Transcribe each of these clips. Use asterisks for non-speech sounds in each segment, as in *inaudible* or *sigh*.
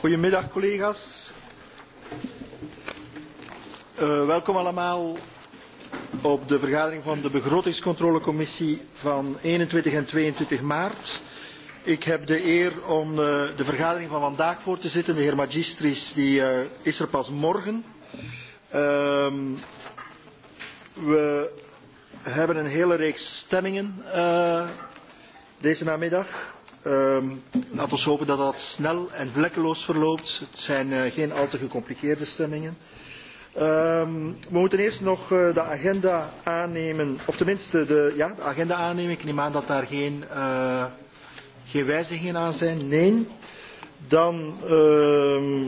Goedemiddag collega's. Uh, welkom allemaal op de vergadering van de begrotingscontrolecommissie van 21 en 22 maart. Ik heb de eer om uh, de vergadering van vandaag voor te zitten. De heer Magistris die, uh, is er pas morgen. Ehm, we hebben een hele reeks stemmingen deze namiddag. Um, ehm, laat ons hopen dat dat snel en vlekkeloos verloopt. Het zijn uh, geen al te gecompliceerde stemmingen. Um, we moeten eerst nog uh, de agenda aannemen, of tenminste de, ja, de agenda aannemen. Ik neem aan dat daar geen, uh, geen wijzigingen aan zijn. Nee. Dan ehm,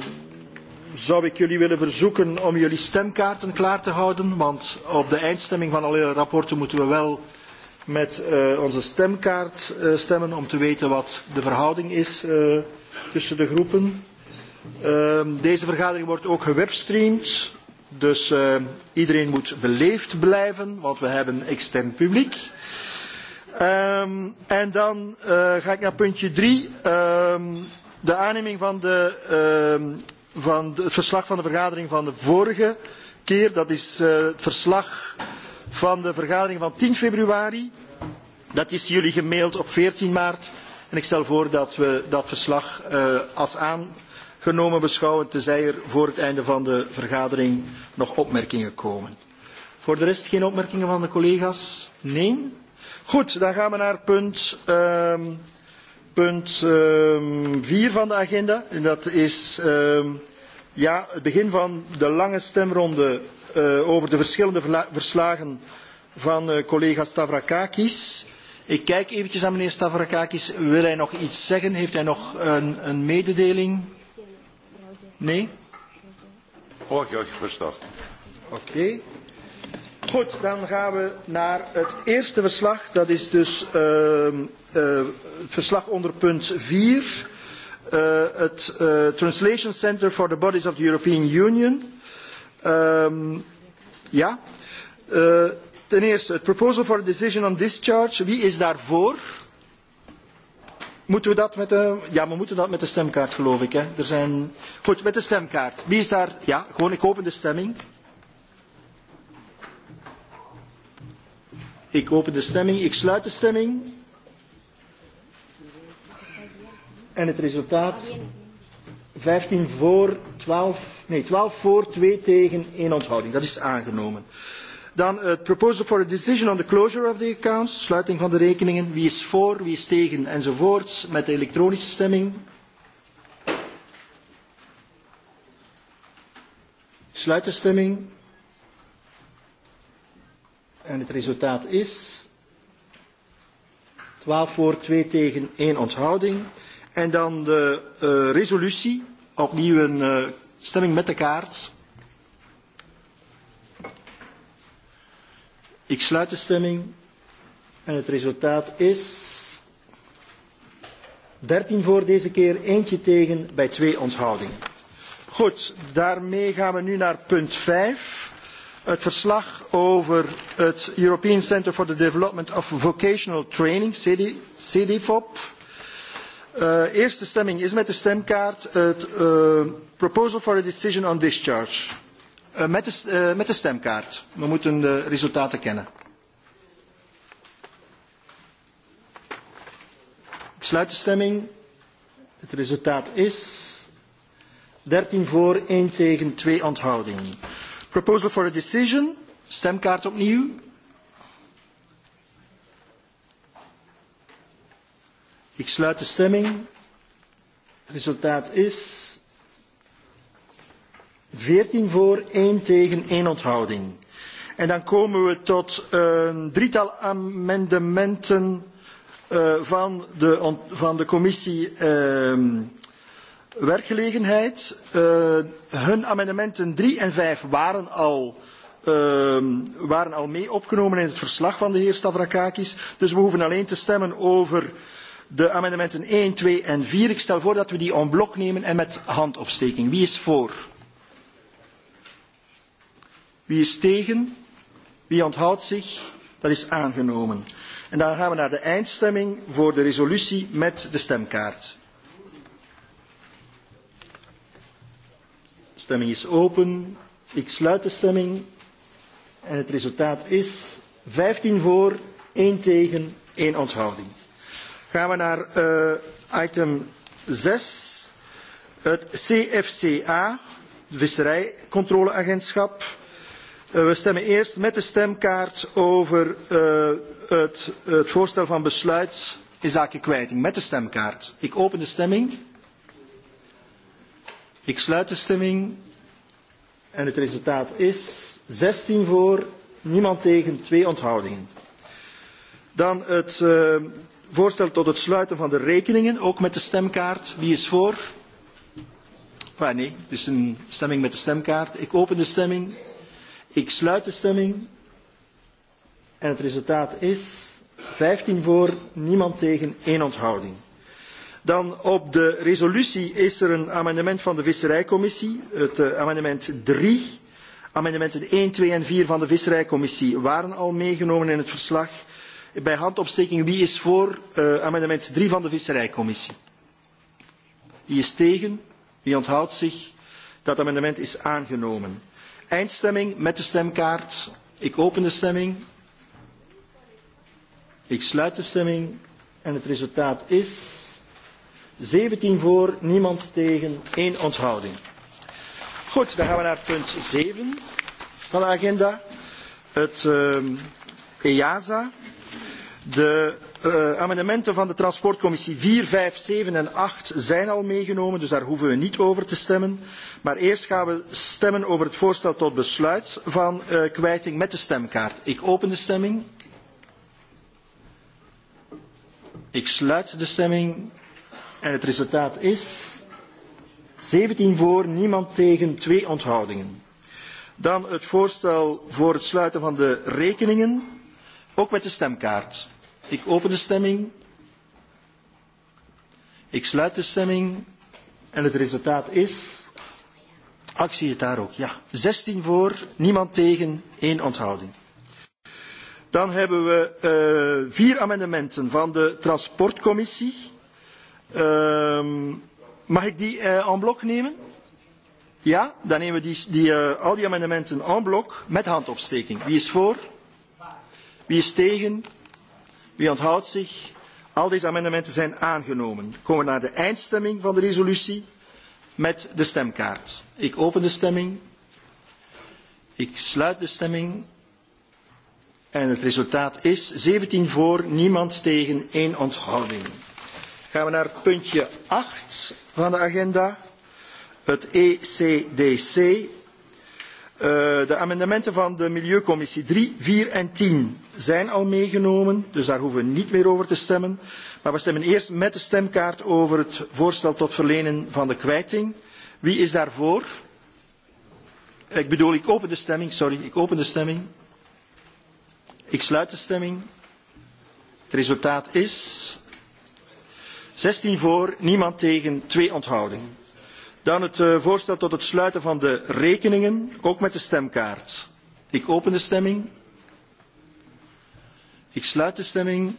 zou ik jullie willen verzoeken om jullie stemkaarten klaar te houden, want op de eindstemming van alle rapporten moeten we wel met eh, onze stemkaart eh, stemmen om te weten wat de verhouding is eh, tussen de groepen. Ehm, deze vergadering wordt ook gewebstreamd, dus iedereen moet beleefd blijven, want we hebben extern publiek. Ehm, en dan ga ik naar puntje drie, ehm, de aanneming van, de, van het verslag van de vergadering van de vorige keer. Dat is het verslag uh, van de vergadering van 10 februari. Dat is jullie gemaild op 14 maart. En ik stel voor dat we dat verslag uh, als aangenomen beschouwen, tenzij er voor het einde van de vergadering nog opmerkingen komen. Voor de rest geen opmerkingen van de collega's? Nee? Goed, dan gaan we naar punt, um, um, van de agenda. En dat is um, ja, het begin van de lange stemronde Eh, over de verschillende verslagen van eh, collega Stavrakakis. Ik kijk eventjes aan meneer Stavrakakis. Wil hij nog iets zeggen? Heeft hij nog een, een mededeling? Nee? Oké. Goed, dan gaan we naar het eerste verslag. Dat is dus uh, uh, verslag onder punt 4. Uh, het uh, Translation Center for the Bodies of the European Union. Um, Uh, ten eerste, het proposal for a decision on discharge. Wie is daarvoor? Moeten we dat met de... Ja, we moeten dat met de stemkaart, geloof ik. Hè? Er zijn... Goed, met de stemkaart. Wie is daar... Ja, gewoon, ik open de stemming. Ik open de stemming. Ik sluit de stemming. En het resultaat... 15 voor, 12, nee, 12 voor, 2 tegen, 1 onthouding. Dat is aangenomen. Dan eh, het uh, proposal for a decision on the closure of the accounts, sluiting van de rekeningen. Wie is voor, wie is tegen enzovoorts met de elektronische stemming. Sluit de stemming. En het resultaat is 12 voor, 2 tegen, 1 onthouding. En dan de uh, resolutie opnieuw een uh, stemming met de kaart. Ik sluit de stemming en het resultaat is 13 voor deze keer, eentje tegen bij twee onthoudingen. Goed, daarmee gaan we nu naar punt 5. Het verslag over het European Centre for the Development of Vocational Training, CD, Eh, eerste stemming is met de stemkaart het uh, proposal for a decision on discharge. Uh, met, de, met, de, stemkaart. We moeten de resultaten kennen. Ik sluit de stemming. Het resultaat is dertien voor, één tegen, twee onthoudingen. Proposal for a decision. Stemkaart opnieuw. Ik sluit de stemming. Het resultaat is 14 voor, 1 tegen, 1 onthouding. En dan komen we tot een uh, drietal amendementen uh, van, de, van, de, commissie uh, werkgelegenheid. Uh, hun amendementen 3 en 5 waren al uh, waren al mee opgenomen in het verslag van de heer Stavrakakis. Dus we hoeven alleen te stemmen over de amendementen 1, 2 en 4. Ik stel voor dat we die en blok nemen en met handopsteking. Wie is voor? Wie is tegen? Wie onthoudt zich? Dat is aangenomen. En dan gaan we naar de eindstemming voor de resolutie met de stemkaart. De stemming is open. Ik sluit de stemming. En het resultaat is 15 voor, 1 tegen, 1 onthouding gaan we naar uh, item 6. Het CFCA, de Visserijcontroleagentschap. Uh, we stemmen eerst met de stemkaart over uh, het, het voorstel van besluit in zaken kwijting. Met de stemkaart. Ik open de stemming. Ik sluit de stemming. En het resultaat is 16 voor, niemand tegen, twee onthoudingen. Dan het, uh, voorstel tot het sluiten van de rekeningen, ook met de stemkaart. Wie is voor? Enfin, nee, het is een stemming met de stemkaart. Ik open de stemming. Ik sluit de stemming. En het resultaat is vijftien voor, niemand tegen, één onthouding. Dan op de resolutie is er een amendement van de Visserijcommissie, het eh, amendement drie. Amendementen één, twee en vier van de Visserijcommissie waren al meegenomen in het verslag bij handopsteking. Wie is voor uh, amendement 3 van de Visserijcommissie? Wie is tegen? Wie onthoudt zich? Dat amendement is aangenomen. Eindstemming met de stemkaart. Ik open de stemming. Ik sluit de stemming. En het resultaat is 17 voor, niemand tegen, één onthouding. Goed, dan gaan we naar punt 7 van de agenda. Het uh, EASA. De uh, amendementen van de transportcommissie vier, vijf, zeven en acht zijn al meegenomen, dus daar hoeven we niet over te stemmen. Maar eerst gaan we stemmen over het voorstel tot besluit van uh, kwijting met de stemkaart. Ik open de stemming. Ik sluit de stemming. En het resultaat is zeventien voor, niemand tegen, twee onthoudingen. Dan het voorstel voor het sluiten van de rekeningen. Ook met de stemkaart. Ik open de stemming. Ik sluit de stemming. En het resultaat is... Actie het daar ook, ja. 16 voor, niemand tegen, één onthouding. Dan hebben we uh, vier amendementen van de transportcommissie. Uh, mag ik die uh, en blok nemen? Ja, dan nemen we die, die, uh, al die amendementen en blok met handopsteking. Wie is voor? Wie is tegen? Wie onthoudt zich? Al deze amendementen zijn aangenomen. Dan komen we naar de eindstemming van de resolutie met de stemkaart. Ik open de stemming. Ik sluit de stemming. En het resultaat is 17 voor, niemand tegen, één onthouding. Gaan we naar puntje 8 van de agenda. Het ECDC, Eh, de amendementen van de Milieucommissie drie, vier en tien zijn al meegenomen, dus daar hoeven we niet meer over te stemmen. Maar we stemmen eerst met de stemkaart over het voorstel tot verlenen van de kwijting. Wie is daarvoor? Ik bedoel, ik open de stemming, sorry, ik open de stemming. Ik sluit de stemming. Het resultaat is zestien voor, niemand tegen, twee onthoudingen. Dan het eh, voorstel tot het sluiten van de rekeningen, ook met de stemkaart. Ik open de stemming. Ik sluit de stemming.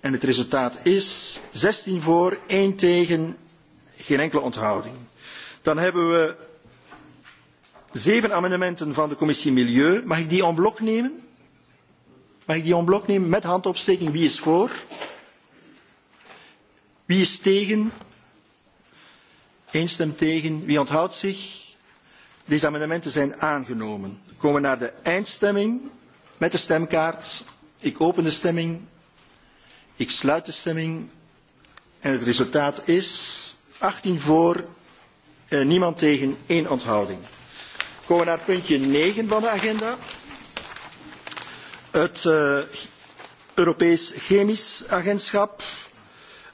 En het resultaat is zestien voor, één tegen, geen enkele onthouding. Dan hebben we zeven amendementen van de commissie Milieu. Mag ik die en blok nemen? Mag ik die en blok nemen met handopsteking? Wie is voor? Wie is tegen? Eén stem tegen. Wie onthoudt zich? Deze amendementen zijn aangenomen. Dan komen we naar de eindstemming met de stemkaart. Ik open de stemming. Ik sluit de stemming. En het resultaat is 18 voor, eh, niemand tegen, één onthouding. Dan komen we naar puntje 9 van de agenda. Het eh, Europees Chemisch Agentschap.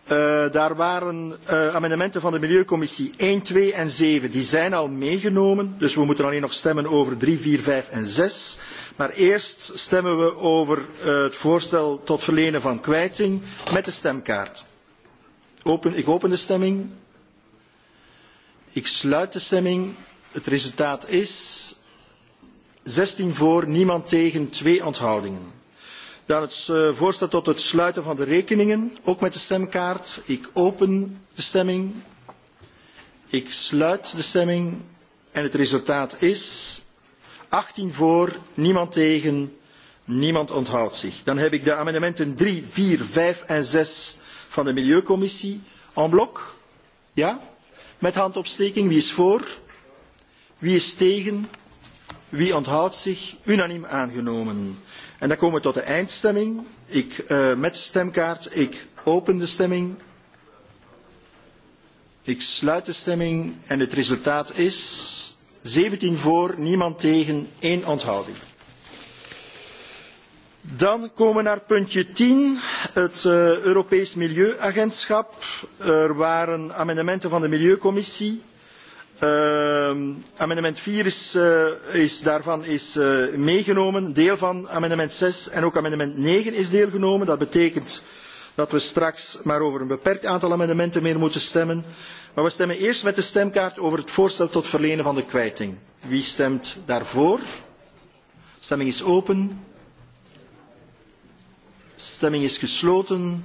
Uh, daar waren uh, amendementen van de Milieucommissie 1, 2 en 7. Die zijn al meegenomen, dus we moeten alleen nog stemmen over 3, 4, 5 en 6. Maar eerst stemmen we over uh, het voorstel tot verlenen van kwijting met de stemkaart. Open, ik open de stemming. Ik sluit de stemming. Het resultaat is 16 voor, niemand tegen, 2 onthoudingen dan het eh, voorstel tot het sluiten van de rekeningen, ook met de stemkaart. Ik open de stemming. Ik sluit de stemming. En het resultaat is achttien voor, niemand tegen, niemand onthoudt zich. Dan heb ik de amendementen drie, vier, vijf en zes van de Milieucommissie en blok. Ja? Met handopsteking. Wie is voor? Wie is tegen? Wie onthoudt zich? Unaniem aangenomen. En dan komen we tot de eindstemming. Ik, uh, met stemkaart. Ik open de stemming. Ik sluit de stemming en het resultaat is 17 voor, niemand tegen, één onthouding. Dan komen we naar puntje 10, het uh, Europees Milieuagentschap. Er waren amendementen van de Milieucommissie. Ehm, amendement vier is, eh, is daarvan is, eh, meegenomen. Deel van amendement zes en ook amendement negen is deelgenomen. Dat betekent dat we straks maar over een beperkt aantal amendementen meer moeten stemmen. Maar we stemmen eerst met de stemkaart over het voorstel tot verlenen van de kwijting. Wie stemt daarvoor? Stemming is open. Stemming is gesloten.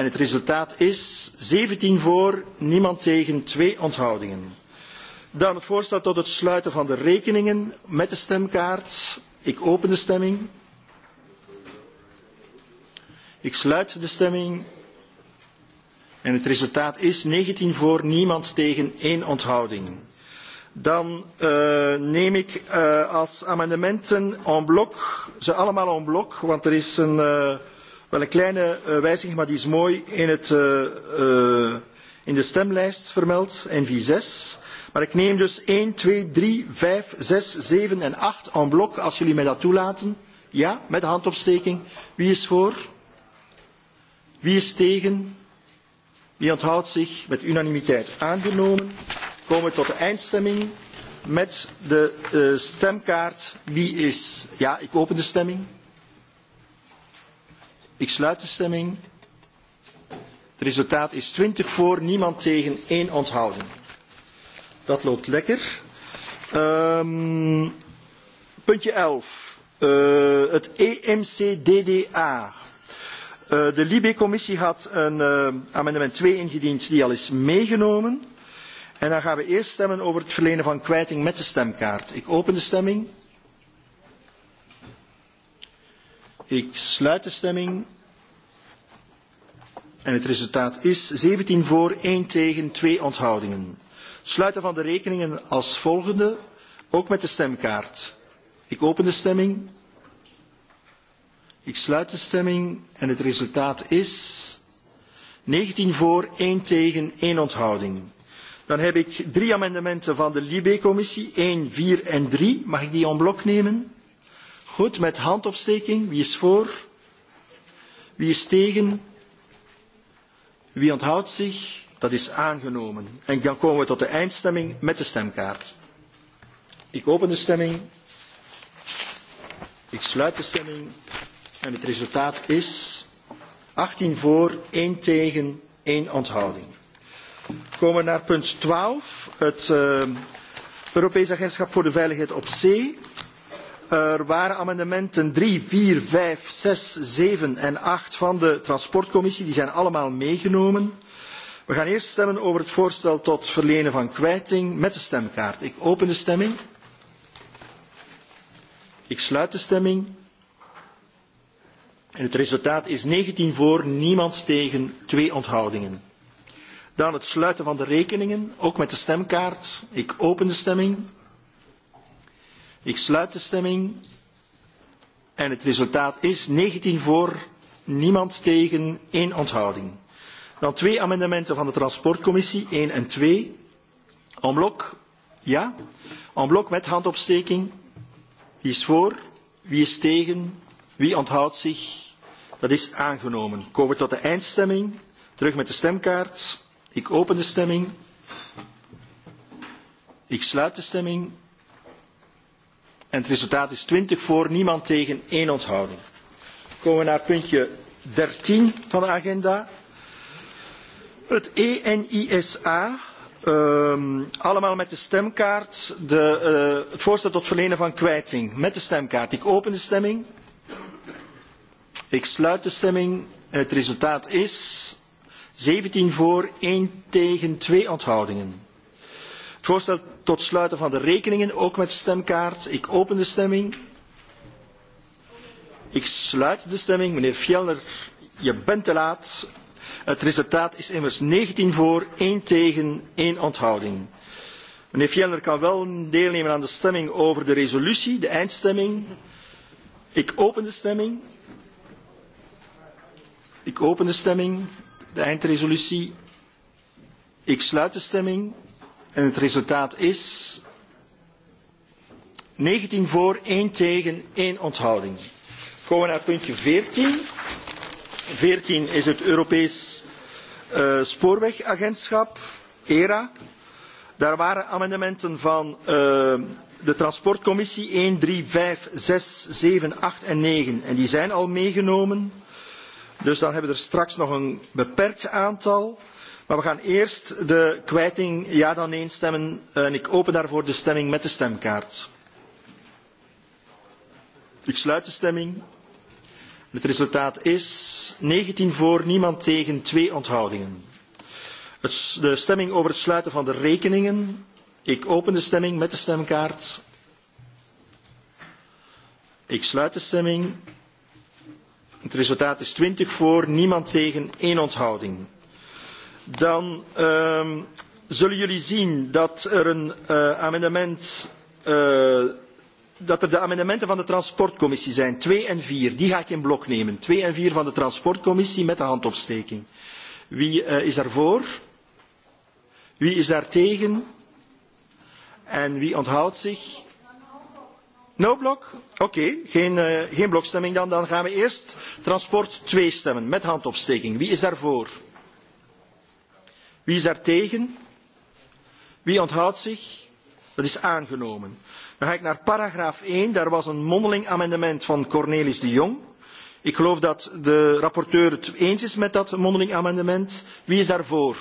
En het resultaat is zeventien voor, niemand tegen, twee onthoudingen. Dan het voorstel tot het sluiten van de rekeningen met de stemkaart. Ik open de stemming. Ik sluit de stemming. En het resultaat is negentien voor, niemand tegen, één onthouding. Dan uh, neem ik uh, als amendementen en blok, ze allemaal en blok, want er is een... Uh, Wel een kleine eh, wijziging, maar die is mooi in, het, uh, uh, in de stemlijst vermeld, NV6. Maar ik neem dus 1, 2, 3, 5, 6, 7 en 8 en blok, als jullie mij dat toelaten. Ja, met de handopsteking. Wie is voor? Wie is tegen? Wie onthoudt zich? Met unanimiteit aangenomen. Komen we tot de eindstemming met de uh, stemkaart. Wie is... Ja, ik open de stemming. Ik sluit de stemming. Het resultaat is 20 voor, niemand tegen, één onthouding. Dat loopt lekker. Um, puntje 11. Uh, eh, het EMCDDA. Uh, eh, de Libe-commissie had een uh, amendement 2 ingediend die al is meegenomen. En dan gaan we eerst stemmen over het verlenen van kwijting met de stemkaart. Ik open de stemming. Ik sluit de stemming. En het resultaat is 17 voor, 1 tegen, 2 onthoudingen. Sluiten van de rekeningen als volgende, ook met de stemkaart. Ik open de stemming. Ik sluit de stemming en het resultaat is 19 voor, 1 tegen, 1 onthouding. Dan heb ik drie amendementen van de Libé-commissie, 1, 4 en 3. Mag ik die en blok nemen? Goed, met handopsteking. Wie is voor? Wie is tegen? Wie onthoudt zich? Dat is aangenomen. En dan komen we tot de eindstemming met de stemkaart. Ik open de stemming. Ik sluit de stemming. En het resultaat is 18 voor, 1 tegen, 1 onthouding. We komen naar punt 12, het uh, Europees Agentschap voor de Veiligheid op Zee. Eh, er waren amendementen drie, vier, vijf, zes, zeven en acht van de transportcommissie. Die zijn allemaal meegenomen. We gaan eerst stemmen over het voorstel tot verlenen van kwijting met de stemkaart. Ik open de stemming. Ik sluit de stemming. En het resultaat is negentien voor, niemand tegen, twee onthoudingen. Dan het sluiten van de rekeningen, ook met de stemkaart. Ik open de stemming. Ik sluit de stemming. En het resultaat is 19 voor, niemand tegen, één onthouding. Dan twee amendementen van de transportcommissie, 1 en 2. En blok, ja. En blok met handopsteking. Wie is voor? Wie is tegen? Wie onthoudt zich? Dat is aangenomen. Komen we tot de eindstemming. Terug met de stemkaart. Ik open de stemming. Ik sluit de stemming. En het resultaat is twintig voor, niemand tegen, één onthouding. Dan komen we naar puntje dertien van de agenda. Het ENISA, um, ehm, allemaal met de stemkaart, de, uh, het voorstel tot verlenen van kwijting met de stemkaart. Ik open de stemming. Ik sluit de stemming. En het resultaat is zeventien voor, één tegen, twee onthoudingen. Het voorstel tot sluiten van de rekeningen, ook met stemkaart. Ik open de stemming. Ik sluit de stemming. Meneer Fjellner, je bent te laat. Het resultaat is immers 19 voor, 1 tegen, 1 onthouding. Meneer Fjellner kan wel deelnemen aan de stemming over de resolutie, de eindstemming. Ik open de stemming. Ik open de stemming, de eindresolutie. Ik sluit de stemming. En het resultaat is 19 voor, 1 tegen, 1 onthouding. Komen we naar puntje 14. 14 is het Europees uh, Spoorwegagentschap, ERA. Daar waren amendementen van uh, de transportcommissie 1, 3, 5, 6, 7, 8 en 9. En die zijn al meegenomen. Dus dan hebben we er straks nog een beperkt aantal. Maar we gaan eerst de kwijting ja dan nee stemmen. En ik open daarvoor de stemming met de stemkaart. Ik sluit de stemming. Het resultaat is 19 voor, niemand tegen, twee onthoudingen. Het, de stemming over het sluiten van de rekeningen. Ik open de stemming met de stemkaart. Ik sluit de stemming. Het resultaat is 20 voor, niemand tegen, één onthouding dan ehm, zullen jullie zien er eh, eh, dat er, de amendementen van de transportcommissie zijn, twee en vier. Die ga ik in blok nemen. Twee en vier van de transportcommissie met de handopsteking. Wie eh, is daarvoor? Wie is daar tegen? En wie onthoudt zich? No blok? Oké, okay, geen, uh, geen blokstemming dan. Dan gaan we eerst transport 2 stemmen met handopsteking. Wie is daarvoor? voor? Wie is daar tegen? Wie onthoudt zich? Dat is aangenomen. Dan ga ik naar paragraaf 1. Daar was een mondeling amendement van Cornelis de Jong. Ik geloof dat de rapporteur het eens is met dat mondeling amendement. Wie is daarvoor?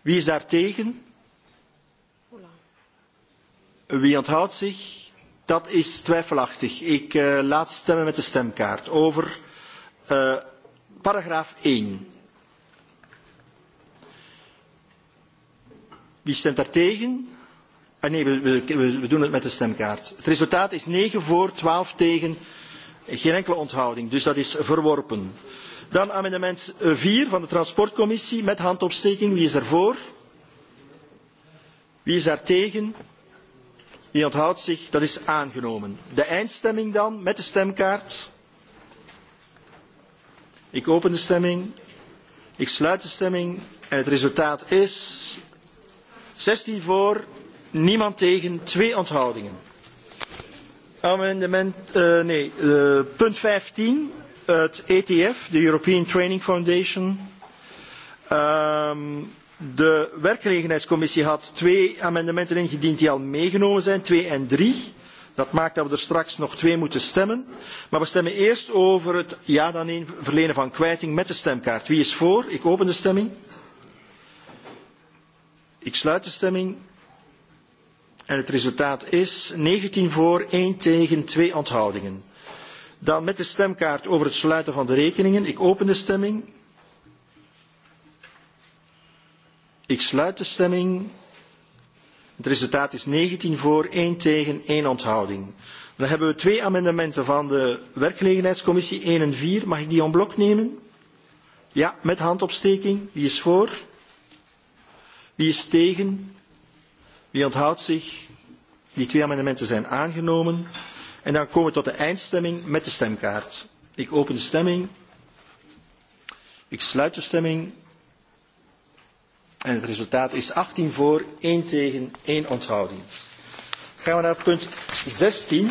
Wie is daar tegen? Wie onthoudt zich? Dat is twijfelachtig. Ik uh, laat stemmen met de stemkaart over uh, paragraaf 1. Wie stemt daartegen? Ah nee, we, we, we doen het met de stemkaart. Het resultaat is 9 voor, 12 tegen, geen enkele onthouding. Dus dat is verworpen. Dan amendement 4 van de transportcommissie met handopsteking. Wie is ervoor? Wie is daar tegen? Wie onthoudt zich? Dat is aangenomen. De eindstemming dan met de stemkaart. Ik open de stemming. Ik sluit de stemming. En het resultaat is zestien voor, niemand tegen, twee onthoudingen. Amendement, uh, nee, uh, punt 15, het ETF, de European Training Foundation. Um, de werkgelegenheidscommissie had twee amendementen ingediend die al meegenomen zijn, twee en drie. Dat maakt dat we er straks nog twee moeten stemmen. Maar we stemmen eerst over het ja dan nee verlenen van kwijting met de stemkaart. Wie is voor? Ik open de stemming. Ik sluit de stemming. En het resultaat is 19 voor, 1 tegen, 2 onthoudingen. Dan met de stemkaart over het sluiten van de rekeningen. Ik open de stemming. Ik sluit de stemming. Het resultaat is 19 voor, 1 tegen, 1 onthouding. Dan hebben we twee amendementen van de werkgelegenheidscommissie 1 en 4. Mag ik die en blok nemen? Ja, met handopsteking. Wie is voor? Wie is tegen? Wie onthoudt zich? Die twee amendementen zijn aangenomen. En dan komen we tot de eindstemming met de stemkaart. Ik open de stemming. Ik sluit de stemming. En het resultaat is 18 voor, 1 tegen, 1 onthouding. Gaan we naar punt 16.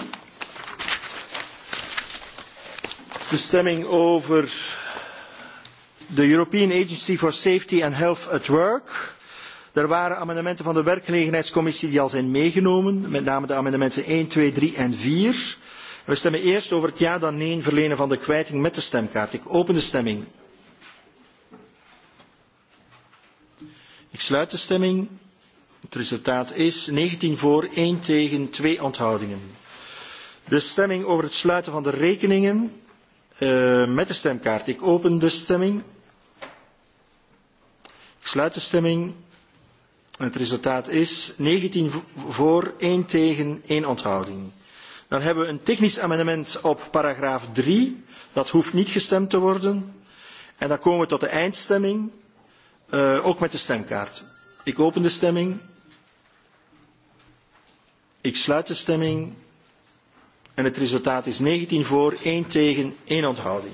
De stemming over de European Agency for Safety and Health at Work. Er waren amendementen van de werkgelegenheidscommissie die al zijn meegenomen, met name de amendementen 1, 2, 3 en 4. We stemmen eerst over het ja dan nee verlenen van de kwijting met de stemkaart. Ik open de stemming. Ik sluit de stemming. Het resultaat is 19 voor, 1 tegen, 2 onthoudingen. De stemming over het sluiten van de rekeningen uh, met de stemkaart. Ik open de stemming. Ik sluit de stemming. Het resultaat is 19 voor, 1 tegen, 1 onthouding. Dan hebben we een technisch amendement op paragraaf 3. Dat hoeft niet gestemd te worden. En dan komen we tot de eindstemming, uh, ook met de stemkaart. Ik open de stemming. Ik sluit de stemming. En het resultaat is 19 voor, 1 tegen, 1 onthouding.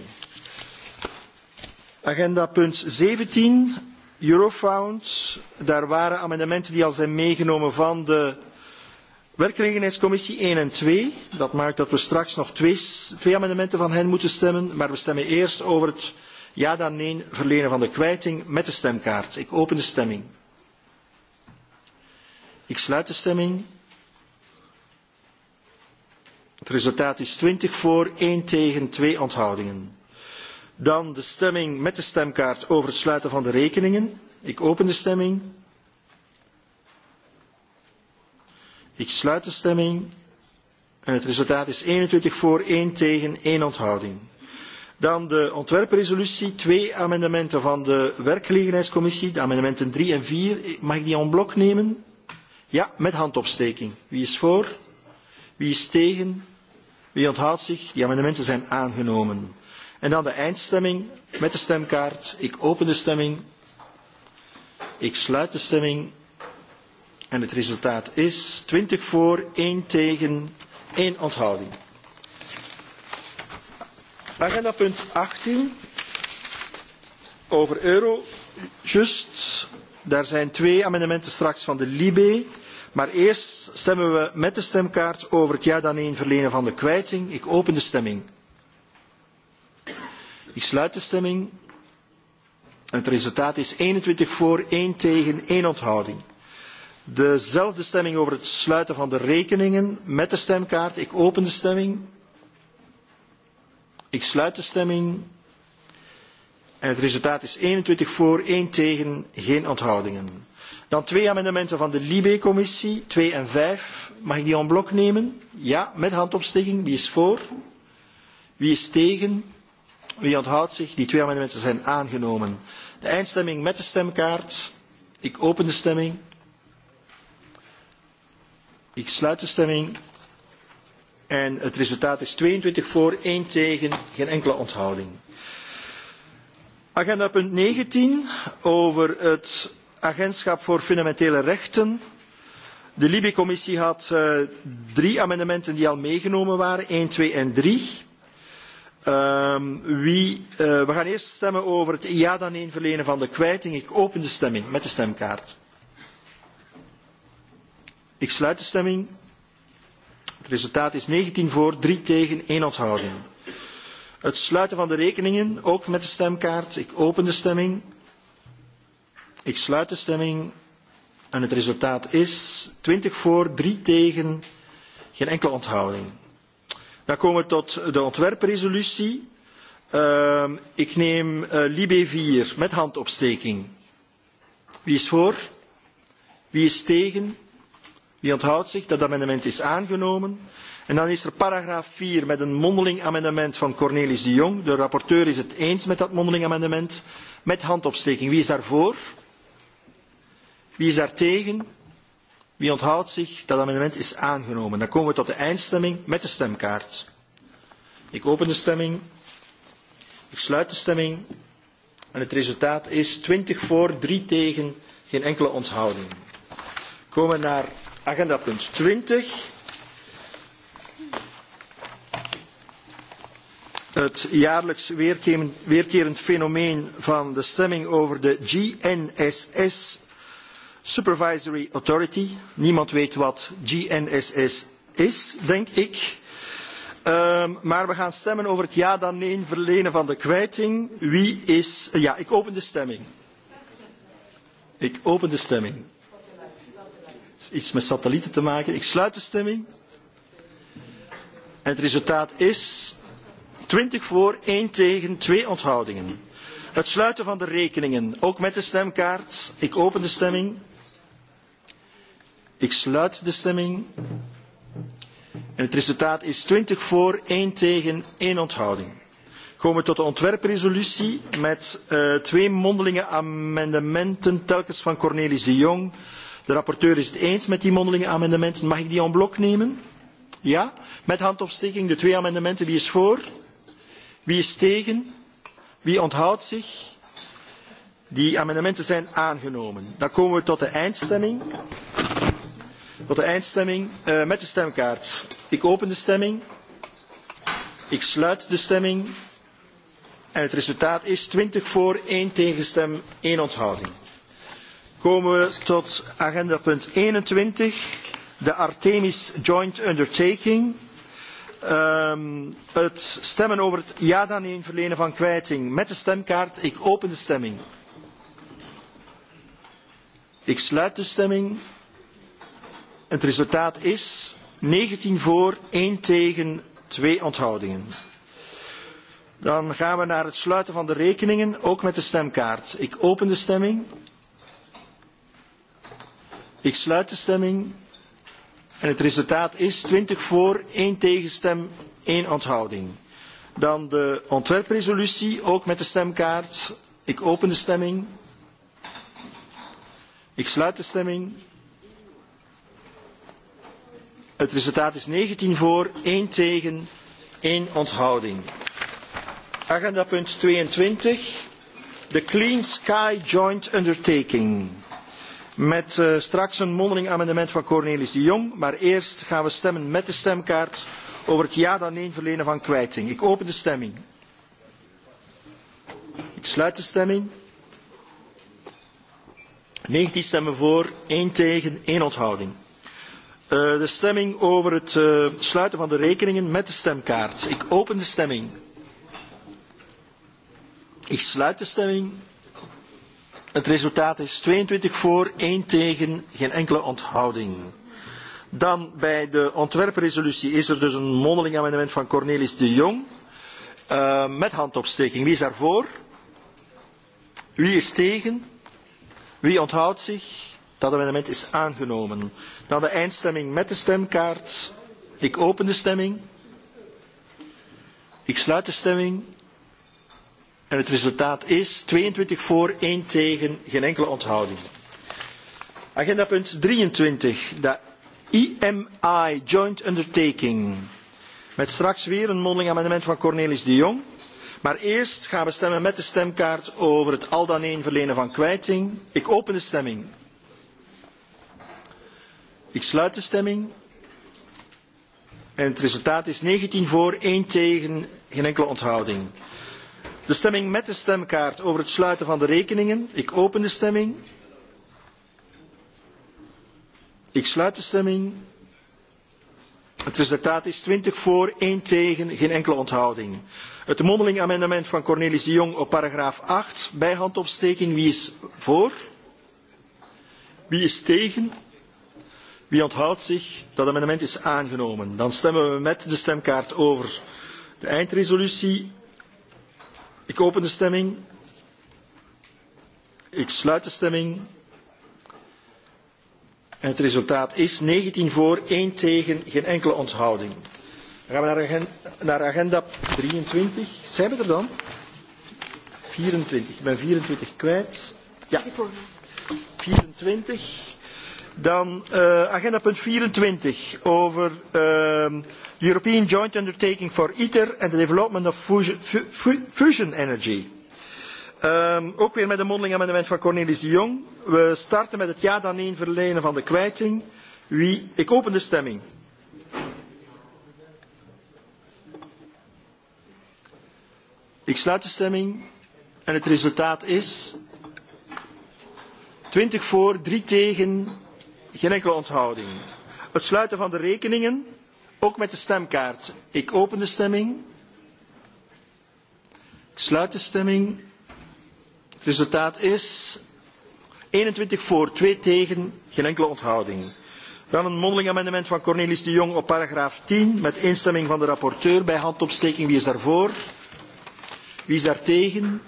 Agenda punt 17, Eurofound, daar waren amendementen die al zijn meegenomen van de werkgelegenheidscommissie 1 en 2. Dat maakt dat we straks nog twee, twee amendementen van hen moeten stemmen, maar we stemmen eerst over het ja dan nee verlenen van de kwijting met de stemkaart. Ik open de stemming. Ik sluit de stemming. Het resultaat is twintig voor, één tegen, twee onthoudingen. Dan de stemming met de stemkaart over het sluiten van de rekeningen. Ik open de stemming. Ik sluit de stemming. En het resultaat is 21 voor, 1 tegen, 1 onthouding. Dan de ontwerpresolutie, twee amendementen van de werkgelegenheidscommissie, de amendementen 3 en 4. Mag ik die en blok nemen? Ja, met handopsteking. Wie is voor? Wie is tegen? Wie onthoudt zich? Die amendementen zijn aangenomen. En dan de eindstemming met de stemkaart. Ik open de stemming. Ik sluit de stemming. En het resultaat is 20 voor, 1 tegen, 1 onthouding. Agenda punt 18 over Eurojust. Daar zijn twee amendementen straks van de Libe. Maar eerst stemmen we met de stemkaart over het ja dan nee verlenen van de kwijting. Ik open de stemming. Ik sluit de stemming. Het resultaat is 21 voor, 1 tegen, 1 onthouding. Dezelfde stemming over het sluiten van de rekeningen met de stemkaart. Ik open de stemming. Ik sluit de stemming. En het resultaat is 21 voor, 1 tegen, geen onthoudingen. Dan twee amendementen van de Libe-commissie, 2 en 5. Mag ik die en blok nemen? Ja, met handopsteking. Wie is voor? Wie is tegen? Wie onthoudt zich? Die twee amendementen zijn aangenomen. De eindstemming met de stemkaart. Ik open de stemming. Ik sluit de stemming. En het resultaat is 22 voor, 1 tegen, geen enkele onthouding. Agenda punt 19 over het agentschap voor fundamentele rechten. De Libe-commissie had uh, drie amendementen die al meegenomen waren, 1, 2 en 3. Ehm, eh, we gaan eerst stemmen over het ja dan nee verlenen van de kwijting. Ik open de stemming met de stemkaart. Ik sluit de stemming. Het resultaat is 19 voor, 3 tegen, 1 onthouding. Het sluiten van de rekeningen, ook met de stemkaart. Ik open de stemming. Ik sluit de stemming. En het resultaat is 20 voor, 3 tegen, geen enkele onthouding. Dan komen we tot de ontwerpresolutie. Uh, ik neem uh, eh, Libé 4 met handopsteking. Wie is voor? Wie is tegen? Wie onthoudt zich? Dat amendement is aangenomen. En dan is er paragraaf 4 met een mondeling amendement van Cornelis de Jong. De rapporteur is het eens met dat mondeling amendement. Met handopsteking. Wie is daarvoor? Wie is daar tegen? Wie onthoudt zich? Dat amendement is aangenomen. Dan komen we tot de eindstemming met de stemkaart. Ik open de stemming. Ik sluit de stemming. En het resultaat is 20 voor, 3 tegen, geen enkele onthouding. We komen naar agenda punt 20. Het jaarlijks weerkerend fenomeen van de stemming over de GNSS Supervisory Authority. Niemand weet wat GNSS is, denk ik. Um, maar we gaan stemmen over het ja dan nee verlenen van de kwijting. Wie is... Uh, ja, ik open de stemming. Ik open de stemming. Iets met satellieten te maken. Ik sluit de stemming. En het resultaat is twintig voor, één tegen, twee onthoudingen. Het sluiten van de rekeningen, ook met de stemkaart. Ik open de stemming. Ik sluit de stemming. En het resultaat is 20 voor, 1 tegen, 1 onthouding. Komen we tot de ontwerpresolutie met uh, twee mondelinge amendementen, telkens van Cornelis de Jong. De rapporteur is het eens met die mondelinge amendementen. Mag ik die en blok nemen? Ja? Met handopsteking, de twee amendementen. Wie is voor? Wie is tegen? Wie onthoudt zich? Die amendementen zijn aangenomen. Dan komen we tot de eindstemming tot de eindstemming uh, met de stemkaart. Ik open de stemming. Ik sluit de stemming. En het resultaat is 20 voor, 1 tegenstem, 1 onthouding. Komen we tot agenda punt 21, de Artemis Joint Undertaking. Um, het stemmen over het ja dan nee verlenen van kwijting met de stemkaart. Ik open de stemming. Ik sluit de stemming. Het resultaat is 19 voor, 1 tegen, 2 onthoudingen. Dan gaan we naar het sluiten van de rekeningen, ook met de stemkaart. Ik open de stemming. Ik sluit de stemming. En het resultaat is 20 voor, 1 tegenstem, 1 onthouding. Dan de ontwerpresolutie, ook met de stemkaart. Ik open de stemming. Ik sluit de stemming. Het resultaat is 19 voor, 1 tegen, 1 onthouding. Agenda punt 22. De Clean Sky Joint Undertaking. Met uh, straks een mondeling amendement van Cornelis de Jong. Maar eerst gaan we stemmen met de stemkaart over het ja dan nee verlenen van kwijting. Ik open de stemming. Ik sluit de stemming. 19 stemmen voor, 1 tegen, 1 onthouding. Eh, de stemming over het eh, sluiten van de rekeningen met de stemkaart. Ik open de stemming. Ik sluit de stemming. Het resultaat is 22 voor, 1 tegen, geen enkele onthouding. Dan bij de ontwerpresolutie is er dus een mondeling amendement van Cornelis de Jong. Uh, met handopsteking. Wie is daarvoor? Wie is tegen? Wie onthoudt zich? Dat amendement is aangenomen. Dan de eindstemming met de stemkaart. Ik open de stemming. Ik sluit de stemming. En het resultaat is 22 voor, 1 tegen, geen enkele onthouding. Agenda punt 23, de EMI, Joint Undertaking. Met straks weer een mondeling amendement van Cornelis de Jong. Maar eerst gaan we stemmen met de stemkaart over het al dan een verlenen van kwijting. Ik open de stemming. Ik sluit de stemming. En het resultaat is 19 voor, 1 tegen, geen enkele onthouding. De stemming met de stemkaart over het sluiten van de rekeningen. Ik open de stemming. Ik sluit de stemming. Het resultaat is 20 voor, 1 tegen, geen enkele onthouding. Het mondeling amendement van Cornelis de Jong op paragraaf 8 bij handopsteking. Wie is voor? Wie is tegen? Wie onthoudt zich? Dat amendement is aangenomen. Dan stemmen we met de stemkaart over de eindresolutie. Ik open de stemming. Ik sluit de stemming. En het resultaat is 19 voor, 1 tegen, geen enkele onthouding. Dan gaan we naar agenda, naar agenda 23. Zijn we er dan? 24. Ik ben 24 kwijt. Ja. 24. Dan uh, agenda punt 24 over um, European Joint Undertaking for ITER and the Development of Fusion, fu fusion Energy. Um, ook weer met een mondeling amendement van Cornelis de Jong. We starten met het ja dan nee verlenen van de kwijting. Wie, ik open de stemming. Ik sluit de stemming en het resultaat is twintig voor, drie tegen, Geen enkele onthouding. Het sluiten van de rekeningen, ook met de stemkaart. Ik open de stemming. Ik sluit de stemming. Het resultaat is 21 voor, 2 tegen, geen enkele onthouding. Dan een mondeling amendement van Cornelis de Jong op paragraaf 10 met instemming van de rapporteur bij handopsteking. Wie is daarvoor? Wie is daar tegen?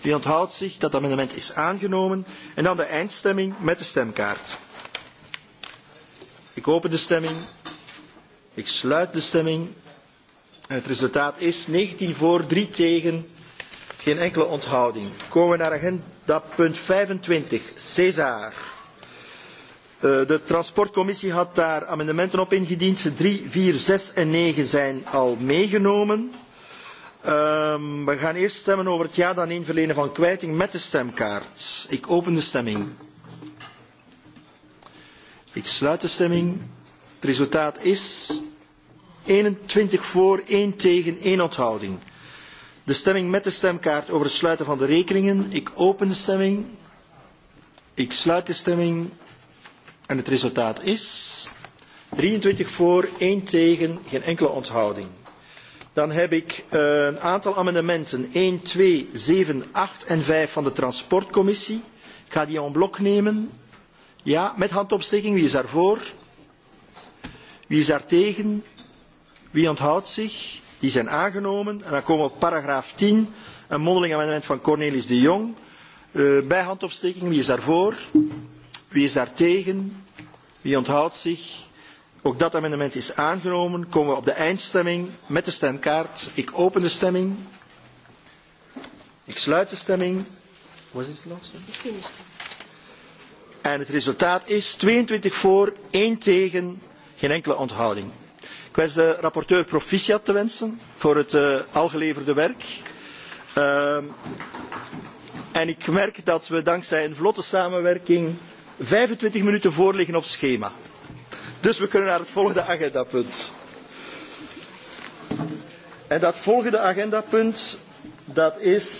Wie onthoudt zich? Dat amendement is aangenomen. En dan de eindstemming met de stemkaart. Ik open de stemming. Ik sluit de stemming. En het resultaat is 19 voor, 3 tegen, geen enkele onthouding. Komen we naar agenda punt 25, César. Eh, de transportcommissie had daar amendementen op ingediend. 3, 4, 6 en 9 zijn al meegenomen. Um, we gaan eerst stemmen over het ja dan inverlenen verlenen van kwijting met de stemkaart. Ik open de stemming. Ik sluit de stemming. Het resultaat is 21 voor, 1 tegen, 1 onthouding. De stemming met de stemkaart over het sluiten van de rekeningen. Ik open de stemming. Ik sluit de stemming. En het resultaat is 23 voor, 1 tegen, geen enkele onthouding. Dan heb ik eh, een aantal amendementen 1, 2, 7, 8 en 5 van de transportcommissie. Ik ga die en blok nemen. Ja, met handopsteking. Wie is daarvoor? Wie is daar tegen? Wie onthoudt zich? Die zijn aangenomen. En dan komen we op paragraaf 10. Een mondeling amendement van Cornelis de Jong. Uh, bij handopsteking. Wie is daarvoor? Wie is daartegen? tegen? Wie onthoudt zich? Ook dat amendement is aangenomen. Komen we op de eindstemming met de stemkaart. Ik open de stemming. Ik sluit de stemming. Was it the last En het resultaat is tweeëntwintig voor, één tegen, geen enkele onthouding. Ik wens de rapporteur proficiat te wensen voor het uh, eh, al geleverde werk. Uh, en ik merk dat we dankzij een vlotte samenwerking 25 minuten voorliggen op schema. Dus we kunnen naar het volgende agendapunt. En dat volgende agendapunt, dat is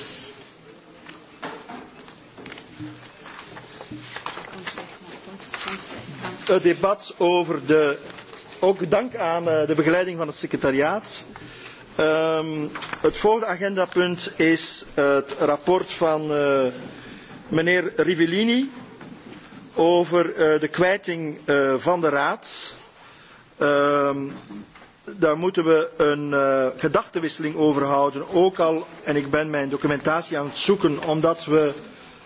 het debat over de... Ook dank aan eh, de begeleiding van het secretariaat. Um, het volgende agendapunt is het rapport van uh, meneer Rivellini over uh, de kwijting uh, van de Raad. Um, daar moeten we een uh, gedachtenwisseling over houden. Ook al, en ik ben mijn documentatie aan het zoeken, omdat we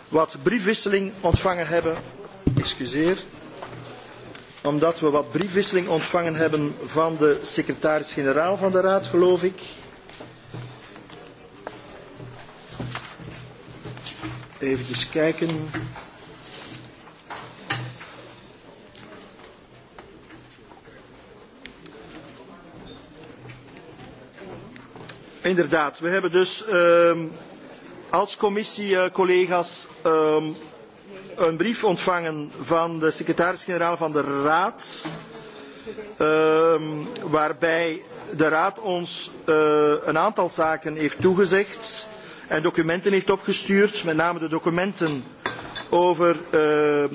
wat briefwisseling ontvangen hebben. Excuseer omdat we wat briefwisseling ontvangen hebben van de secretaris-generaal van de Raad, geloof ik. Even kijken. Inderdaad, we hebben dus ehm, als commissie, uh, collega's, ehm, een brief ontvangen van de secretaris-generaal van de Raad, ehm, waarbij de Raad ons eh, een aantal zaken heeft toegezegd en documenten heeft opgestuurd, met name de documenten over ehm,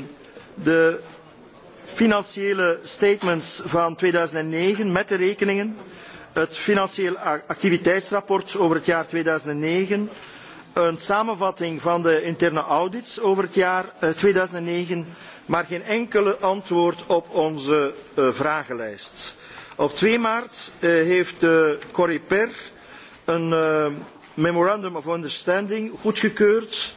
de financiële statements van 2009 met de rekeningen, het financieel activiteitsrapport over het jaar 2009 een samenvatting van de interne audits over het jaar eh, tweeduizendnegen maar geen enkel antwoord op onze eh, vragenlijst. op twee maart eh, heeft de coreper een memorandum of understanding goedgekeurd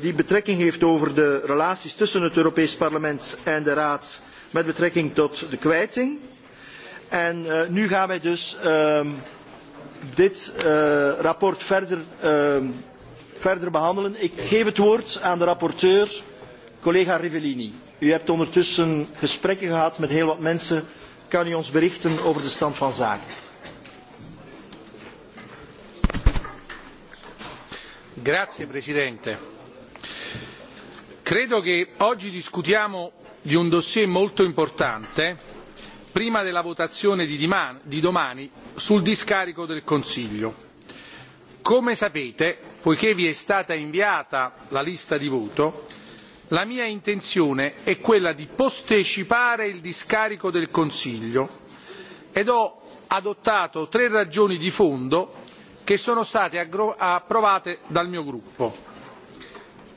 die betrekking heeft over de relaties tussen het europees parlement en de raad met betrekking tot de kwijting. en nu gaan wij dus ehm, dit eh, rapport ehm, verder, behandelen. Ik geef het woord aan de rapporteur, collega Rivellini. U hebt ondertussen gesprekken gehad met heel wat mensen. Kan u ons berichten over de stand van zaken? Credo che oggi discutiamo di un dossier molto importante prima della votazione di domani sul discarico del Consiglio. Come sapete, poiché vi è stata inviata la lista di voto, la mia intenzione è quella di postecipare il discarico del Consiglio ed ho adottato tre ragioni di fondo che sono state approvate dal mio gruppo.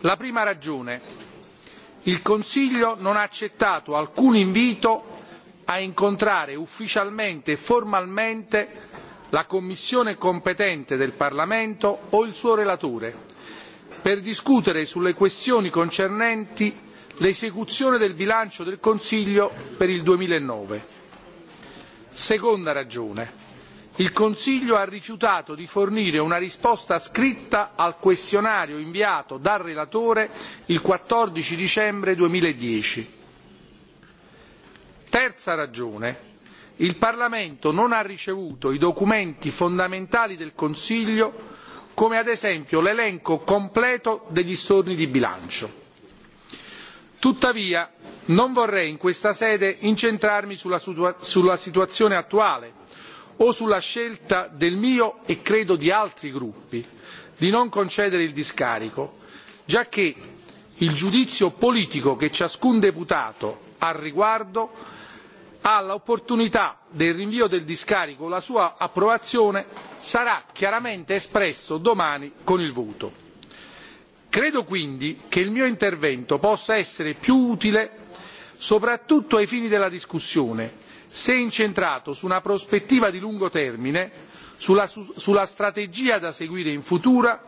La prima ragione il Consiglio non ha accettato alcun invito a incontrare ufficialmente e formalmente la commissione competente del parlamento o il suo relatore per discutere sulle questioni concernenti l'esecuzione del bilancio del consiglio per il. duemilanove seconda ragione il consiglio ha rifiutato di fornire una risposta scritta al questionario inviato dal relatore il quattordici dicembre duemiladieci terza ragione il parlamento non ha ricevuto i documenti fondamentali del consiglio come ad esempio l'elenco completo degli storni di bilancio. tuttavia non vorrei in questa sede incentrarmi sulla, situazione attuale o sulla scelta del mio e credo di altri gruppi di non concedere il discarico giacché il giudizio politico che ciascun deputato ha al riguardo all'opportunità del rinvio del discarico la sua approvazione sarà chiaramente espresso domani con il voto. credo quindi che il mio intervento possa essere più utile soprattutto ai fini della discussione se incentrato su una prospettiva di lungo termine sulla, sulla strategia da seguire in futuro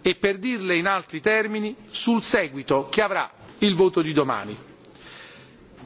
e per dirla in altri termini sul seguito che avrà il voto di domani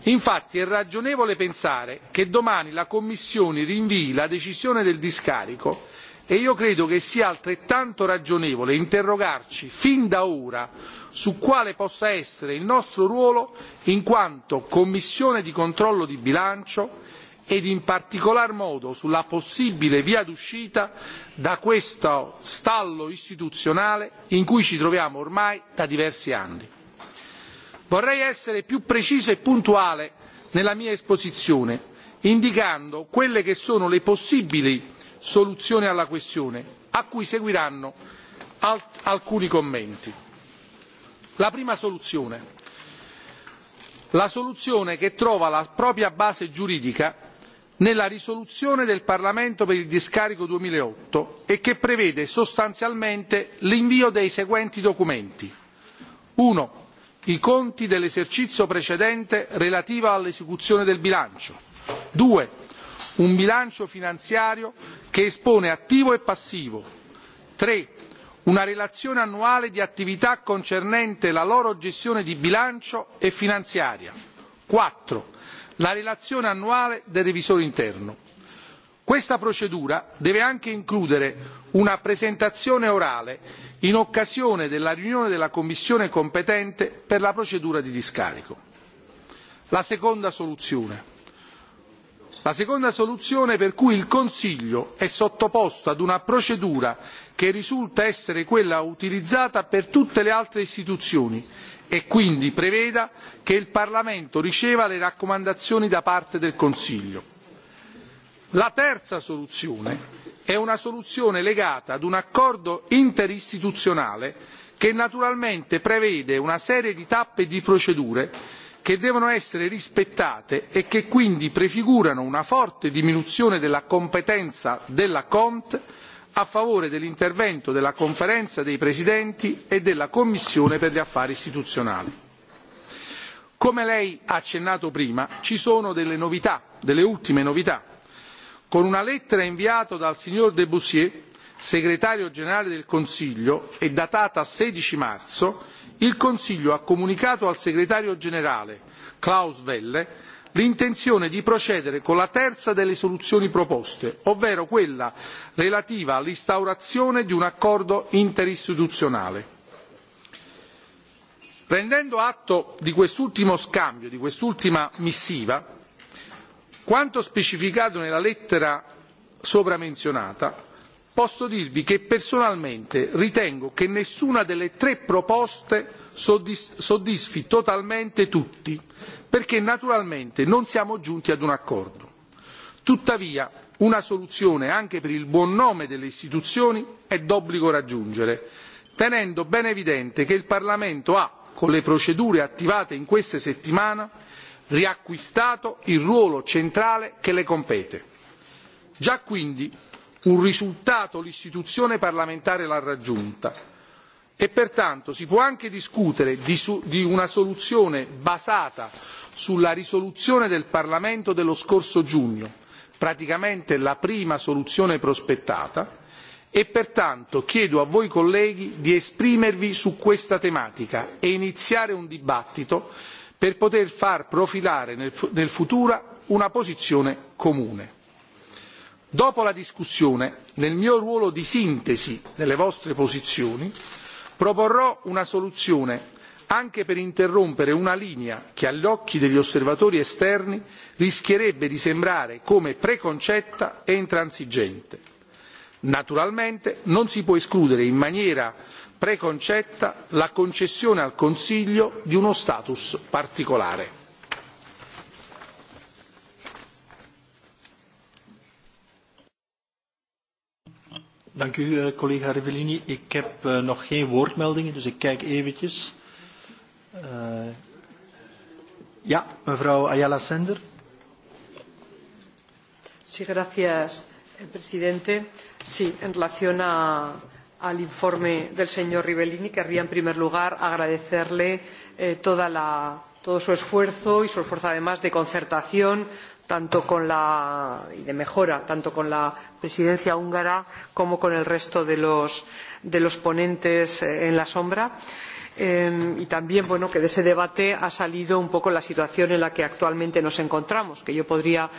infatti è ragionevole pensare che domani la commissione rinvii la decisione del discarico e io credo che sia altrettanto ragionevole interrogarci fin da ora su quale possa essere il nostro ruolo in quanto commissione di controllo di bilancio ed in particolar modo sulla possibile via d'uscita da questo stallo istituzionale in cui ci troviamo ormai da diversi anni vorrei essere più preciso e puntuale nella mia esposizione indicando quelle che sono le possibili soluzioni alla questione a cui seguiranno alcuni commenti. la prima soluzione la soluzione che trova la propria base giuridica nella risoluzione del parlamento per il discarico duemilaotto e che prevede sostanzialmente l'invio dei seguenti documenti uno i conti dell'esercizio precedente relativa all'esecuzione del bilancio; due un bilancio finanziario che espone attivo e passivo; tre una relazione annuale di attività concernente la loro gestione di bilancio e finanziaria; quattro la relazione annuale del revisore interno. Questa procedura deve anche includere una presentazione orale in occasione della riunione della Commissione competente per la procedura di discarico. La seconda soluzione. La seconda soluzione per cui il Consiglio è sottoposto ad una procedura che risulta essere quella utilizzata per tutte le altre istituzioni e quindi preveda che il Parlamento riceva le raccomandazioni da parte del Consiglio. La terza soluzione è una soluzione legata ad un accordo interistituzionale che naturalmente prevede una serie di tappe di procedure che devono essere rispettate e che quindi prefigurano una forte diminuzione della competenza della cont a favore dell'intervento della conferenza dei presidenti e della commissione per gli affari istituzionali. come lei ha accennato prima ci sono delle novità delle ultime novità con una lettera inviata dal signor debussy segretario generale del consiglio e datata sedici marzo il consiglio ha comunicato al segretario generale klaus welle l'intenzione di procedere con la terza delle soluzioni proposte ovvero quella relativa all'instaurazione di un accordo interistituzionale. prendendo atto di quest'ultimo scambio di quest'ultima missiva Quanto specificato nella lettera sopra menzionata, posso dirvi che personalmente ritengo che nessuna delle tre proposte soddisfi totalmente tutti, perché naturalmente non siamo giunti ad un accordo. Tuttavia, una soluzione anche per il buon nome delle istituzioni è d'obbligo raggiungere, tenendo ben evidente che il Parlamento ha, con le procedure attivate in queste settimane, riacquistato il ruolo centrale che le compete. Già quindi un risultato l'istituzione parlamentare l'ha raggiunta e pertanto si può anche discutere di, su, di una soluzione basata sulla risoluzione del Parlamento dello scorso giugno, praticamente la prima soluzione prospettata, e pertanto chiedo a voi colleghi di esprimervi su questa tematica e iniziare un dibattito per poter far profilare nel, futuro una posizione comune. Dopo la discussione, nel mio ruolo di sintesi delle vostre posizioni, proporrò una soluzione anche per interrompere una linea che agli occhi degli osservatori esterni rischierebbe di sembrare come preconcetta e intransigente. Naturalmente non si può escludere in maniera preconcetta la concessione al Consiglio di uno status particolare. Dank u, eh, collega Rivellini. Ik heb uh, nog geen woordmeldingen, dus ik kijk eventjes. Uh, ja, mevrouw Ayala Sender. Sí, gracias, presidente. Sí, en relación a, al informe del señor rivellini querría en primer lugar agradecerle eh, todo su esfuerzo y su esfuerzo además de concertación tanto y de mejora tanto con la presidencia húngara como con el resto de los, ponentes eh, alternativos y también bueno, que de ese debate ha salido un poco la situación en la que actualmente nos encontramos que yo podría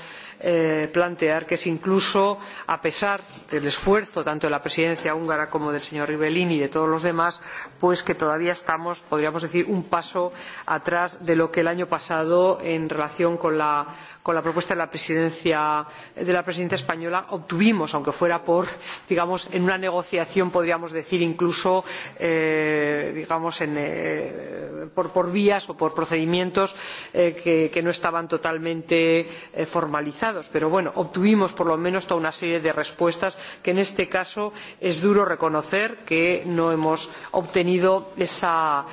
Eh, plantear que es incluso a pesar del esfuerzo tanto de la presidencia húngara como del señor rivellini y de todos los demás pues que todavía estamos podríamos decir un paso atrás de lo que el año pasado en relación con la, propuesta de la, presidencia, de la presidencia española obtuvimos aunque fuera por digamos en una negociación podríamos decir incluso eh, digamos eh, por, vías o por procedimientos que no estaban totalmente formalizados determinados pero bueno obtuvimos por lo menos toda una serie de respuestas que en este caso es duro reconocer que no hemos obtenido esa,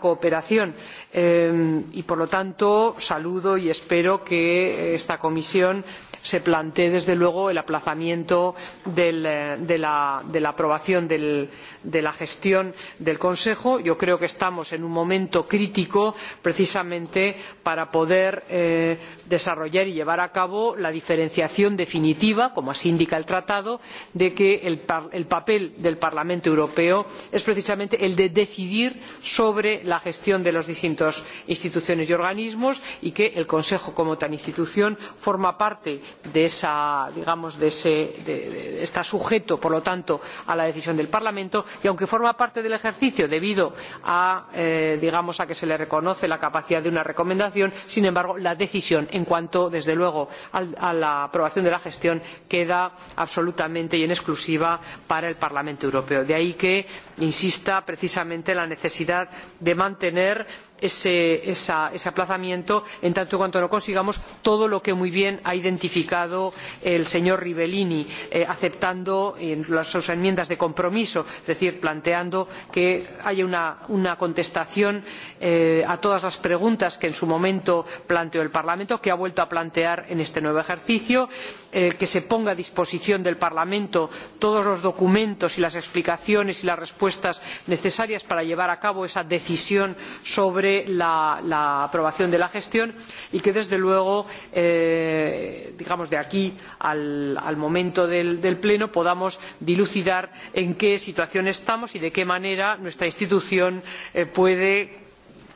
cooperación y por lo tanto saludo y espero que esta comisión se plantee desde luego el aplazamiento eh, de, la, aprobación de la gestión del consejo. yo creo que estamos en un momento crítico precisamente para poder eh, desarrollar y llevar a cabo la diferenciación definitiva como así indica el tratado de que el, papel del parlamento europeo es precisamente el de decidir sobre la gestión de las distintas instituciones y organismos y que el consejo como tal institución forma parte de ese, de, está sujeto por lo tanto a la decisión del parlamento y aunque forma parte del ejercicio debido a, eh, digamos, a que se le reconoce la capacidad de una recomendación sin embargo la decisión en cuanto desde luego a la aprobación de la gestión queda absolutamente y en exclusiva para el parlamento europeo. de ahí que insista precisamente en la necesidad de mantener ese, aplazamiento en tanto en cuanto no consigamos todo lo que muy bien ha identificado el señor rivellini eh, aceptando sus enmiendas de compromiso es decir planteando que haya una, contestación eh, a todas las preguntas que en su momento planteó el parlamento que ha vuelto a plantear en este nuevo ejercicio eh, que se ponga a disposición del parlamento todos los documentos y las explicaciones y las respuestas necesarias para llevar a cabo esa decisión sobre la, la aprobación de la gestión y que desde luego eh, digamos de aquí al, al momento del, del pleno podamos dilucidar en qué situación estamos y de qué manera nuestra institución eh, puede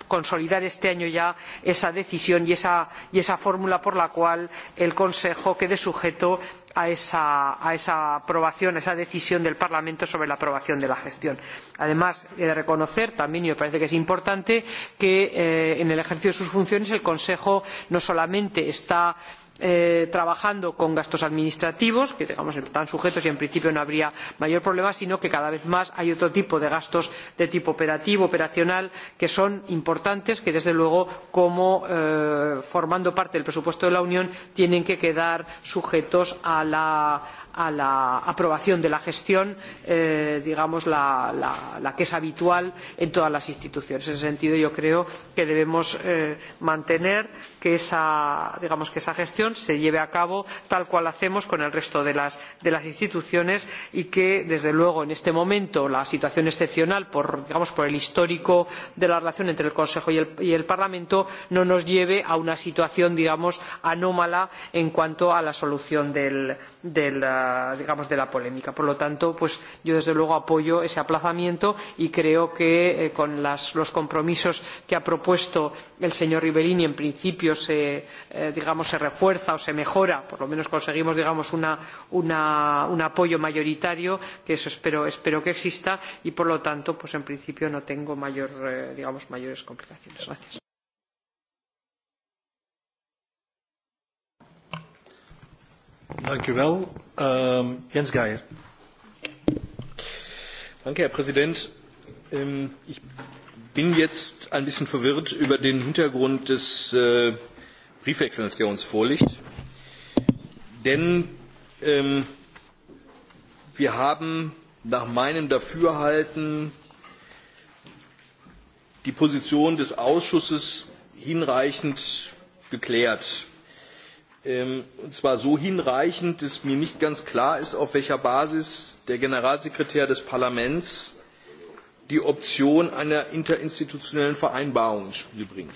consolidar este año ya esa decisión y esa, fórmula por la cual el consejo quede sujeto a esa, aprobación a esa decisión del parlamento sobre la aprobación de la gestión. además he de reconocer también y me parece que es importante que eh, en el ejercicio de sus funciones el consejo no solamente está Eh, trabajando con gastos administrativos que digamos están sujetos y en principio no habría mayor problema sino que cada vez más hay otro tipo de gastos de tipo operativo operacional que son importantes que desde luego como eh, formando parte del presupuesto de la unión tienen que quedar sujetos a la, a la aprobación de la gestión eh, digamos la, la, la que es habitual en todas las instituciones. en ese sentido yo creo que debemos eh, mantener que esa, digamos, que esa gestión comisión se lleve a cabo tal cual hacemos con el resto de las, instituciones y que desde luego en este momento la situación excepcional por, el histórico de la relación entre el consejo y el, parlamento no nos lleve a una situación anómala en cuanto a la solución ah, de la polémica. por lo tanto yo desde luego apoyo ese aplazamiento y creo que eh, con los compromisos que ha propuesto el señor rivellini en principio se, eh, refuerza refuerza o se mejora por lo menos conseguimos digamos una, una, un apoyo mayoritario que eso espero, espero que exista y por lo tanto pues en principio no tengo mayor, eh, digamos, mayores complicaciones. Gracias. Dank u wel. Ehm, Jens Geier. Danke, Herr Präsident. Ähm, ich bin jetzt ein bisschen verwirrt über den Hintergrund des äh, Briefwechsels, der uns vorliegt. Denn ähm, wir haben nach meinem Dafürhalten die Position des Ausschusses hinreichend geklärt. Ähm, und zwar so hinreichend, dass mir nicht ganz klar ist, auf welcher Basis der Generalsekretär des Parlaments die Option einer interinstitutionellen Vereinbarung ins Spiel bringt.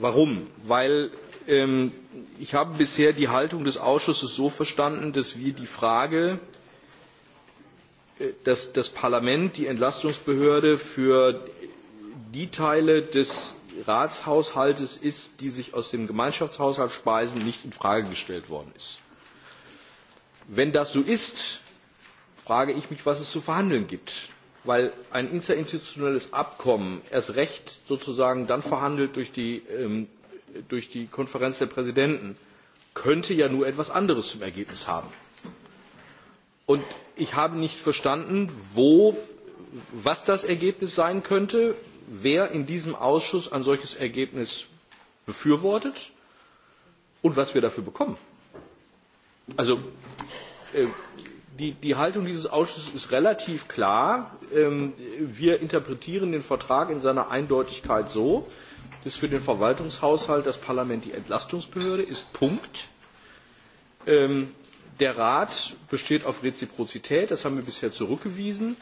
Warum? Weil ähm, ich habe bisher die Haltung des Ausschusses so verstanden, dass wir die Frage, äh, dass das Parlament die Entlastungsbehörde für die Teile des Ratshaushaltes ist, die sich aus dem Gemeinschaftshaushalt speisen, nicht in Frage gestellt worden ist. Wenn das so ist, frage ich mich, was es zu verhandeln gibt weil ein interinstitutionelles Abkommen erst recht sozusagen dann verhandelt durch die, ähm, durch die Konferenz der Präsidenten, könnte ja nur etwas anderes zum Ergebnis haben. Und ich habe nicht verstanden, wo, was das Ergebnis sein könnte, wer in diesem Ausschuss ein solches Ergebnis befürwortet und was wir dafür bekommen. Also äh, die, die Haltung dieses Ausschusses ist relativ klar. Ähm, wir interpretieren den Vertrag in seiner Eindeutigkeit so, dass für den Verwaltungshaushalt das Parlament die Entlastungsbehörde ist. Punkt. Ähm, der Rat besteht auf Reziprozität. Das haben wir bisher zurückgewiesen.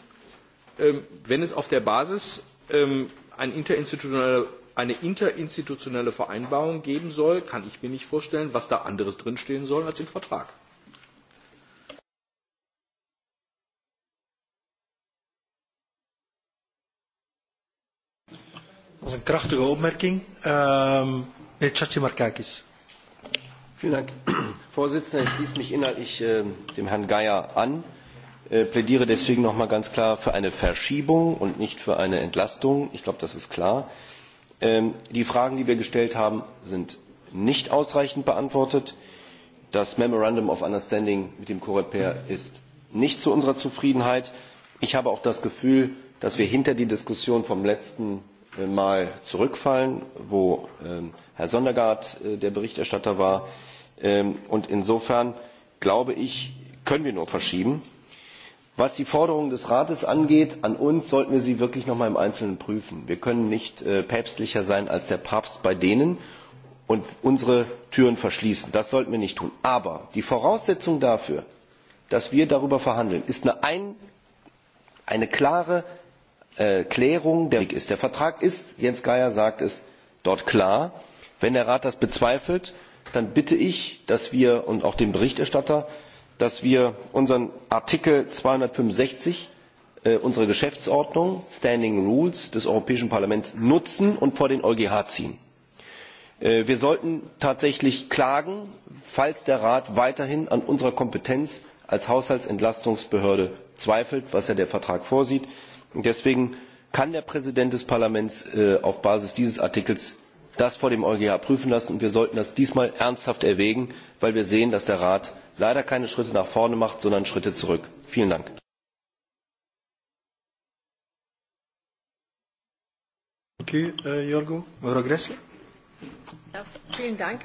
Ähm, wenn es auf der Basis eine interinstitutionelle, eine interinstitutionelle Vereinbarung geben soll, kann ich mir nicht vorstellen, was da anderes drinstehen soll als im Vertrag. Dat is een krachtige opmerking. Ehm, meneer Chachimarkakis. Vielen Dank, *clears throat* Vorsitzender. Ich schließe mich inhaltlich äh, dem Herrn Geier an, äh, plädiere deswegen noch mal ganz klar für eine Verschiebung und nicht für eine Entlastung. Ich glaube, das ist klar. Ähm, die Fragen, die wir gestellt haben, sind nicht ausreichend beantwortet. Das Memorandum of Understanding mit dem Coreper ist nicht zu unserer Zufriedenheit. Ich habe auch das Gefühl, dass wir hinter die Diskussion vom letzten mal zurückfallen, wo ähm, Herr Sondergaard äh, der Berichterstatter war. Ähm, und insofern, glaube ich, können wir nur verschieben. Was die Forderungen des Rates angeht, an uns sollten wir sie wirklich noch mal im Einzelnen prüfen. Wir können nicht äh, päpstlicher sein als der Papst bei denen und unsere Türen verschließen. Das sollten wir nicht tun. Aber die Voraussetzung dafür, dass wir darüber verhandeln, ist eine, ein, eine klare Äh, klärung der ist. der vertrag ist jens geier sagt es dort klar. wenn der rat das bezweifelt dann bitte ich dass wir und auch den berichterstatter dass wir unseren artikel zweihundertfünfundsechzig äh, unsere geschäftsordnung standing rules des europäischen parlaments nutzen und vor den eugh ziehen. Äh, wir sollten tatsächlich klagen falls der rat weiterhin an unserer kompetenz als haushaltsentlastungsbehörde zweifelt was ja der vertrag vorsieht. Und deswegen kann der Präsident des Parlaments äh, auf Basis dieses Artikels das vor dem EuGH prüfen lassen. Und wir sollten das diesmal ernsthaft erwägen, weil wir sehen, dass der Rat leider keine Schritte nach vorne macht, sondern Schritte zurück. Vielen Dank. Äh, vielen Dank.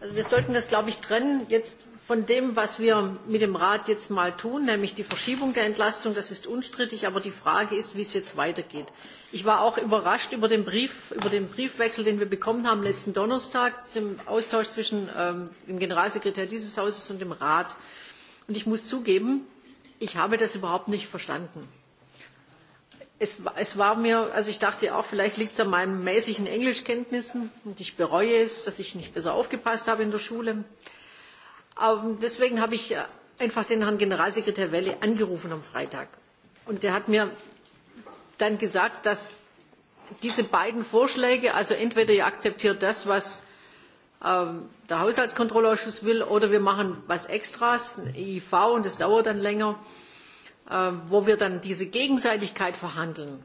Also wir sollten das, glaube ich, trennen. Jetzt von dem, was wir mit dem Rat jetzt mal tun, nämlich die Verschiebung der Entlastung, das ist unstrittig, aber die Frage ist, wie es jetzt weitergeht. Ich war auch überrascht über den, Brief, über den Briefwechsel, den wir bekommen haben letzten Donnerstag zum Austausch zwischen ähm, dem Generalsekretär dieses Hauses und dem Rat. Und ich muss zugeben, ich habe das überhaupt nicht verstanden. Es, es war mir, also ich dachte auch, vielleicht liegt es an meinen mäßigen Englischkenntnissen und ich bereue es, dass ich nicht besser aufgepasst habe in der Schule. Ähm, deswegen habe ich äh, einfach den Herrn Generalsekretär Welle angerufen am Freitag. Und der hat mir dann gesagt, dass diese beiden Vorschläge, also entweder ihr akzeptiert das, was ähm, der Haushaltskontrollausschuss will, oder wir machen was Extras, ein EIV, und das dauert dann länger, ähm, wo wir dann diese Gegenseitigkeit verhandeln,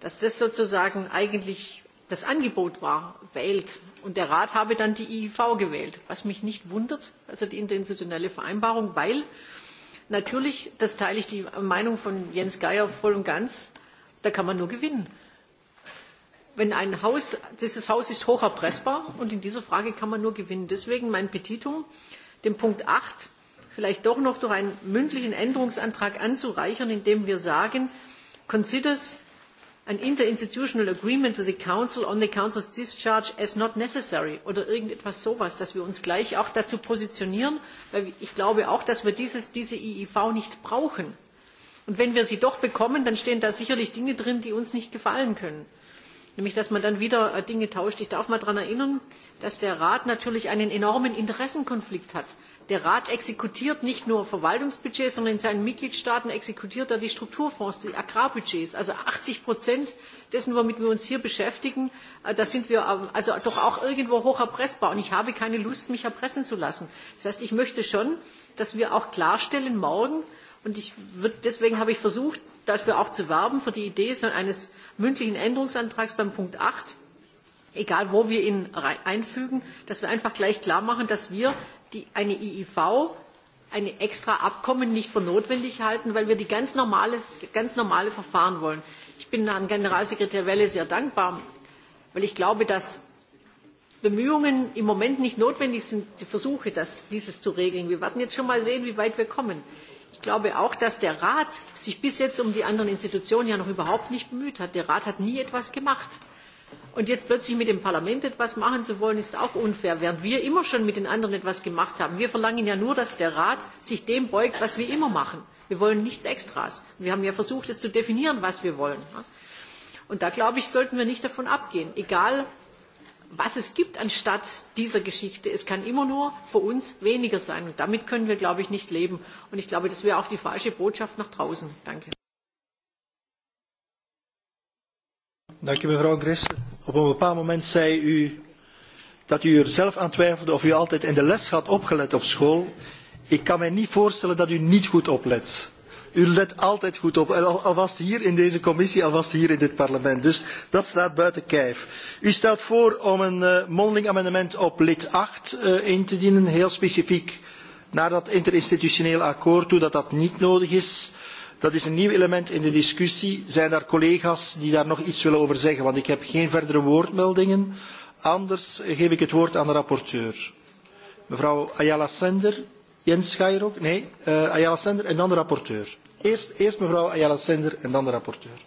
dass das sozusagen eigentlich das Angebot war, wählt. Und der Rat habe dann die IIV gewählt, was mich nicht wundert, also die interinstitutionelle Vereinbarung, weil natürlich, das teile ich die Meinung von Jens Geier voll und ganz, da kann man nur gewinnen. Wenn ein Haus, dieses Haus ist hoch erpressbar und in dieser Frage kann man nur gewinnen. Deswegen mein Petitum, den Punkt 8 vielleicht doch noch durch einen mündlichen Änderungsantrag anzureichern, indem wir sagen, considers An interinstitutional agreement with the council on the council's discharge as not necessary oder irgendetwas sowas, dass wir uns gleich auch dazu positionieren, weil ich glaube auch, dass wir dieses, diese IIV nicht brauchen. Und wenn wir sie doch bekommen, dann stehen da sicherlich Dinge drin, die uns nicht gefallen können nämlich dass man dann wieder äh, Dinge tauscht. Ich darf mal daran erinnern, dass der Rat natürlich einen enormen Interessenkonflikt hat der rat exekutiert nicht nur verwaltungsbudgets sondern in seinen mitgliedstaaten exekutiert er die strukturfonds die agrarbudgets also achtzig dessen womit wir uns hier beschäftigen äh, da sind wir ähm, also doch auch irgendwo hoch erpressbar und ich habe keine lust mich erpressen zu lassen. das heißt ich möchte schon dass wir auch klarstellen morgen und würd, deswegen habe ich versucht dafür auch zu werben für die idee eines mündlichen änderungsantrags beim punkt acht egal wo wir ihn einfügen dass wir einfach gleich klarmachen dass wir eine IIV, ein extra Abkommen nicht für notwendig halten, weil wir die ganz, ganz normale Verfahren wollen. Ich bin Herrn Generalsekretär Welle sehr dankbar, weil ich glaube, dass Bemühungen im Moment nicht notwendig sind, die Versuche, das, dieses zu regeln. Wir werden jetzt schon mal sehen, wie weit wir kommen. Ich glaube auch, dass der Rat sich bis jetzt um die anderen Institutionen ja noch überhaupt nicht bemüht hat. Der Rat hat nie etwas gemacht. Und jetzt plötzlich mit dem Parlament etwas machen zu wollen, ist auch unfair, während wir immer schon mit den anderen etwas gemacht haben. Wir verlangen ja nur, dass der Rat sich dem beugt, was wir immer machen. Wir wollen nichts Extras. Wir haben ja versucht, es zu definieren, was wir wollen. Und da, glaube ich, sollten wir nicht davon abgehen. Egal, was es gibt anstatt dieser Geschichte. Es kann immer nur für uns weniger sein. Und damit können wir, glaube ich, nicht leben. Und ich glaube, das wäre auch die falsche Botschaft nach draußen. Danke. Dank u mevrouw Grissen. Op een bepaald moment zei u dat u er zelf aan twijfelde of u altijd in de les had opgelet op school. Ik kan mij niet voorstellen dat u niet goed oplet. U let altijd goed op, alvast hier in deze commissie, alvast hier in dit parlement. Dus dat staat buiten kijf. U stelt voor om een eh, mondeling amendement op lid acht eh, in te dienen, heel specifiek naar dat interinstitutioneel akkoord toe, dat dat niet nodig is. Dat is een nieuw element in de discussie. Zijn er collega's die daar nog iets willen over zeggen? Want ik heb geen verdere woordmeldingen. Anders geef ik het woord aan de rapporteur. Mevrouw Ayala Sender, Jens Schairok, nee, uh, Ayala Sender en dan de rapporteur. Eerst, eerst mevrouw Ayala Sender en dan de rapporteur.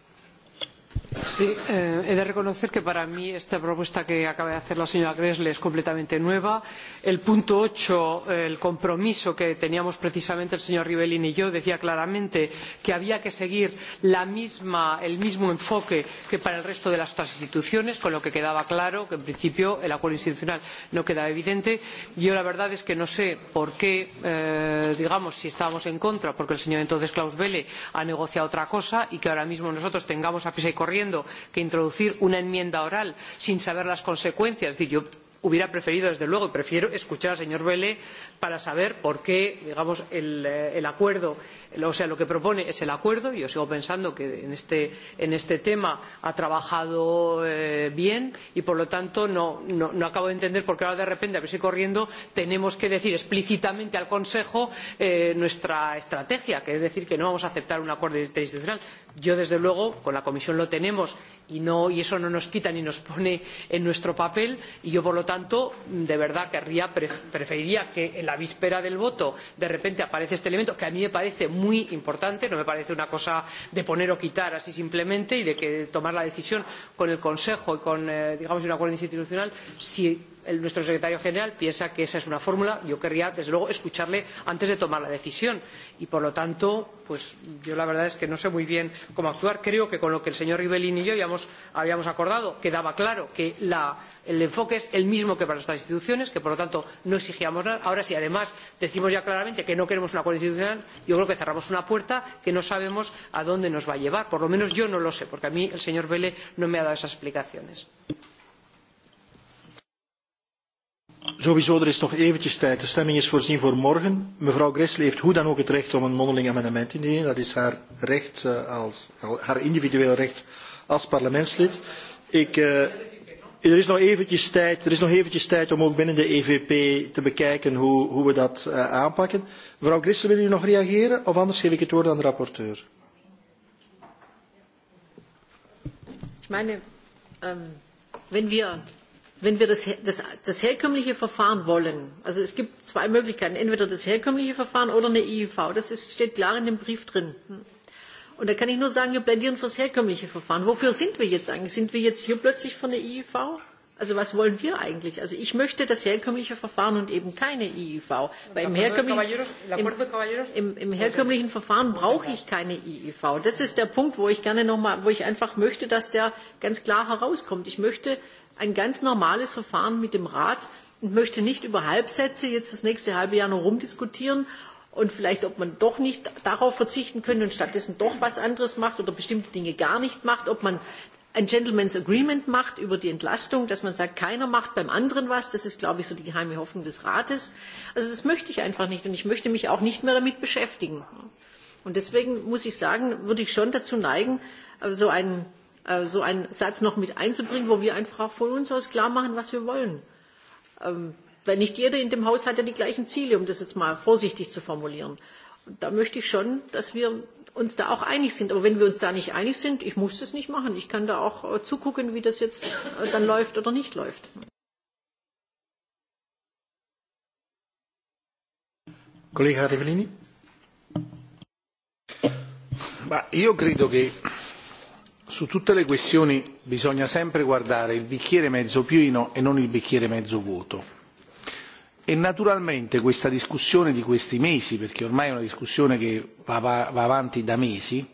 Sí, eh, he de reconocer que para mí esta propuesta que acaba de hacer la señora grle es completamente nueva. el punto ocho el compromiso que teníamos precisamente el señor rivellini y yo decía claramente que había que seguir la misma, el mismo enfoque que para el resto de las otras instituciones con lo que quedaba claro que en principio el acuerdo institucional no quedaba evidente. yo la verdad es que no sé por qué eh, digamos si estábamos en contra porque el señor entonces klaus welle ha negociado otra cosa y que ahora mismo nosotros tengamos a prisa y corriendo corriendo que introducir una enmienda oral sin saber las consecuencias. Es decir, yo hubiera preferido desde luego y prefiero escuchar al señor welle para saber por qué digamos, el, eh, acuerdo o sea lo que propone es el acuerdo yo sigo pensando que en este, tema ha trabajado eh, bien y por lo tanto no, no, no, acabo de entender por qué ahora de repente a prisa y corriendo tenemos que decir explícitamente al consejo eh, nuestra estrategia que es decir que no vamos a aceptar un acuerdo interinstitucional yo desde luego con la comisión lo tenemos no, y, eso no nos quita ni nos pone en nuestro papel y yo por lo tanto de verdad querría, preferiría que en la víspera del voto de repente aparece este elemento que a mí me parece muy importante no me parece una cosa de poner o quitar así simplemente y de tomar la decisión con el consejo y con eh, un acuerdo interinstitucional si nuestro secretario general piensa que esa es una fórmula yo querría desde luego escucharle antes de tomar la decisión y por lo tanto yo la verdad es que no sé muy bien cómo actuar. creo que con lo que el señor rivellini y yo habíamos, acordado quedaba claro que el enfoque es el mismo que para nuestras instituciones que por lo tanto no exigíamos nada. ahora si además decimos ya claramente que no queremos un acuerdo institucional yo creo que cerramos una puerta que no sabemos a dónde nos va a llevar por lo menos yo no lo sé porque a mí el señor welle no me ha dado esas explicaciones. Sowieso, er is nog eventjes tijd. De stemming is voorzien voor morgen. Mevrouw Gressel heeft hoe dan ook het recht om een mondeling amendement in te dienen. Dat is haar, recht eh, als, haar individueel recht als parlementslid. Ik, uh, er is nog eventjes tijd, er is nog eventjes tijd om ook binnen de EVP te bekijken hoe, hoe we dat uh, aanpakken. Mevrouw Gressel, wil u nog reageren? Of anders geef ik het woord aan de rapporteur. Ik meine, um, wenn wir wenn wir das, das, das, herkömmliche Verfahren wollen, also es gibt zwei Möglichkeiten, entweder das herkömmliche Verfahren oder eine IIV, e das ist, steht klar in dem Brief drin. Und da kann ich nur sagen, wir plädieren für das herkömmliche Verfahren. Wofür sind wir jetzt eigentlich? Sind wir jetzt hier plötzlich für eine IIV? Also was wollen wir eigentlich? Also ich möchte das herkömmliche Verfahren und eben keine IIV. Weil im, herkömmlichen, im, im, im herkömmlichen Verfahren brauche ich keine IIV. Das ist der Punkt, wo ich gerne noch mal, wo ich einfach möchte, dass der ganz klar herauskommt. Ich möchte ein ganz normales Verfahren mit dem Rat und möchte nicht über Halbsätze jetzt das nächste halbe Jahr noch rumdiskutieren und vielleicht ob man doch nicht darauf verzichten könnte und stattdessen doch etwas anderes macht oder bestimmte Dinge gar nicht macht, ob man ein Gentleman's Agreement macht über die Entlastung, dass man sagt, keiner macht beim anderen was. Das ist, glaube ich, so die geheime Hoffnung des Rates. Also das möchte ich einfach nicht und ich möchte mich auch nicht mehr damit beschäftigen. Und deswegen muss ich sagen, würde ich schon dazu neigen, äh, so einen, äh, so einen Satz noch mit einzubringen, wo wir einfach auch von uns aus klar machen, was wir wollen. Ähm, weil nicht jeder in dem Haus hat ja die gleichen Ziele, um das jetzt mal vorsichtig zu formulieren. Und da möchte ich schon, dass wir uns da auch einig sind. Aber wenn wir uns da nicht einig sind, ich muss das nicht machen. Ich kann da auch äh, zugucken, wie das jetzt äh, dann läuft oder nicht läuft. Rivellini? Ma io credo che su tutte le questioni bisogna sempre guardare il bicchiere mezzo pieno e non il bicchiere mezzo vuoto e naturalmente questa discussione di questi mesi perché ormai è una discussione che va, va, va avanti da mesi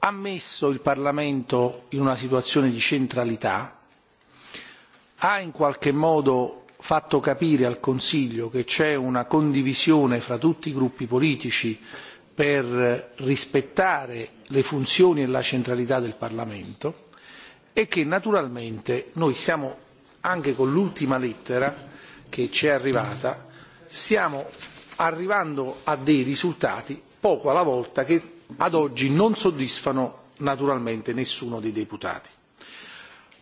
ha messo il Parlamento in una situazione di centralità ha in qualche modo fatto capire al Consiglio che c'è una condivisione fra tutti i gruppi politici per rispettare le funzioni e la centralità del Parlamento e che naturalmente noi siamo anche con l'ultima lettera che ci è arrivata, stiamo arrivando a dei risultati poco alla volta che ad oggi non soddisfano naturalmente nessuno dei deputati.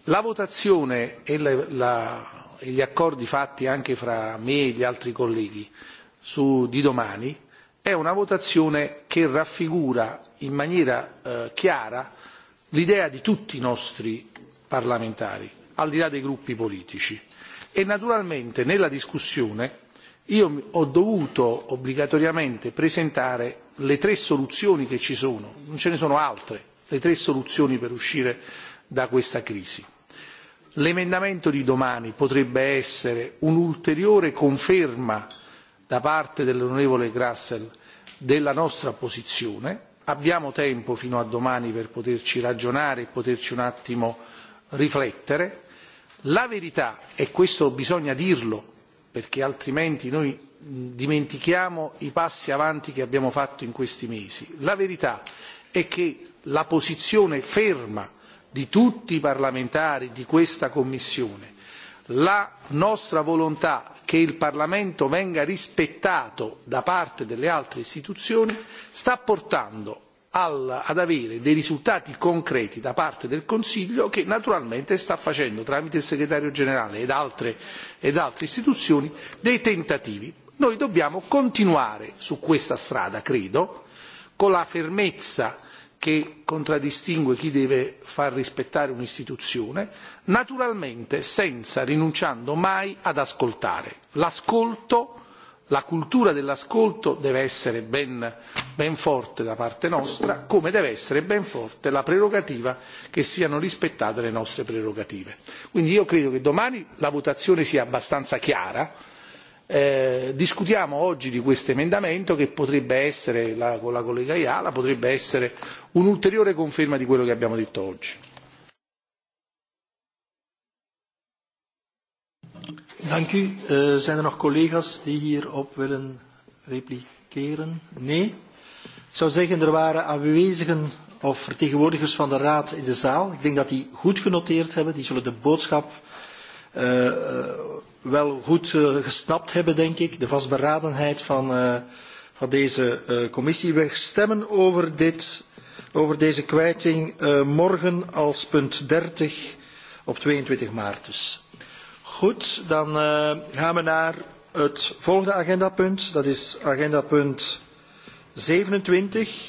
La votazione e, la, la, e gli accordi fatti anche fra me e gli altri colleghi su, di domani è una votazione che raffigura in maniera eh, chiara l'idea di tutti i nostri parlamentari, al di là dei gruppi politici e naturalmente nella discussione io ho dovuto obbligatoriamente presentare le tre soluzioni che ci sono non ce ne sono altre le tre soluzioni per uscire da questa crisi. l'emendamento di domani potrebbe essere un'ulteriore conferma da parte dell'onorevole Grassel della nostra posizione abbiamo tempo fino a domani per poterci ragionare e poterci un attimo riflettere La verità, e questo bisogna dirlo perché altrimenti noi dimentichiamo i passi avanti che abbiamo fatto in questi mesi, la verità è che la posizione ferma di tutti i parlamentari di questa Commissione, la nostra volontà che il Parlamento venga rispettato da parte delle altre istituzioni, sta portando ad avere dei risultati concreti da parte del Consiglio che naturalmente sta facendo tramite il segretario generale ed altre, ed altre istituzioni dei tentativi. Noi dobbiamo continuare su questa strada, credo, con la fermezza che contraddistingue chi deve far rispettare un'istituzione, naturalmente senza rinunciando mai ad ascoltare. L'ascolto la cultura dell'ascolto deve essere ben, ben forte da parte nostra come deve essere ben forte la prerogativa che siano rispettate le nostre prerogative. quindi io credo che domani la votazione sia abbastanza chiara eh, discutiamo oggi di questo emendamento che potrebbe essere la, con la collega ayala potrebbe essere un'ulteriore conferma di quello che abbiamo detto oggi. Dank u. Uh, zijn er nog collega's die hierop willen repliceren? Nee? Ik zou zeggen, er waren aanwezigen of vertegenwoordigers van de Raad in de zaal. Ik denk dat die goed genoteerd hebben. Die zullen de boodschap uh, uh, wel goed uh, gesnapt hebben, denk ik. De vastberadenheid van, uh, van deze uh, commissie. We stemmen over, dit, over deze kwijting uh, morgen als punt 30 op 22 maart dus. Goed, dan uh, gaan we naar het volgende agendapunt. Dat is agendapunt 27.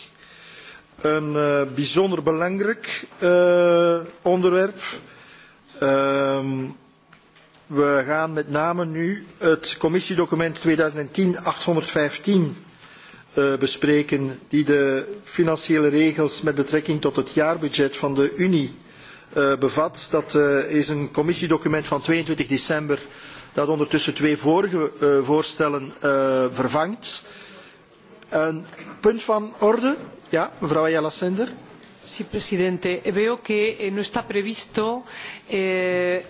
Een uh, bijzonder belangrijk uh, onderwerp. Um, we gaan met name nu het commissiedocument 2010-815 uh, bespreken, die de financiële regels met betrekking tot het jaarbudget van de Unie Eh, bevat. Dat eh, is een commissiedocument van 22 december dat ondertussen twee vorige eh, voorstellen vervangt. Een punt van orde? Ja, mevrouw Ayala Sender. Sí, presidente. Veo que no está previsto eh,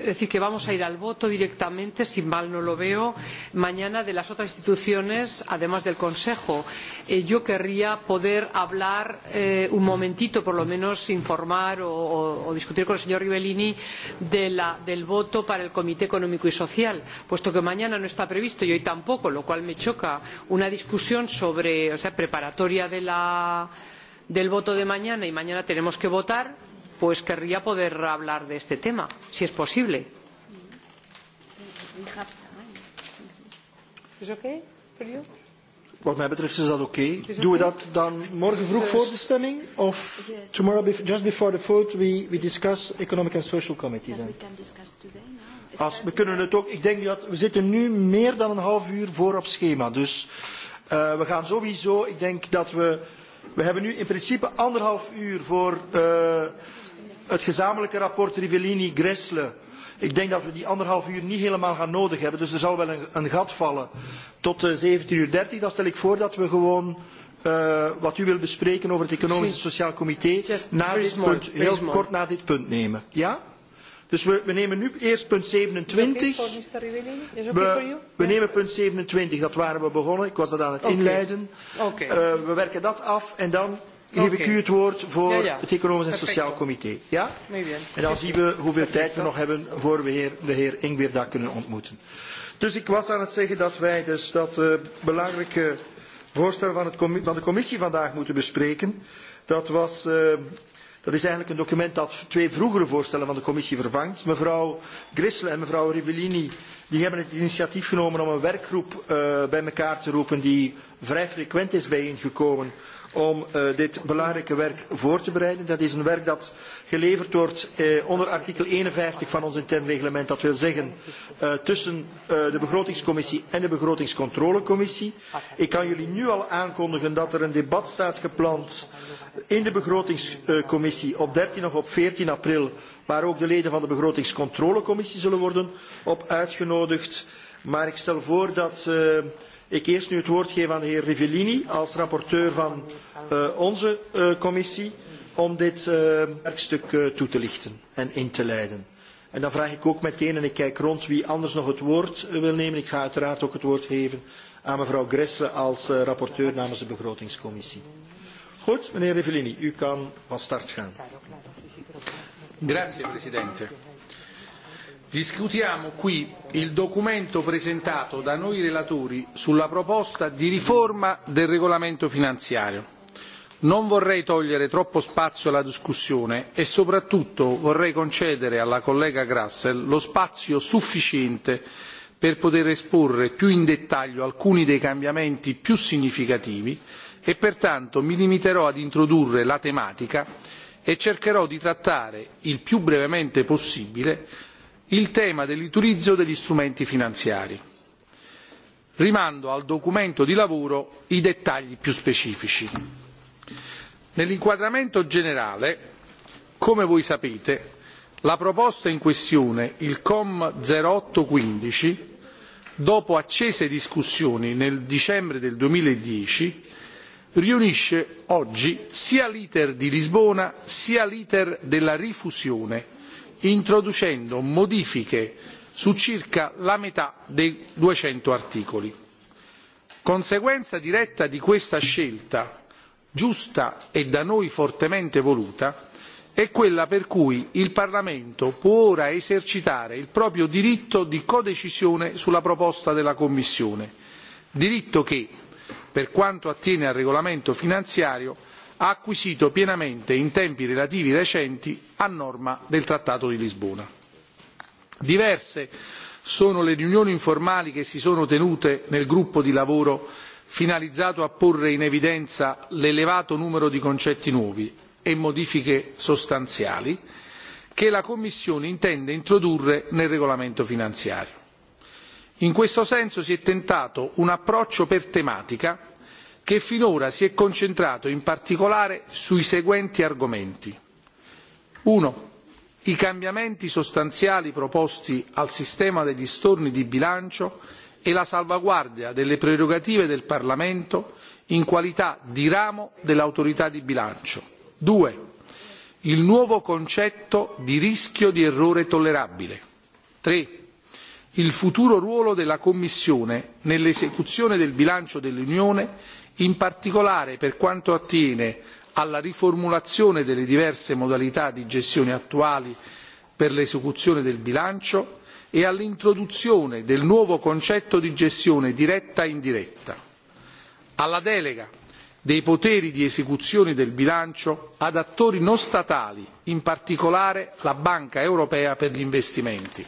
es decir que vamos a ir al voto directamente si mal no lo veo mañana de las otras instituciones además del consejo. Eh, yo querría poder hablar eh, un momentito por lo menos informar o, discutir con el señor rivellini de la, del voto para el comité económico y social puesto que mañana no está previsto y hoy tampoco lo cual me choca una discusión sobre, preparatoria de la, del voto de mañana y mañana tenemos que votar pues querría poder hablar de este tema si es posible. ¿eh? Wat mij betreft is dat oké. Okay. Doen we dat dan morgen vroeg voor de stemming? Of tomorrow, just before the vote, we, we discuss Economic and Social Committee then? No? Als, we kunnen het ook, ik denk dat we zitten nu meer dan een half uur voor op schema. Dus uh, we gaan sowieso, ik denk dat we... We hebben nu in principe anderhalf uur voor... Uh, het gezamenlijke rapport Rivellini-Gressle. Ik denk dat we die anderhalf uur niet helemaal gaan nodig hebben, dus er zal wel een, een gat vallen. Tot eh, zeventien uur dertig, dan stel ik voor dat we gewoon uh, wat u wil bespreken over het Economisch en Sociaal Comité na dit punt, heel kort na dit punt nemen. Ja? Dus we, we nemen nu eerst punt 27. We, we nemen punt 27, dat waren we begonnen. Ik was dat aan het inleiden. Uh, we werken dat af en dan geef ik u het woord voor ja, ja. het Economisch en Sociaal Comité. Ja? En dan zien we hoeveel Perfecto. tijd we nog hebben voor we heer, de heer Ingwerda kunnen ontmoeten. Dus ik was aan het zeggen dat wij dus dat uh, belangrijke voorstel van, het, van de commissie vandaag moeten bespreken. Dat, was, uh, dat is eigenlijk een document dat twee vroegere voorstellen van de commissie vervangt. Mevrouw Grissel en mevrouw Rivellini die hebben het initiatief genomen om een werkgroep uh, bij elkaar te roepen die vrij frequent is bijeengekomen om uh, dit belangrijke werk voor te bereiden. Dat is een werk dat geleverd wordt uh, onder artikel 51 van ons intern reglement. Dat wil zeggen uh, tussen de begrotingscommissie en de begrotingscontrolecommissie. Ik kan jullie nu al aankondigen dat er een debat staat gepland in de begrotingscommissie op 13 of op 14 april, waar ook de leden van de begrotingscontrolecommissie zullen worden op uitgenodigd. Maar ik stel voor dat Ik eerst nu het woord geef aan de heer Rivellini als rapporteur van uh, onze uh, commissie om dit eh, werkstuk uh, toe te lichten en in te leiden. En dan vraag ik ook meteen, en ik kijk rond wie anders nog het woord wil nemen. Ik ga uiteraard ook het woord geven aan mevrouw Gressle als rapporteur namens de begrotingscommissie. Goed, meneer Rivellini, u kan van start gaan. Grazie, presidente. Discutiamo qui il documento presentato da noi relatori sulla proposta di riforma del regolamento finanziario. Non vorrei togliere troppo spazio alla discussione e soprattutto vorrei concedere alla collega Grassel lo spazio sufficiente per poter esporre più in dettaglio alcuni dei cambiamenti più significativi e pertanto mi limiterò ad introdurre la tematica e cercherò di trattare il più brevemente possibile il tema dell'utilizzo degli strumenti finanziari. Rimando al documento di lavoro i dettagli più specifici. Nell'inquadramento generale, come voi sapete, la proposta in questione, il COM 0815, dopo accese discussioni nel dicembre del duemiladieci riunisce oggi sia l'iter di Lisbona sia l'iter della rifusione introducendo modifiche su circa la metà dei duecento articoli. conseguenza diretta di questa scelta giusta e da noi fortemente voluta è quella per cui il parlamento può ora esercitare il proprio diritto di codecisione sulla proposta della commissione diritto che per quanto attiene al regolamento finanziario ha acquisito pienamente in tempi relativi recenti a norma del trattato di lisbona. diverse sono le riunioni informali che si sono tenute nel gruppo di lavoro finalizzato a porre in evidenza l'elevato numero di concetti nuovi e modifiche sostanziali che la commissione intende introdurre nel regolamento finanziario. in questo senso si è tentato un approccio per tematica che finora si è concentrato in particolare sui seguenti argomenti uno i cambiamenti sostanziali proposti al sistema degli storni di bilancio e la salvaguardia delle prerogative del parlamento in qualità di ramo dell'autorità di bilancio; due il nuovo concetto di rischio di errore tollerabile; tre il futuro ruolo della commissione nell'esecuzione del bilancio dell'unione in particolare per quanto attiene alla riformulazione delle diverse modalità di gestione attuali per l'esecuzione del bilancio e all'introduzione del nuovo concetto di gestione diretta e indiretta alla delega dei poteri di esecuzione del bilancio ad attori non statali in particolare la banca europea per gli investimenti.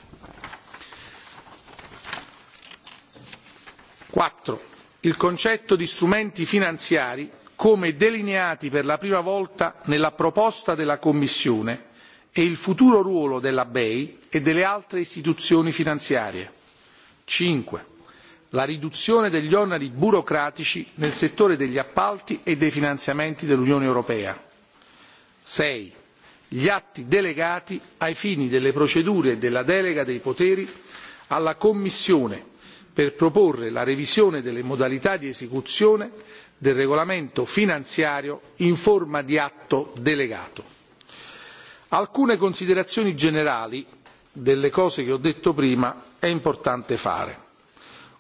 quattro il concetto di strumenti finanziari come delineati per la prima volta nella proposta della commissione e il futuro ruolo della bei e delle altre istituzioni finanziarie. cinque la riduzione degli oneri burocratici nel settore degli appalti e dei finanziamenti dell'unione europea. sei gli atti delegati ai fini delle procedure e della delega dei poteri alla commissione per proporre la revisione delle modalità di esecuzione del regolamento finanziario in forma di atto delegato. alcune considerazioni generali delle cose che ho detto prima è importante fare.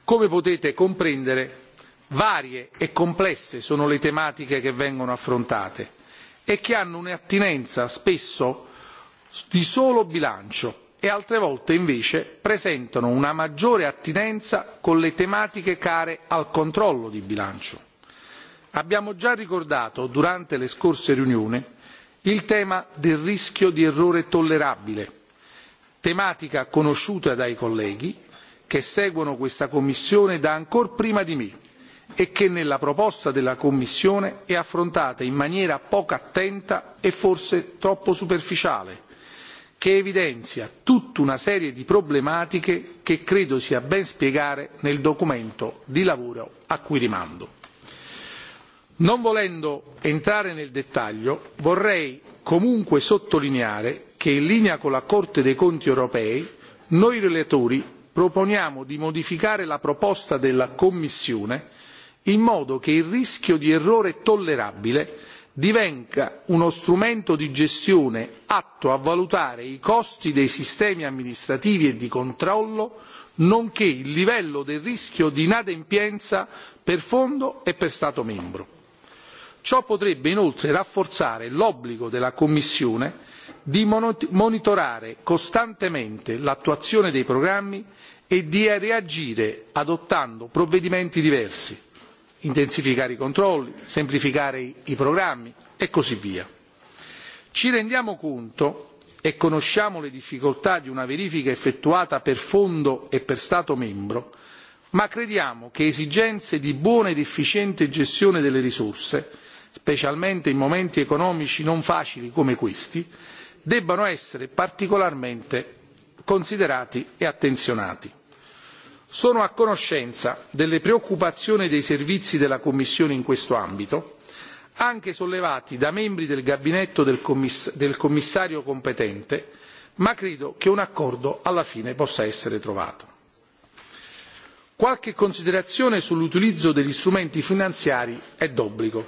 come potete comprendere varie e complesse sono le tematiche che vengono affrontate e che hanno un'attinenza spesso di solo bilancio e altre volte invece presentano una maggiore attinenza con le tematiche care al controllo di bilancio. abbiamo già ricordato durante le scorse riunioni il tema del rischio di errore tollerabile tematica conosciuta dai colleghi che seguono questa commissione da ancor prima di me e che nella proposta della commissione è affrontata in maniera poco attenta e forse troppo superficiale che evidenzia tutta una serie di problematiche che credo sia ben spiegare nel documento di lavoro a cui rimando. non volendo entrare nel dettaglio vorrei comunque sottolineare che in linea con la corte dei conti europei noi relatori proponiamo di modificare la proposta della commissione in modo che il rischio di errore tollerabile divenga uno strumento di gestione atto a valutare i costi dei sistemi amministrativi e di controllo nonché il livello del rischio di inadempienza per fondo e per stato membro. ciò potrebbe inoltre rafforzare l'obbligo della commissione di monitorare costantemente l'attuazione dei programmi e di reagire adottando provvedimenti diversi intensificare i controlli semplificare i programmi e così via. ci rendiamo conto e conosciamo le difficoltà di una verifica effettuata per fondo e per stato membro ma crediamo che esigenze di buona ed efficiente gestione delle risorse specialmente in momenti economici non facili come questi debbano essere particolarmente considerati e attenzionati sono a conoscenza delle preoccupazioni e dei servizi della commissione in questo ambito anche sollevati da membri del gabinetto del, del commissario competente ma credo che un accordo alla fine possa essere trovato. qualche considerazione sull'utilizzo degli strumenti finanziari è d'obbligo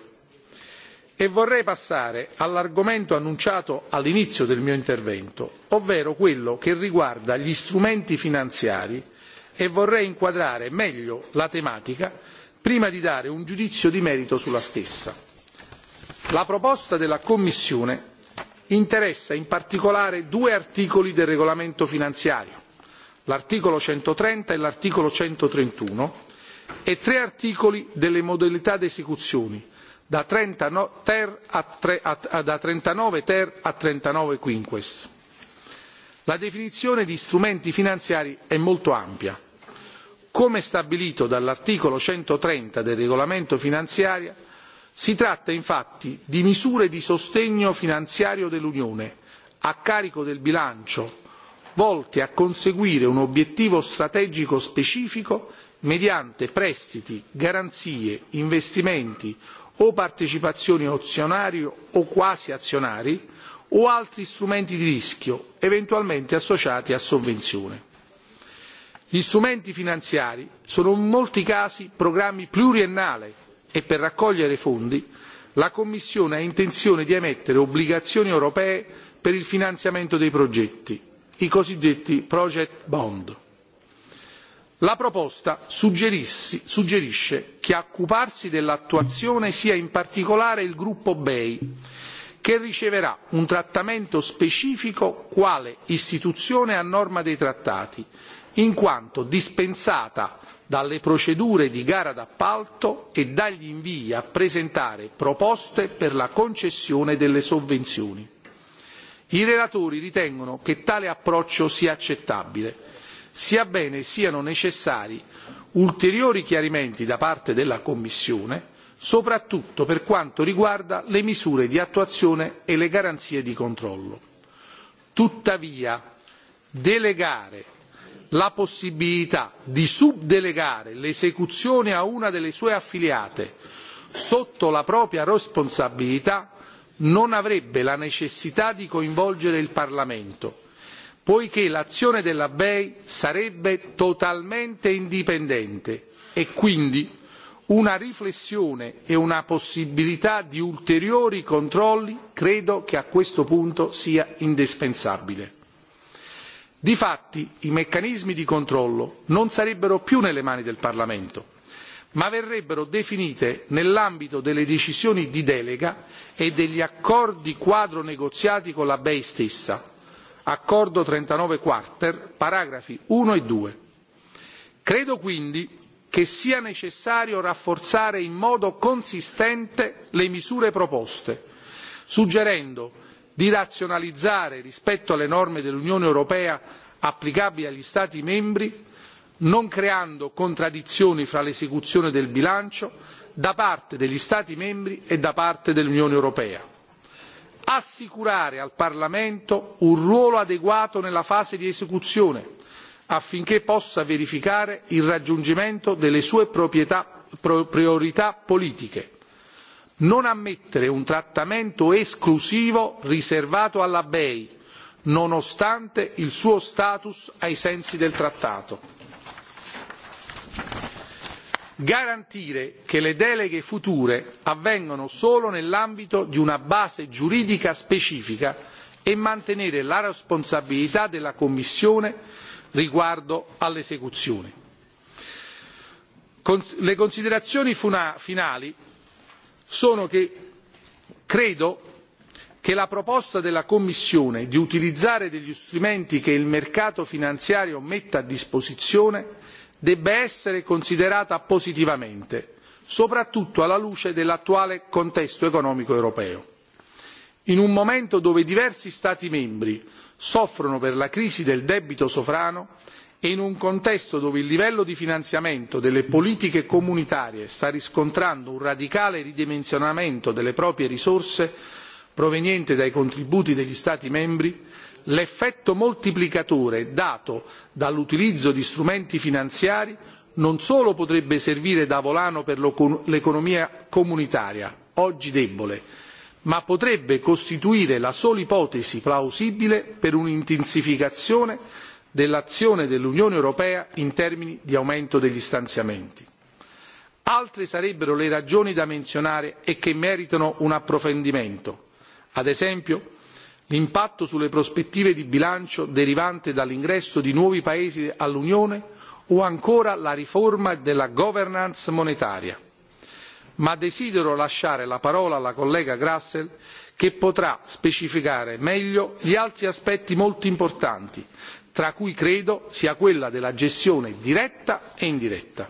e vorrei passare all'argomento annunciato all'inizio del mio intervento ovvero quello che riguarda gli strumenti finanziari e vorrei inquadrare meglio la tematica prima di dare un giudizio di merito sulla stessa. La proposta della Commissione interessa in particolare due articoli del regolamento finanziario, l'articolo centotrenta e l'articolo centotrentuno, e tre articoli delle modalità di esecuzione, no, da, trentanove ter a trentanove quinquies. quinques. La definizione di strumenti finanziari è molto ampia come stabilito dall'articolo centotrenta del regolamento finanziario si tratta infatti di misure di sostegno finanziario dell'unione a carico del bilancio volte a conseguire un obiettivo strategico specifico mediante prestiti garanzie investimenti o partecipazioni azionarie o quasi azionarie o altri strumenti di rischio eventualmente associati a sovvenzione gli strumenti finanziari sono in molti casi programmi pluriennali e per raccogliere fondi la commissione ha intenzione di emettere obbligazioni europee per il finanziamento dei progetti i cosiddetti project bond. la proposta suggerisce che a occuparsi dell'attuazione sia in particolare il gruppo bei che riceverà un trattamento specifico quale istituzione a norma dei trattati in quanto dispensata dalle procedure di gara d'appalto e dagli invii a presentare proposte per la concessione delle sovvenzioni. I relatori ritengono che tale approccio sia accettabile, sia bene siano necessari ulteriori chiarimenti da parte della Commissione, soprattutto per quanto riguarda le misure di attuazione e le garanzie di controllo. Tuttavia, delegare la possibilità di subdelegare l'esecuzione a una delle sue affiliate sotto la propria responsabilità non avrebbe la necessità di coinvolgere il parlamento poiché l'azione della bei sarebbe totalmente indipendente e quindi una riflessione e una possibilità di ulteriori controlli credo che a questo punto sia indispensabile difatti i meccanismi di controllo non sarebbero più nelle mani del parlamento ma verrebbero definite nell'ambito delle decisioni di delega e degli accordi quadro negoziati con la bei stessa accordo trentanove quater paragrafi uno e due. credo quindi che sia necessario rafforzare in modo consistente le misure proposte suggerendo di razionalizzare rispetto alle norme dell'unione europea applicabili agli stati membri non creando contraddizioni fra l'esecuzione del bilancio da parte degli stati membri e da parte dell'unione europea assicurare al parlamento un ruolo adeguato nella fase di esecuzione affinché possa verificare il raggiungimento delle sue priorità politiche non ammettere un trattamento esclusivo riservato alla bei nonostante il suo status ai sensi del trattato garantire che le deleghe future avvengano solo nell'ambito di una base giuridica specifica e mantenere la responsabilità della commissione riguardo all'esecuzione. le considerazioni finali sono che credo che la proposta della commissione di utilizzare degli strumenti che il mercato finanziario mette a disposizione debba essere considerata positivamente soprattutto alla luce dell'attuale contesto economico europeo. in un momento dove diversi stati membri soffrono per la crisi del debito sovrano e in un contesto dove il livello di finanziamento delle politiche comunitarie sta riscontrando un radicale ridimensionamento delle proprie risorse provenienti dai contributi degli stati membri l'effetto moltiplicatore dato dall'utilizzo di strumenti finanziari non solo potrebbe servire da volano per l'economia comunitaria oggi debole ma potrebbe costituire la sola ipotesi plausibile per un'intensificazione dell'azione dell'unione europea in termini di aumento degli stanziamenti. altre sarebbero le ragioni da menzionare e che meritano un approfondimento ad esempio l'impatto sulle prospettive di bilancio derivante dall'ingresso di nuovi paesi all'unione o ancora la riforma della governance monetaria ma desidero lasciare la parola alla collega grassl che potrà specificare meglio gli altri aspetti molto importanti tra cui credo sia quella della gestione diretta e indiretta.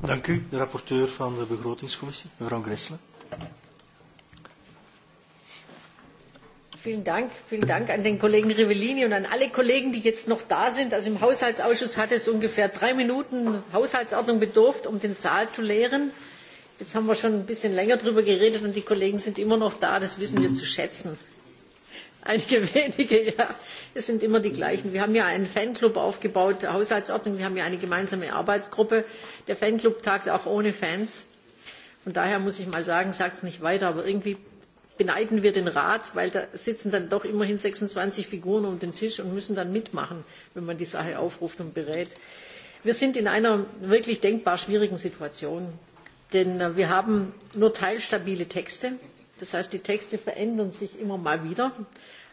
Dank u, de rapporteur van de begrotingscommissie, mevrouw Gressler. Vielen Dank, vielen Dank an den Kollegen Rivellini und an alle Kollegen, die jetzt noch da sind. Also im Haushaltsausschuss hat es ungefähr drei Minuten Haushaltsordnung bedurft, um den Saal zu leeren. Jetzt haben wir schon ein bisschen länger darüber geredet und die Kollegen sind immer noch da. Das wissen wir mhm. zu schätzen. Einige *laughs* wenige, ja. Es sind immer die gleichen. Wir haben ja einen Fanclub aufgebaut, der Haushaltsordnung. Wir haben ja eine gemeinsame Arbeitsgruppe. Der Fanclub tagt auch ohne Fans. Von daher muss ich mal sagen, sagt es nicht weiter. Aber irgendwie beneiden wir den Rat, weil da sitzen dann doch immerhin 26 Figuren um den Tisch und müssen dann mitmachen, wenn man die Sache aufruft und berät. Wir sind in einer wirklich denkbar schwierigen Situation Denn äh, wir haben nur teilstabile Texte. Das heißt, die Texte verändern sich immer mal wieder.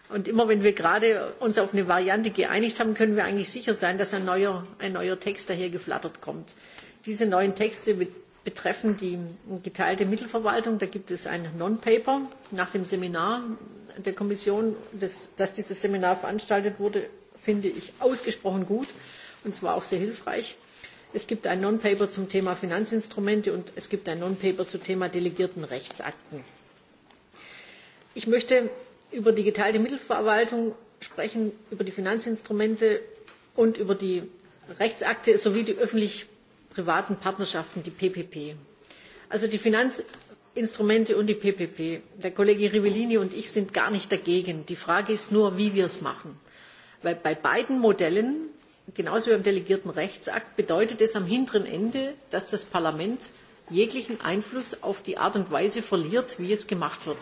Und immer wenn wir uns gerade auf eine Variante geeinigt haben, können wir eigentlich sicher sein, dass ein neuer, ein neuer Text daher geflattert kommt. Diese neuen Texte betreffen die geteilte Mittelverwaltung. Da gibt es ein Non-Paper nach dem Seminar der Kommission, das, dass dieses Seminar veranstaltet wurde, finde ich ausgesprochen gut und zwar auch sehr hilfreich. Es gibt ein Non-Paper zum Thema Finanzinstrumente und es gibt ein Non-Paper zum Thema delegierten Rechtsakten. Ich möchte über die geteilte Mittelverwaltung sprechen, über die Finanzinstrumente und über die Rechtsakte sowie die öffentlich-privaten Partnerschaften, die PPP. Also die Finanzinstrumente und die PPP. Der Kollege Rivellini und ich sind gar nicht dagegen. Die Frage ist nur, wie wir es machen. Weil bei beiden Modellen genauso wie beim Delegierten Rechtsakt bedeutet es am hinteren Ende, dass das Parlament jeglichen Einfluss auf die Art und Weise verliert, wie es gemacht wird.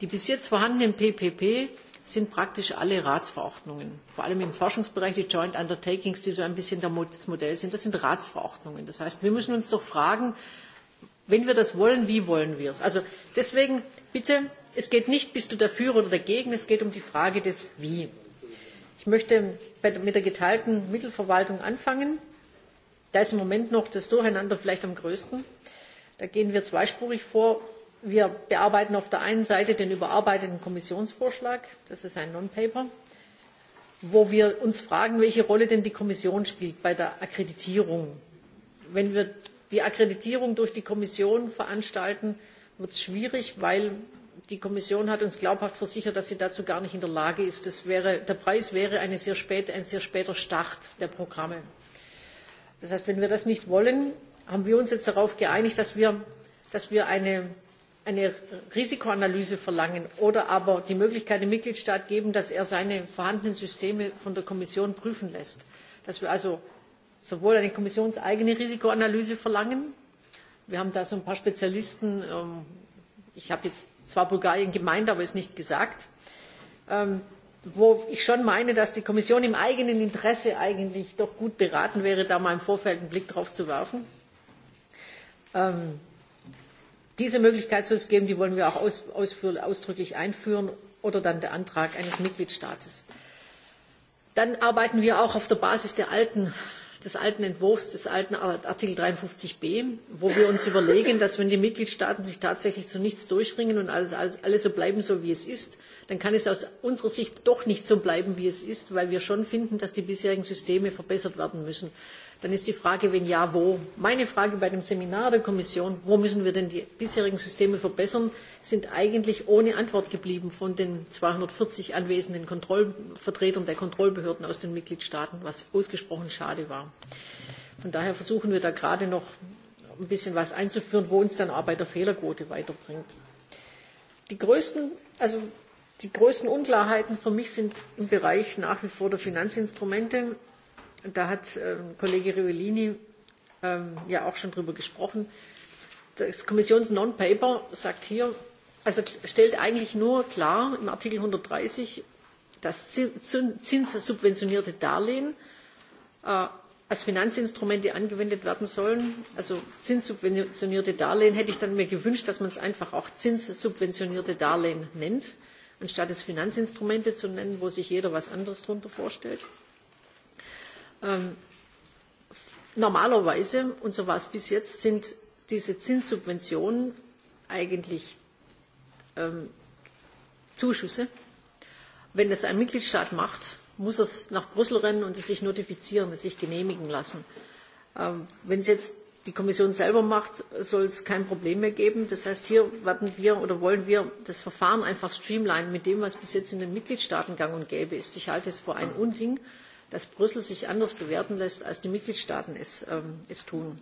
Die bis jetzt vorhandenen PPP sind praktisch alle Ratsverordnungen, vor allem im Forschungsbereich die Joint Undertakings, die so ein bisschen das Modell sind, das sind Ratsverordnungen. Das heißt, wir müssen uns doch fragen, wenn wir das wollen, wie wollen wir es? Also deswegen bitte, es geht nicht, bist du dafür oder dagegen, es geht um die Frage des Wie. Ich möchte mit der geteilten Mittelverwaltung anfangen. Da ist im Moment noch das Durcheinander vielleicht am größten. Da gehen wir zweispurig vor. Wir bearbeiten auf der einen Seite den überarbeiteten Kommissionsvorschlag, das ist ein Non-Paper, wo wir uns fragen, welche Rolle denn die Kommission spielt bei der Akkreditierung. Wenn wir die Akkreditierung durch die Kommission veranstalten, wird es schwierig, weil die Kommission hat uns glaubhaft versichert, dass sie dazu gar nicht in der Lage ist. der Preis wäre ein sehr später Start der Programme. Das heißt, wenn wir das nicht wollen, haben wir uns jetzt darauf geeinigt, dass wir, eine, eine, Risikoanalyse verlangen oder aber die Möglichkeit dem Mitgliedstaat geben, dass er seine vorhandenen Systeme von der Kommission prüfen lässt. Dass wir also sowohl eine kommissionseigene Risikoanalyse verlangen, wir haben da so ein paar Spezialisten, ähm, ich habe jetzt es war bulgarien gemeint aber ist nicht gesagt ähm, wo ich schon meine dass die kommission im eigenen interesse eigentlich doch gut beraten wäre da mal im vorfeld einen blick drauf zu werfen. Ähm, diese möglichkeit soll es geben die wollen wir auch ausdrücklich einführen oder dann der antrag eines mitgliedstaates. dann arbeiten wir auch auf der basis der alten des alten Entwurfs des alten Artikel 53b, wo wir uns überlegen, dass wenn die Mitgliedstaaten sich tatsächlich zu nichts durchringen und alles, alles, alles so bleiben, so wie es ist, dann kann es aus unserer Sicht doch nicht so bleiben, wie es ist, weil wir schon finden, dass die bisherigen Systeme verbessert werden müssen dann ist die Frage, wenn ja, wo? Meine Frage bei dem Seminar der Kommission, wo müssen wir denn die bisherigen Systeme verbessern, sind eigentlich ohne Antwort geblieben von den 240 anwesenden Kontrollvertretern Vertretern der Kontrollbehörden aus den Mitgliedstaaten, was ausgesprochen schade war. Von daher versuchen wir da gerade noch ein bisschen was einzuführen, wo uns dann auch bei der Fehlerquote weiterbringt. Die größten, also die größten Unklarheiten für mich sind im Bereich nach wie vor der Finanzinstrumente da hat ähm, Kollege Rivellini ähm, ja auch schon darüber gesprochen. Das Kommissions Non-Paper sagt hier, also stellt eigentlich nur klar im Artikel 130, dass zinssubventionierte Darlehen äh, als Finanzinstrumente angewendet werden sollen. Also zinssubventionierte Darlehen hätte ich dann mir gewünscht, dass man es einfach auch zinssubventionierte Darlehen nennt, anstatt es Finanzinstrumente zu nennen, wo sich jeder etwas anderes darunter vorstellt. Ähm, normalerweise, und so war es bis jetzt, sind diese Zinssubventionen eigentlich ähm, Zuschüsse. Wenn das ein Mitgliedstaat macht, muss er nach Brüssel rennen und es sich notifizieren, es sich genehmigen lassen. Ähm, Wenn es jetzt die Kommission selber macht, soll es kein Problem mehr geben. Das heißt, hier werden wir oder wollen wir das Verfahren einfach streamlinen mit dem, was bis jetzt in den Mitgliedstaaten gang und gäbe ist. Ich halte es für ein Unding dass Brüssel sich anders bewerten lässt, als die Mitgliedstaaten es, ähm, es tun.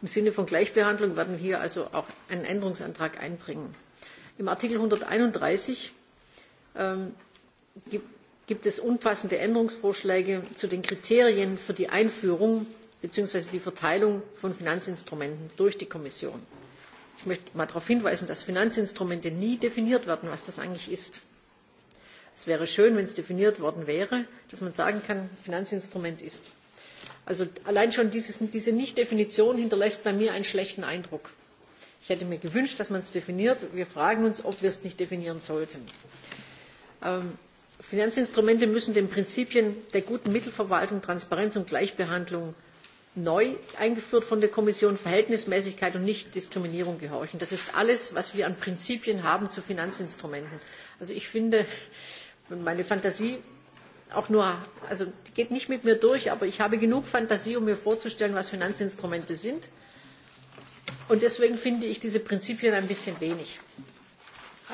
Im Sinne von Gleichbehandlung werden wir hier also auch einen Änderungsantrag einbringen. Im Artikel 131 ähm, gibt, gibt es umfassende Änderungsvorschläge zu den Kriterien für die Einführung bzw. die Verteilung von Finanzinstrumenten durch die Kommission. Ich möchte mal darauf hinweisen, dass Finanzinstrumente nie definiert werden, was das eigentlich ist es wäre schön wenn es definiert worden wäre dass man sagen kann finanzinstrument ist. also allein schon dieses, diese nichtdefinition hinterlässt bei mir einen schlechten eindruck. ich hätte mir gewünscht dass man es definiert. wir fragen uns ob wir es nicht definieren sollten. Ähm, finanzinstrumente müssen den prinzipien der guten mittelverwaltung transparenz und gleichbehandlung neu eingeführt von der kommission verhältnismäßigkeit und nichtdiskriminierung gehorchen. das ist alles was wir an prinzipien haben zu finanzinstrumenten. also ich finde meine Fantasie auch nur, also die geht nicht mit mir durch, aber ich habe genug Fantasie, um mir vorzustellen, was Finanzinstrumente sind. Und deswegen finde ich diese Prinzipien ein bisschen wenig.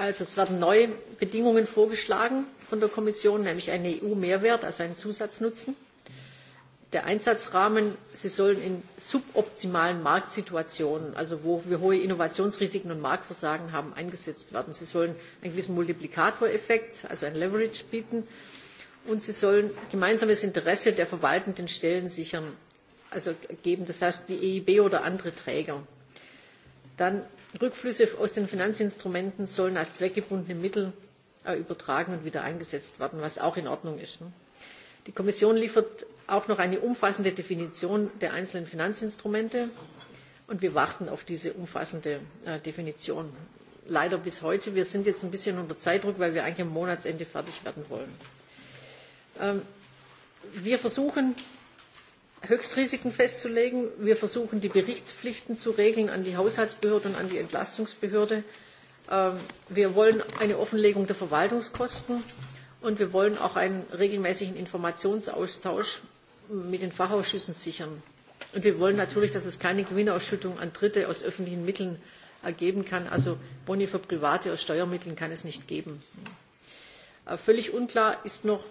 Also es werden neue Bedingungen vorgeschlagen von der Kommission, nämlich ein EU-Mehrwert, also einen Zusatznutzen der Einsatzrahmen, sie sollen in suboptimalen Marktsituationen, also wo wir hohe Innovationsrisiken und Marktversagen haben, eingesetzt werden. Sie sollen einen gewissen Multiplikatoreffekt, also ein Leverage bieten. Und sie sollen gemeinsames Interesse der verwaltenden Stellen sichern, also geben, das heißt die EIB oder andere Träger. Dann Rückflüsse aus den Finanzinstrumenten sollen als zweckgebundene Mittel äh, übertragen und wieder eingesetzt werden, was auch in Ordnung ist. Die Kommission liefert auch noch eine umfassende Definition der einzelnen Finanzinstrumente. Und wir warten auf diese umfassende äh, Definition. Leider bis heute. Wir sind jetzt ein bisschen unter Zeitdruck, weil wir eigentlich am Monatsende fertig werden wollen. Ähm, wir versuchen, Höchstrisiken festzulegen. Wir versuchen, die Berichtspflichten zu regeln an die Haushaltsbehörde und an die Entlastungsbehörde. Ähm, wir wollen eine Offenlegung der Verwaltungskosten und wir wollen auch einen regelmäßigen Informationsaustausch mit den Fachausschüssen sichern. Und wir wollen natürlich, dass es keine Gewinnausschüttung an Dritte aus öffentlichen Mitteln ergeben äh, kann. Also Boni für Private aus Steuermitteln kann es nicht geben. Äh, völlig unklar ist noch,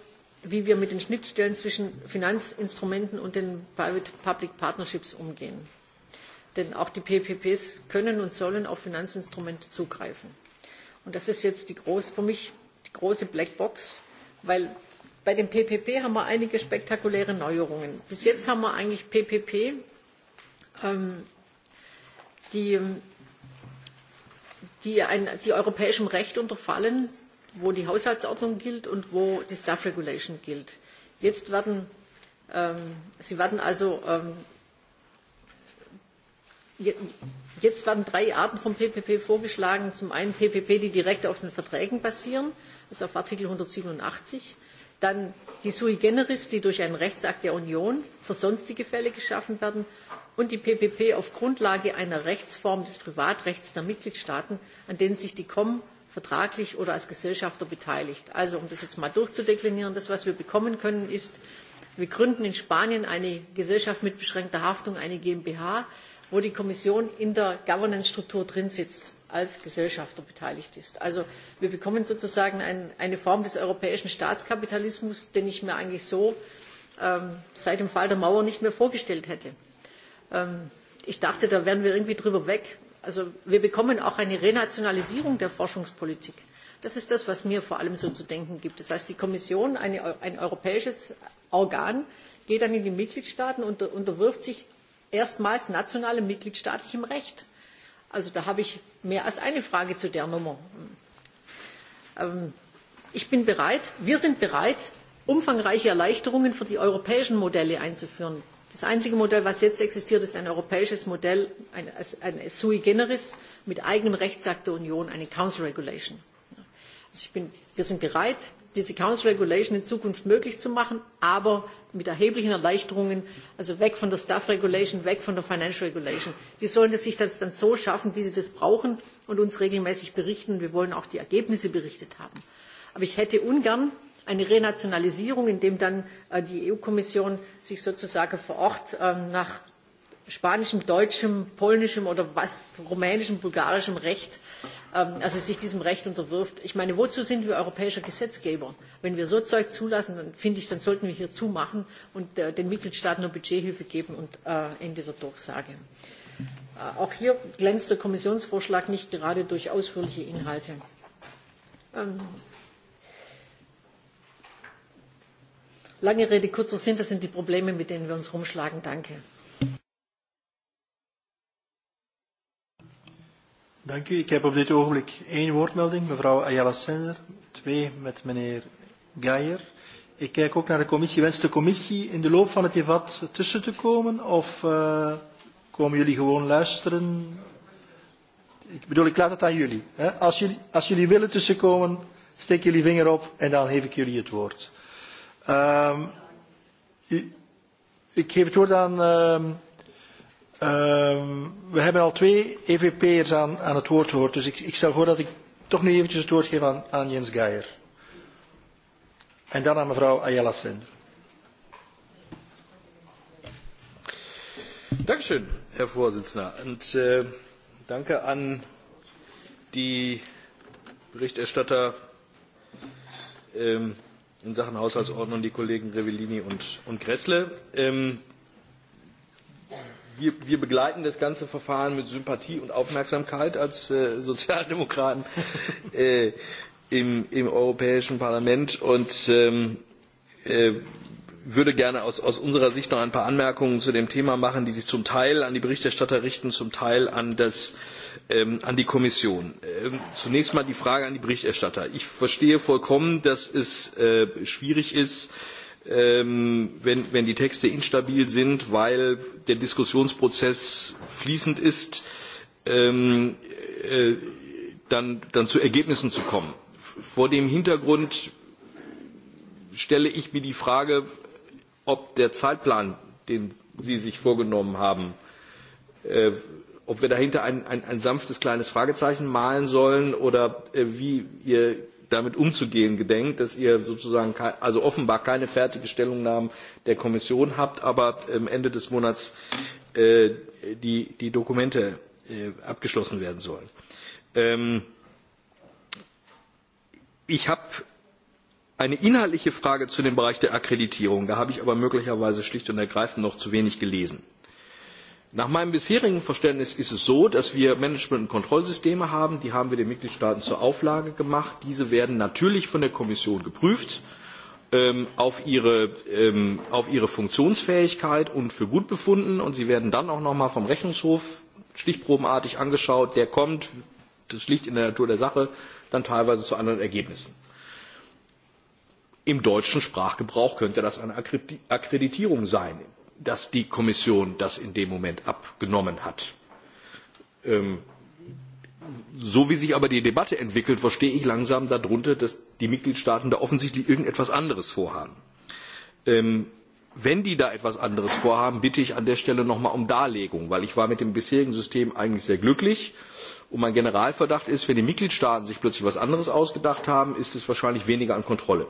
wie wir mit den Schnittstellen zwischen Finanzinstrumenten und den Private-Public Partnerships umgehen. Denn auch die PPPs können und sollen auf Finanzinstrumente zugreifen. Und das ist jetzt die für mich die große Blackbox, weil bei dem PPP haben wir einige spektakuläre Neuerungen. Bis jetzt haben wir eigentlich PPP, ähm, die, die, ein, die europäischem Recht unterfallen, wo die Haushaltsordnung gilt und wo die Staff Regulation gilt. Jetzt werden, ähm, sie werden also ähm, Jetzt werden drei Arten von PPP vorgeschlagen. Zum einen PPP, die direkt auf den Verträgen basieren, das ist auf Artikel 187 dann die sui generis, die durch einen Rechtsakt der Union für sonstige Fälle geschaffen werden, und die PPP auf Grundlage einer Rechtsform des Privatrechts der Mitgliedstaaten, an denen sich die COM vertraglich oder als Gesellschafter beteiligt. Also um das jetzt mal durchzudeklinieren, das, was wir bekommen können, ist, wir gründen in Spanien eine Gesellschaft mit beschränkter Haftung, eine GmbH, wo die Kommission in der Governance-Struktur drin sitzt als Gesellschafter beteiligt ist. Also wir bekommen sozusagen ein, eine Form des europäischen Staatskapitalismus, den ich mir eigentlich so ähm, seit dem Fall der Mauer nicht mehr vorgestellt hätte. Ähm, ich dachte, da wären wir irgendwie drüber weg. Also wir bekommen auch eine Renationalisierung der Forschungspolitik. Das ist das, was mir vor allem so zu denken gibt. Das heißt, die Kommission, eine, ein europäisches Organ, geht dann in die Mitgliedstaaten und unterwirft sich erstmals nationalem mitgliedstaatlichem Recht. Also da habe ich mehr als eine Frage zu der Nummer. Ähm, ich bin bereit, wir sind bereit, umfangreiche Erleichterungen für die europäischen Modelle einzuführen. Das einzige Modell, das jetzt existiert, ist ein europäisches Modell, ein, ein sui generis mit eigenem Rechtsakt der Union, eine Council Regulation. Also bin, wir sind bereit, diese Accounts Regulation in Zukunft möglich zu machen, aber mit erheblichen Erleichterungen, also weg von der Staff Regulation, weg von der Financial Regulation. Die sollen sich das dann so schaffen, wie sie das brauchen und uns regelmäßig berichten. und Wir wollen auch die Ergebnisse berichtet haben. Aber ich hätte ungern eine Renationalisierung, indem dann äh, die EU-Kommission sich sozusagen vor Ort ähm, nach spanischem, deutschem, polnischem oder was, rumänischem, bulgarischem Recht, ähm, also sich diesem Recht unterwirft. Ich meine, wozu sind wir europäischer Gesetzgeber? Wenn wir so Zeug zulassen, dann finde ich, dann sollten wir hier zumachen und äh, den Mitgliedstaaten nur Budgethilfe geben und äh, Ende der Durchsage. Äh, auch hier glänzt der Kommissionsvorschlag nicht gerade durch ausführliche Inhalte. Ähm, lange Rede, kurzer Sinn, das sind die Probleme, mit denen wir uns rumschlagen. Danke. Dank u. Ik heb op dit ogenblik één woordmelding, mevrouw Ayala Sender, twee met meneer Geijer. Ik kijk ook naar de commissie. Wenst de commissie in de loop van het debat tussen te komen of uh, komen jullie gewoon luisteren? Ik bedoel, ik laat het aan jullie. Hè? Als jullie, als jullie willen tussenkomen, steek jullie vinger op en dan geef ik jullie het woord. Um, ik geef het woord aan um, Um, we hebben al twee EVP'ers aan, aan het woord gehoord, dus ik, ik stel voor dat ik toch nu eventjes het woord geef aan, aan Jens Geijer. En dan aan mevrouw Ayala Sender. Dankeschön, Herr Vorsitzender. Und äh, eh, danke an die Berichterstatter ähm, in Sachen Haushaltsordnung, die Kollegen Revellini und, und Gressle. Ähm, wir, wir begleiten das ganze Verfahren mit Sympathie und Aufmerksamkeit als äh, *laughs* Sozialdemokraten äh, im, im Europäischen Parlament und ähm, äh, würde gerne aus, aus unserer Sicht noch ein paar Anmerkungen zu dem Thema machen, die sich zum Teil an die Berichterstatter richten, zum Teil an, das, ähm, an die Kommission. Ähm, zunächst mal die Frage an die Berichterstatter. Ich verstehe vollkommen, dass es äh, schwierig ist, äh, Ähm, wenn, wenn die Texte instabil sind, weil der Diskussionsprozess fließend ist, ähm, äh, dann, dann zu Ergebnissen zu kommen. Vor dem Hintergrund stelle ich mir die Frage, ob der Zeitplan, den Sie sich vorgenommen haben, äh, ob wir dahinter ein, ein, ein sanftes kleines Fragezeichen malen sollen oder äh, wie Ihr damit umzugehen gedenkt, dass ihr sozusagen also offenbar keine fertige Stellungnahme der Kommission habt, aber am Ende des Monats äh, die, die, Dokumente äh, abgeschlossen werden sollen. Ähm, ich habe eine inhaltliche Frage zu dem Bereich der Akkreditierung. Da habe ich aber möglicherweise schlicht und ergreifend noch zu wenig gelesen. Nach meinem bisherigen Verständnis ist es so, dass wir Management- und Kontrollsysteme haben. Die haben wir den Mitgliedstaaten zur Auflage gemacht. Diese werden natürlich von der Kommission geprüft ähm, auf, ihre, ähm, auf ihre Funktionsfähigkeit und für gut befunden. Und sie werden dann auch nochmal vom Rechnungshof stichprobenartig angeschaut. Der kommt, das liegt in der Natur der Sache, dann teilweise zu anderen Ergebnissen. Im deutschen Sprachgebrauch könnte das eine Akkreditierung sein dass die Kommission das in dem Moment abgenommen hat. Ähm, so wie sich aber die Debatte entwickelt, verstehe ich langsam darunter, dass die Mitgliedstaaten da offensichtlich irgendetwas anderes vorhaben. Ähm, wenn die da etwas anderes vorhaben, bitte ich an der Stelle nochmal um Darlegung, weil ich war mit dem bisherigen System eigentlich sehr glücklich. Und mein Generalverdacht ist, wenn die Mitgliedstaaten sich plötzlich etwas anderes ausgedacht haben, ist es wahrscheinlich weniger an Kontrolle.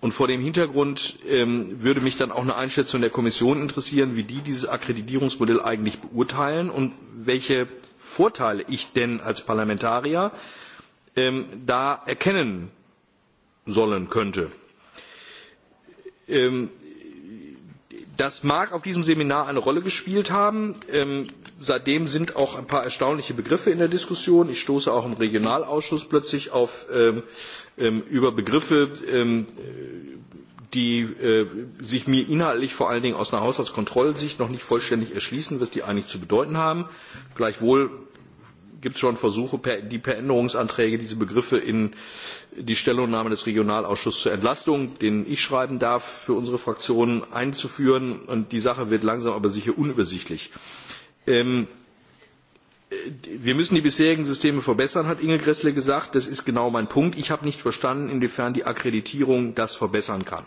Und vor dem Hintergrund ähm, würde mich dann auch eine Einschätzung der Kommission interessieren, wie die dieses Akkreditierungsmodell eigentlich beurteilen und welche Vorteile ich denn als Parlamentarier ähm, da erkennen sollen könnte. Ähm, Das mag auf diesem Seminar eine Rolle gespielt haben. Ähm, seitdem sind auch ein paar erstaunliche Begriffe in der Diskussion. Ich stoße auch im Regionalausschuss plötzlich auf, ähm, ähm über Begriffe, ähm, die äh, sich mir inhaltlich vor allen Dingen aus einer Haushaltskontrollsicht noch nicht vollständig erschließen, was die eigentlich zu bedeuten haben. Gleichwohl gibt es schon Versuche, die per Änderungsanträge diese Begriffe in die Stellungnahme des Regionalausschusses zur Entlastung, den ich schreiben darf, für unsere Fraktion einzuführen. Und die Sache wird langsam aber sicher unübersichtlich. Ähm, äh, wir müssen die bisherigen Systeme verbessern, hat Inge Gressle gesagt. Das ist genau mein Punkt. Ich habe nicht verstanden, inwiefern die Akkreditierung das verbessern kann.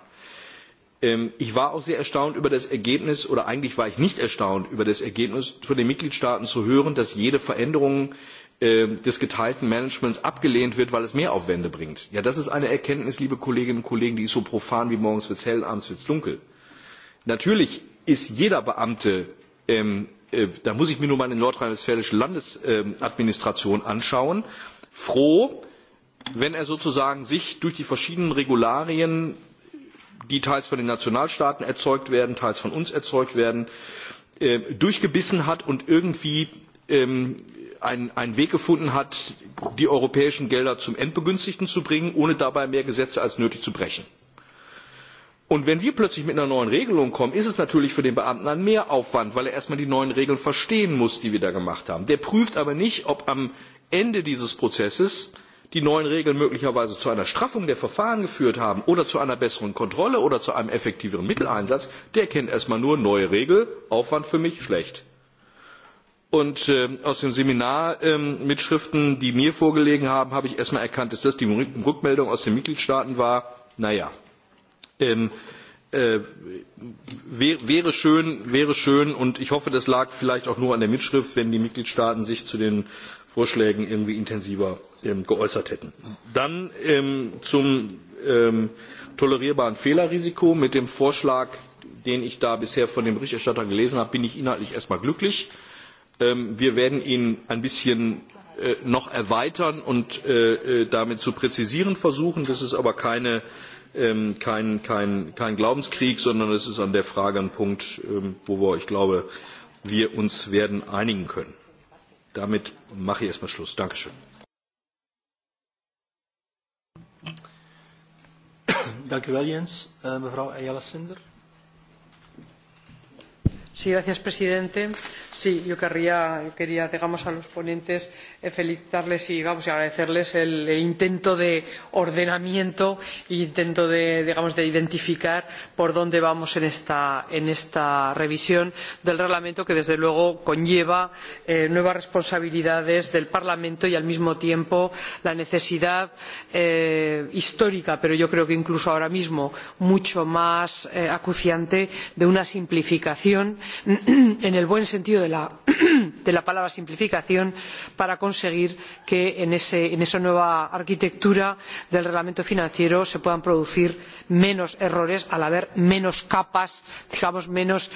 Ähm, ich war auch sehr erstaunt über das Ergebnis, oder eigentlich war ich nicht erstaunt über das Ergebnis, von den Mitgliedstaaten zu hören, dass jede Veränderung ähm, des geteilten Managements abgelehnt wird, weil es Mehraufwände bringt. Ja, das ist eine Erkenntnis, liebe Kolleginnen und Kollegen, die ist so profan wie morgens wird es hell, abends wird es dunkel. Natürlich ist jeder Beamte, ähm, äh, da muss ich mir nur meine nordrhein-westfälische Landesadministration ähm, anschauen, froh, wenn er sozusagen sich durch die verschiedenen Regularien die teils von den Nationalstaaten erzeugt werden, teils von uns erzeugt werden, ähm, durchgebissen hat und irgendwie ähm, einen Weg gefunden hat, die europäischen Gelder zum Endbegünstigten zu bringen, ohne dabei mehr Gesetze als nötig zu brechen. Und wenn wir plötzlich mit einer neuen Regelung kommen, ist es natürlich für den Beamten ein Mehraufwand, weil er erst einmal die neuen Regeln verstehen muss, die wir da gemacht haben. Der prüft aber nicht, ob am Ende dieses Prozesses die neuen Regeln möglicherweise zu einer Straffung der Verfahren geführt haben oder zu einer besseren Kontrolle oder zu einem effektiveren Mitteleinsatz, der kennt erst nur neue Regel, Aufwand für mich schlecht. Und äh, aus den Seminarmitschriften, ähm, die mir vorgelegen haben, habe ich erst erkannt, dass das die Rückmeldung aus den Mitgliedstaaten war. Naja, ähm, Äh, wäre, schön, wäre schön und ich hoffe, das lag vielleicht auch nur an der Mitschrift, wenn die Mitgliedstaaten sich zu den Vorschlägen irgendwie intensiver ähm, geäußert hätten. Dann ähm, zum ähm, tolerierbaren Fehlerrisiko mit dem Vorschlag, den ich da bisher von dem Berichterstatter gelesen habe, bin ich inhaltlich erst einmal glücklich. Ähm, wir werden ihn ein bisschen äh, noch erweitern und äh, äh damit zu präzisieren versuchen. Das ist aber keine Ähm, kein, kein, kein Glaubenskrieg, sondern es ist an der Frage ein Punkt, ähm, wo wir, ich glaube, wir uns werden einigen können. Damit mache ich erstmal Schluss. Dankeschön. Dank Jens. Eh, Ayala Sinder señor presidente yo quería felicitar a los ponentes eh, felicitarles y agradecerles el intento de ordenamiento e intento de identificar por dónde vamos en esta revisión del reglamento que desde luego conlleva eh, nuevas responsabilidades del parlamento y al mismo tiempo la necesidad eh, histórica pero yo creo que incluso ahora mismo mucho más acuciante de una simplificación *clears throat* en el buen sentido *clears throat* de la, palabra simplificación para conseguir que en, esa nueva arquitectura del reglamento financiero se puedan producir menos errores al haber menos capas digamos menos,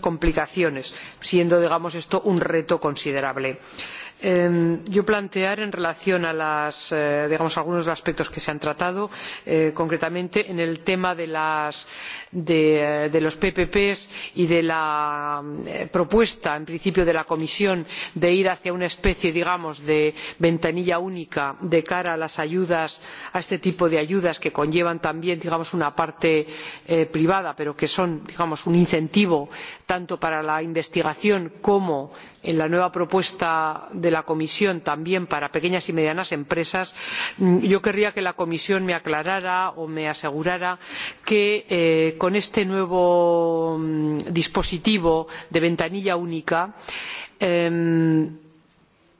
complicaciones siendo esto un reto considerable. por yo plantear en relación con eh, algunos de los aspectos que se han tratado eh, concretamente en el tema de, las, eh, los ppp y de la propuesta en principio de la comisión de ir hacia una especie digamos de ventanilla única de cara a las ayudas a este tipo de ayudas que conllevan también digamos una parte privada pero que son digamos un incentivo tanto para la investigación como en la nueva propuesta de la comisión también para pequeñas y medianas empresas mm, yo querría que la comisión me aclarara o me asegurara que eh, con este nuevo mm, dispositivo de ventanilla única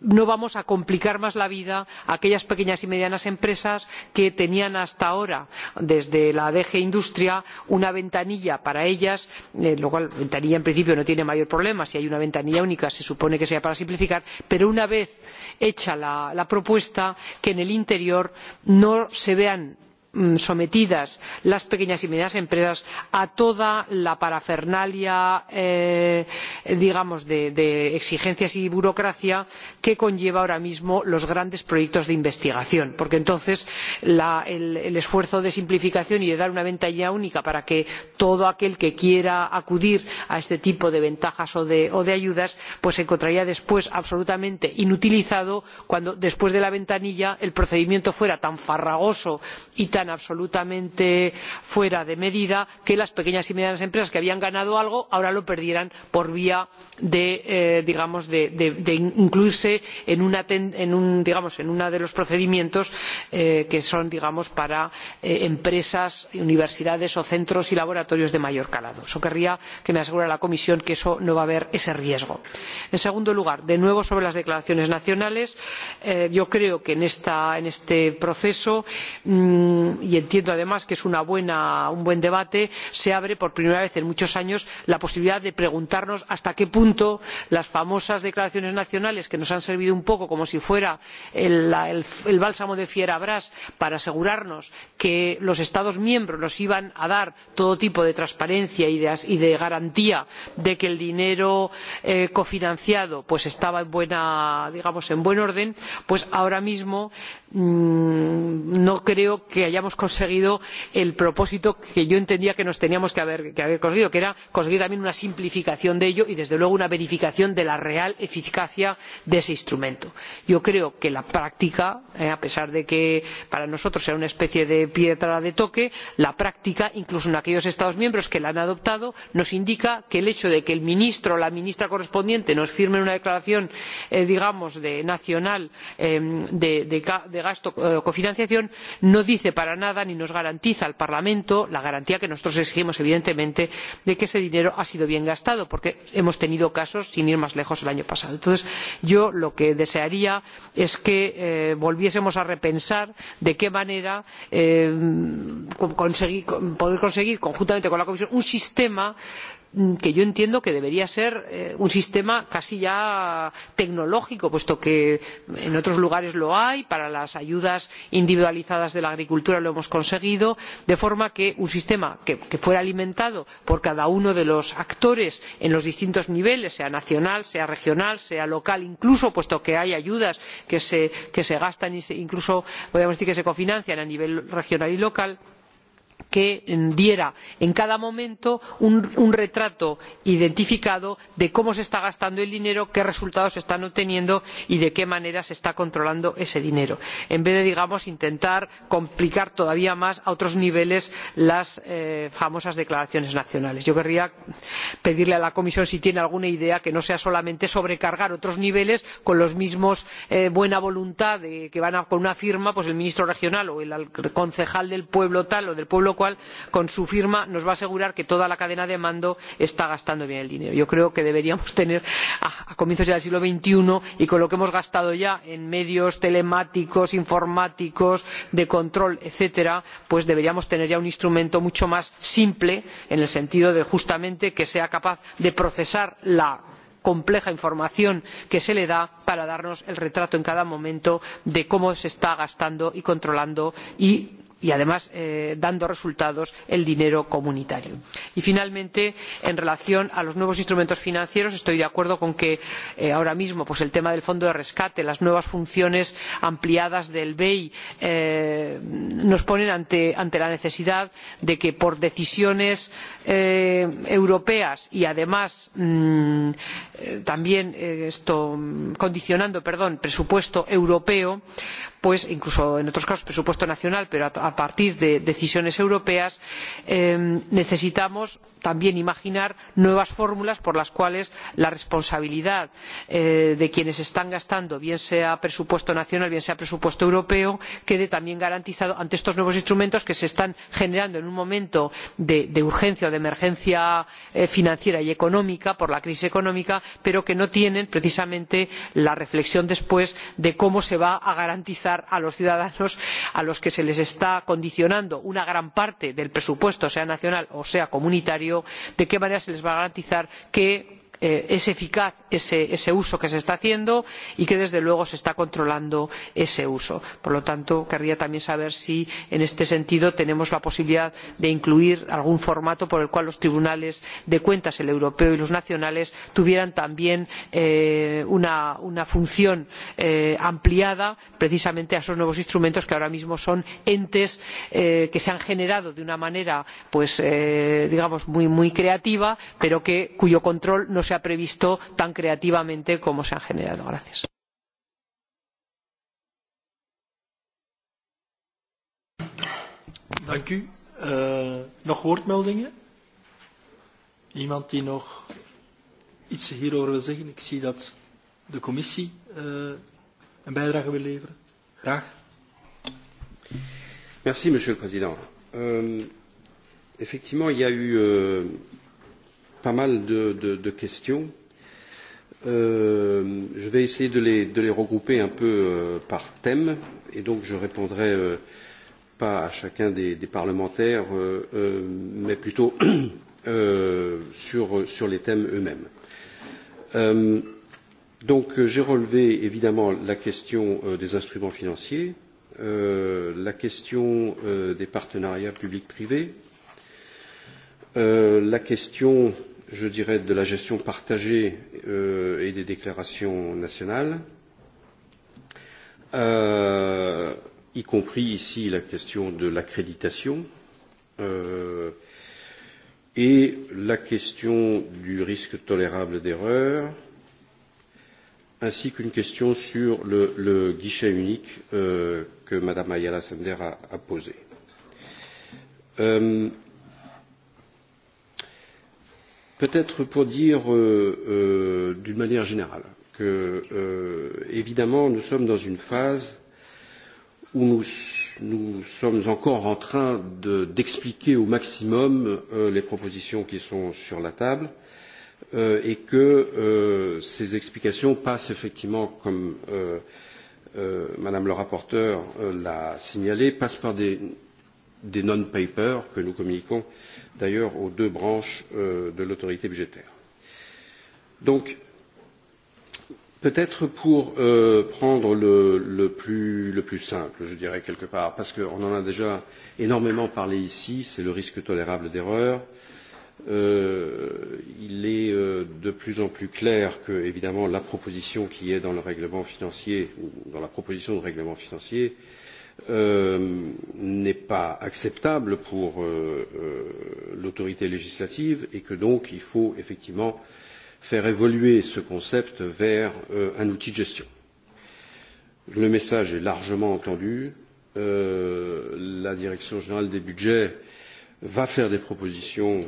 no vamos a complicar más la vida a aquellas pequeñas y medianas empresas que tenían hasta ahora desde la dg industria una ventanilla para ellas eh, lo cual ventanilla en principio no tiene mayor problema si hay una ventanilla única se supone que será para simplificar pero una vez hecha la, la propuesta que en el interior no se vean Mm, sometidas las pequeñas y medianas empresas a toda la parafernalia eh, digamos de, exigencias y burocracia que conlleva ahora mismo los grandes proyectos de investigación porque entonces el, esfuerzo de simplificación y de dar una ventanilla única para que todo aquel que quiera acudir a este tipo de ventajas o de, ayudas pues se encontraría después absolutamente inutilizado cuando después de la ventanilla el procedimiento fuera tan farragoso y tan absolutamente fuera de medida que las pequeñas y medianas empresas que habían ganado algo ahora lo perdieran por vía de, eh, digamos, de, incluirse en, un, uno de los procedimientos eh, que son digamos, para eh, empresas universidades o centros y laboratorios de mayor calado. Eso querría que me asegurara la comisión que eso, no va a haber ese riesgo. en segundo lugar de nuevo sobre las declaraciones nacionales yo creo que en, este proceso mm, y entiendo además que es un buen debate se abre por primera vez en muchos años la posibilidad de preguntarnos hasta qué punto las famosas declaraciones nacionales que nos han servido un poco como si fuera el, bálsamo de fierabrás para asegurarnos de que los estados miembros nos iban a dar todo tipo de transparencia y de, garantía de que el dinero eh, cofinanciado estaba en, buen orden pues ahora mismo mm, no creo que haya hayamos conseguido el propósito que yo entendía que nos teníamos que haber, que conseguido que era conseguir también una simplificación de ello y desde luego una verificación de la real eficacia de ese instrumento. yo creo que la práctica eh, a pesar de que para nosotros sea una especie de piedra de toque la práctica incluso en aquellos estados miembros que la han adoptado nos indica que el hecho de que el ministro o la ministra correspondiente nos firme una declaración eh, digamos nacional eh, de, gasto de gasto cofinanciación no dice para nada ni nos garantiza al parlamento la garantía que nosotros exigimos evidentemente de que ese dinero ha sido bien gastado porque hemos tenido casos sin ir más lejos el año pasado. entonces yo lo que desearía es que eh, volviésemos a repensar de qué manera eh, poder conseguir conjuntamente con la comisión un sistema Mm, que yo entiendo que debería ser eh, un sistema casi ya tecnológico puesto que en otros lugares lo hay para las ayudas individualizadas de la agricultura lo hemos conseguido de forma que un sistema que, fuera alimentado por cada uno de los actores en los distintos niveles sea nacional sea regional sea local incluso puesto que hay ayudas que se, gastan e incluso podríamos decir que se cofinancian a nivel regional y local que mm, diera en cada momento un, retrato identificado de cómo se está gastando el dinero qué resultados se están obteniendo y de qué manera se está controlando ese dinero en vez de intentar complicar todavía más a otros niveles las eh, famosas declaraciones nacionales. yo querría pedirle a la comisión si tiene alguna idea que no sea solamente sobrecargar otros niveles con la misma eh, buena voluntad de que van a, con una firma pues el ministro regional o el concejal del pueblo tal o del pueblo cual cual con su firma nos va a asegurar que toda la cadena de mando está gastando bien el dinero. yo creo que deberíamos tener a, comienzos ya del siglo xxi y con lo que hemos gastado ya en medios telemáticos informáticos de control etcétera pues deberíamos tener ya un instrumento mucho más simple en el sentido de justamente que sea capaz de procesar la compleja información que se le da para darnos el retrato en cada momento de cómo se está gastando y controlando y y además eh, dando resultados el dinero comunitario. y finalmente en relación con los nuevos instrumentos financieros estoy de acuerdo con que eh, ahora mismo el tema del fondo de rescate las nuevas funciones ampliadas del bei eh, nos ponen ante, la necesidad de que por decisiones europeas y además mm, también esto, condicionando perdón, presupuesto europeo incluso en otros casos presupuesto nacional pero a partir de decisiones europeas necesitamos también imaginar nuevas fórmulas por las cuales la responsabilidad eh, de quienes están gastando bien sea presupuesto nacional bien sea presupuesto europeo quede también garantizada ante estos nuevos instrumentos que se están generando en un momento de, urgencia o de emergencia eh, financiera y económica por la crisis económica pero que no tienen precisamente la reflexión después de cómo se va a garantizar ayudar a los ciudadanos a los que se les está condicionando una gran parte del presupuesto sea nacional o sea comunitario de qué manera se les va a garantizar que Eh, es eficaz ese, uso que se está haciendo y que desde luego se está controlando ese uso. por lo tanto querría también saber si en este sentido tenemos la posibilidad de incluir algún formato por el cual los tribunales de cuentas el europeo y los nacionales tuvieran también eh, una, función eh, ampliada precisamente a esos nuevos instrumentos que ahora mismo son entes que se han generado de una manera digamos muy, creativa pero cuyo control no se ha previsto tan creativamente como se han generado. Gracias. Dank u. Uh, nog woordmeldingen? Iemand die nog iets hierover wil zeggen? Ik zie dat de commissie uh, een bijdrage wil leveren. Graag. Merci, monsieur le président. Euh, effectivement, il y a eu euh, pas mal de, de, de questions. Euh, je vais essayer de les, de les regrouper un peu euh, par thème et donc je répondrai euh, pas à chacun des, des parlementaires, euh, euh, mais plutôt *coughs* euh, sur, sur, les thèmes eux-mêmes. donc j'ai relevé évidemment la question des instruments financiers, la question des partenariats public-privé, la question euh, je dirais, de la gestion partagée euh, et des déclarations nationales, euh, y compris ici la question de l'accréditation euh, et la question du risque tolérable d'erreur, ainsi qu'une question sur le, le guichet unique euh, que madame Ayala Sender a, a posée. Euh, Peut-être pour dire euh, euh, d'une manière générale que, euh, évidemment, nous sommes dans une phase où nous, nous sommes encore en train d'expliquer de, au maximum euh, les propositions qui sont sur la table euh, et que euh, ces explications passent effectivement, comme euh, euh, Madame le rapporteur euh, l'a signalé, passent par des, des non-papers que nous communiquons euh, d'ailleurs aux deux branches euh, de l'autorité budgétaire. Donc, peut être pour euh, prendre le, le, plus, le plus simple, je dirais quelque part, parce qu'on en a déjà énormément parlé ici, c'est le risque tolérable d'erreur. Euh, il est euh, de plus en plus clair que, évidemment, la proposition qui est dans le règlement financier ou dans la proposition de règlement financier euh, Euh, n'est pas acceptable pour euh, euh, l'autorité législative et que donc il faut effectivement faire évoluer ce concept vers un outil de gestion. Le message est largement entendu. la direction générale des budgets va faire des propositions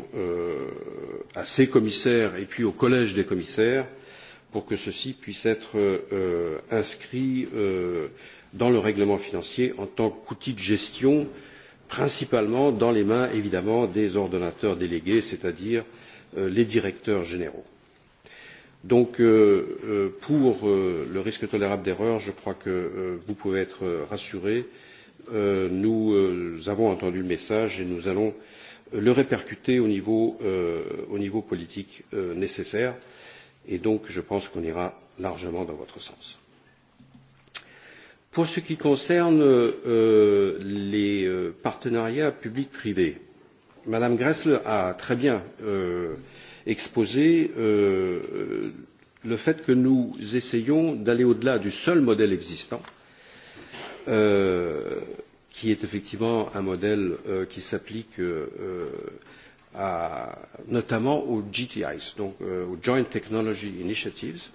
à ses commissaires et puis au collège des commissaires pour que ceci puisse être inscrit dans le règlement financier en tant qu'outil de gestion principalement dans les mains évidemment des ordonnateurs délégués c'est à dire euh, les directeurs généraux. donc euh, euh, pour euh, le risque tolérable d'erreur je crois que euh, vous pouvez être euh, rassurés nous avons entendu le message et nous allons le répercuter au niveau, au niveau politique nécessaire et donc je pense qu'on ira largement dans votre sens. Pour ce qui concerne euh, les euh, partenariats public-privé, Madame Gressle a très bien euh, exposé euh, le fait que nous essayons d'aller au-delà du seul modèle existant, euh, qui est effectivement un modèle euh, qui s'applique euh, euh à, notamment aux GTIs, donc euh, aux Joint Technology Initiatives,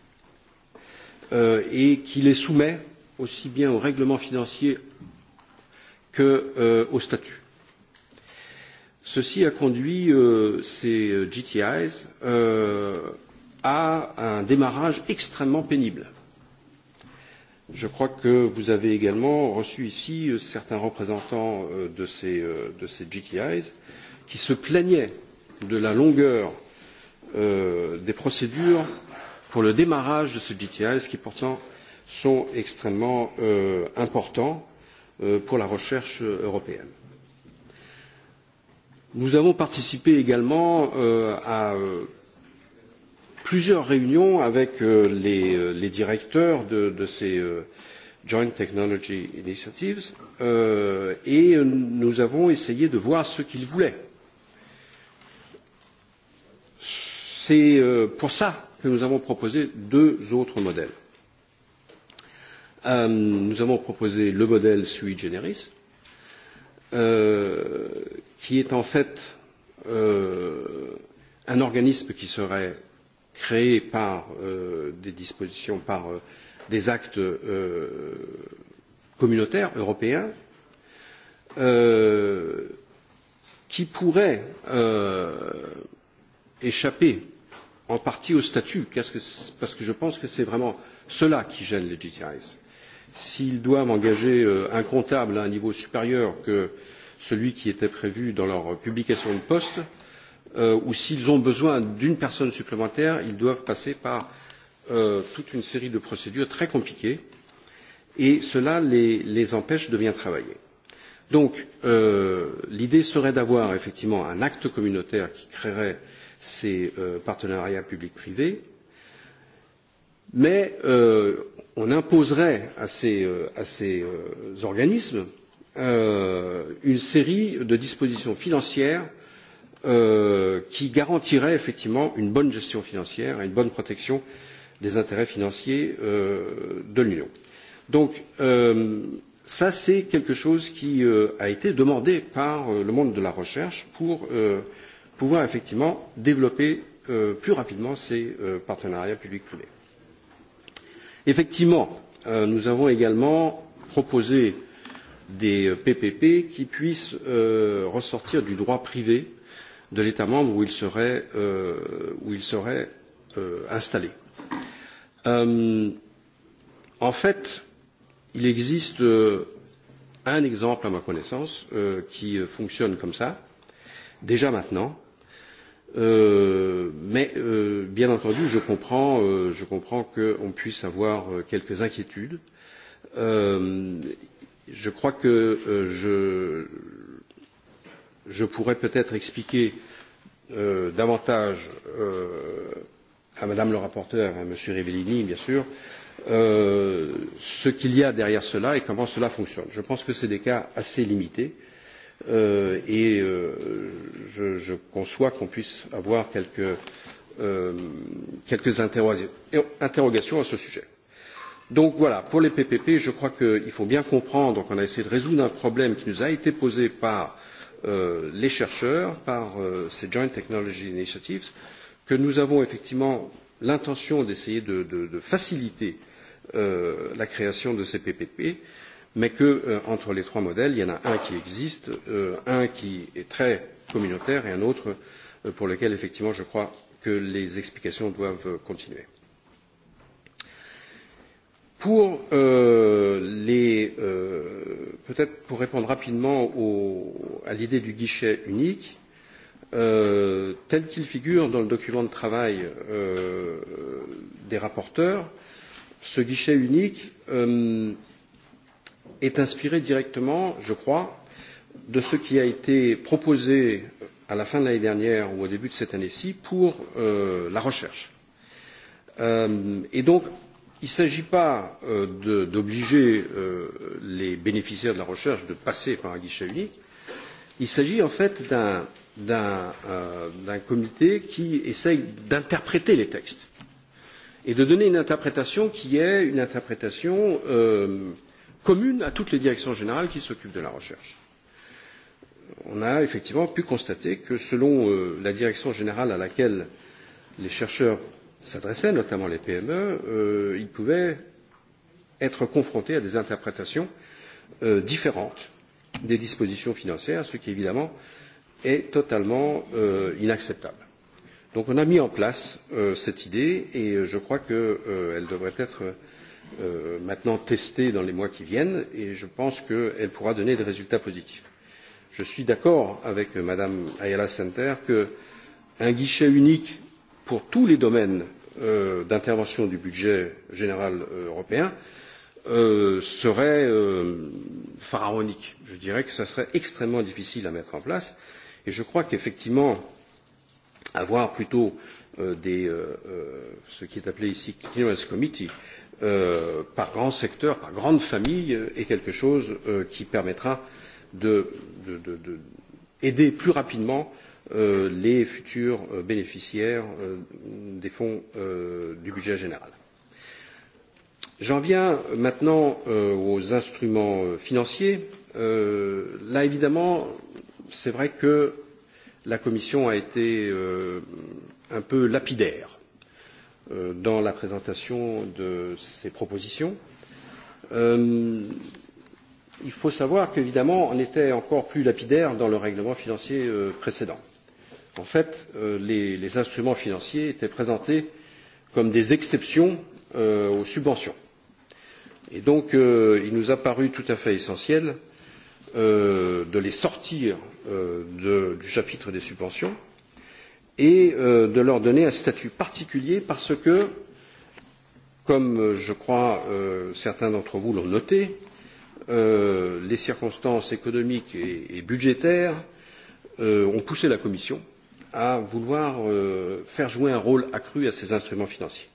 euh, et qui les soumet aussi bien au règlement financier qu'au euh, statut. Ceci a conduit euh, ces GTIs euh, à un démarrage extrêmement pénible. Je crois que vous avez également reçu ici certains représentants de ces, de ces GTIs qui se plaignaient de la longueur des procédures pour le démarrage de ce GTIs qui pourtant sont extrêmement euh, importants euh, pour la recherche européenne. Nous avons participé également euh, à euh, plusieurs réunions avec euh, les, euh, les, directeurs de, de ces Joint Technology Initiatives et nous avons essayé de voir ce qu'ils voulaient. C'est pour cela que nous avons proposé deux autres modèles. Euh, nous avons proposé le modèle sui generis, euh, qui est en fait euh, un organisme qui serait créé par euh, des dispositions, par euh, des actes euh, communautaires européens, euh, qui pourrait euh, échapper en partie au statut, parce que, parce que je pense que c'est vraiment cela qui gêne les GTIs s'ils doivent engager euh, un comptable à un niveau supérieur que celui qui était prévu dans leur publication de poste, euh, ou s'ils ont besoin d'une personne supplémentaire, ils doivent passer par euh, toute une série de procédures très compliquées et cela les, les empêche de bien travailler. Donc euh, l'idée serait d'avoir effectivement un acte communautaire qui créerait ces euh, partenariats public privé mais euh, on imposerait à ces, euh, à ces euh, organismes euh, une série de dispositions financières euh, qui garantiraient effectivement une bonne gestion financière et une bonne protection des intérêts financiers de l'Union. Donc, ça, c'est quelque chose qui a été demandé par le monde de la recherche pour pouvoir effectivement développer plus rapidement ces partenariats public privé. Effectivement, euh, nous avons également proposé des PPP qui puissent euh, ressortir du droit privé de l'État membre où ils seraient, euh, où ils seraient euh, installés. Euh, en fait, il existe euh, un exemple à ma connaissance qui fonctionne comme ça, déjà maintenant, Euh, mais euh, bien entendu, je comprends, euh, je comprends qu'on puisse avoir euh, quelques inquiétudes. Euh, je crois que euh, je, je pourrais peut-être expliquer euh, davantage euh, à Madame le rapporteur, à Monsieur Rivellini, bien sûr, euh, ce qu'il y a derrière cela et comment cela fonctionne. Je pense que c'est des cas assez limités euh, et euh, je, je conçois qu'on puisse avoir quelques, euh, quelques interrogations à ce sujet. Donc voilà, pour les PPP, je crois qu'il faut bien comprendre qu'on a essayé de résoudre un problème qui nous a été posé par euh, les chercheurs, par euh, ces Joint Technology Initiatives, que nous avons effectivement l'intention d'essayer de, de, de faciliter euh, la création de ces PPP. Euh, mais que euh, entre les trois modèles, il y en a un qui existe, euh, un qui est très communautaire et un autre euh, pour lequel effectivement je crois que les explications doivent continuer. Pour euh, les euh, peut-être pour répondre rapidement au, à l'idée du guichet unique, euh, tel qu'il figure dans le document de travail euh, des rapporteurs, ce guichet unique euh, est inspiré directement, je crois, de ce qui a été proposé à la fin de l'année dernière ou au début de cette année-ci pour euh, la recherche. Euh, et donc, il ne s'agit pas euh, d'obliger euh, les bénéficiaires de la recherche de passer par un guichet unique. Il s'agit en fait d'un euh, comité qui essaye d'interpréter les textes et de donner une interprétation qui est une interprétation euh, commune à toutes les directions générales qui s'occupent de la recherche. On a effectivement pu constater que selon euh, la direction générale à laquelle les chercheurs s'adressaient, notamment les PME, euh, ils pouvaient être confrontés à des interprétations euh, différentes des dispositions financières, ce qui évidemment est totalement euh, inacceptable. Donc on a mis en place euh, cette idée et euh, je crois qu'elle devrait être Euh, maintenant testée dans les mois qui viennent et je pense qu'elle pourra donner des résultats positifs. Je suis d'accord avec Madame Ayala Center qu'un guichet unique pour tous les domaines euh, d'intervention du budget général euh, européen euh, serait euh, pharaonique. Je dirais que ce serait extrêmement difficile à mettre en place et je crois qu'effectivement avoir plutôt des, ce qui est appelé ici Clearance Committee, Euh, par grand secteur, par grande famille, euh, est quelque chose euh, qui permettra d'aider de, de, de, plus rapidement les futurs bénéficiaires des fonds du budget général. J'en viens maintenant aux instruments financiers. là, évidemment, c'est vrai que la Commission a été un peu lapidaire Euh, dans la présentation de ces propositions. Euh, il faut savoir qu'évidemment, on était encore plus lapidaire dans le règlement financier euh, précédent. En fait, euh, les, les, instruments financiers étaient présentés comme des exceptions euh, aux subventions. Et donc, euh, il nous a paru tout à fait essentiel de les sortir de, du chapitre des subventions et euh, de leur donner un statut particulier parce que, comme euh, je crois euh, certains d'entre vous l'ont noté, les circonstances économiques et, budgétaires ont poussé la Commission à vouloir faire jouer un rôle accru à ces instruments financiers.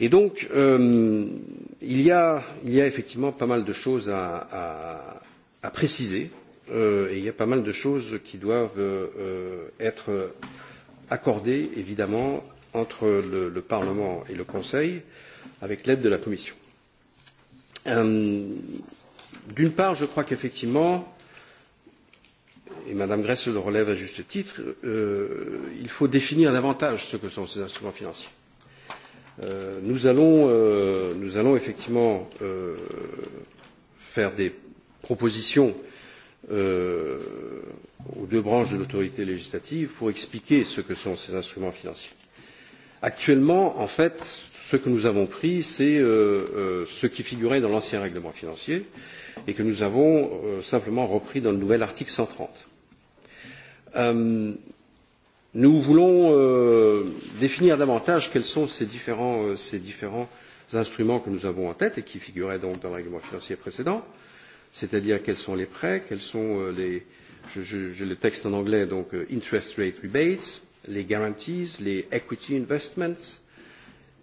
Et donc, il y, a, il, y a, effectivement pas mal de choses à, à, à préciser Euh, et il y a pas mal de choses qui doivent euh, être accordées, évidemment, entre le, le Parlement et le Conseil, avec l'aide de la Commission. Euh, d'une part, je crois qu'effectivement, et Mme Grèce le relève à juste titre, euh, il faut définir davantage ce que sont ces instruments financiers. Euh, nous, allons, euh, nous allons effectivement faire des propositions euh, aux deux branches de l'autorité législative pour expliquer ce que sont ces instruments financiers. Actuellement, en fait, ce que nous avons pris, c'est euh, euh, ce qui figurait dans l'ancien règlement financier et que nous avons euh, simplement repris dans le nouvel article cent trente. Euh, nous voulons euh, définir davantage quels sont ces différents, euh, ces différents, instruments que nous avons en tête et qui figuraient donc dans le règlement financier précédent. Euh, c'est-à-dire quels sont les prêts, quels sont euh, les, j'ai le texte en anglais, donc euh, interest rate rebates, les guarantees, les equity investments,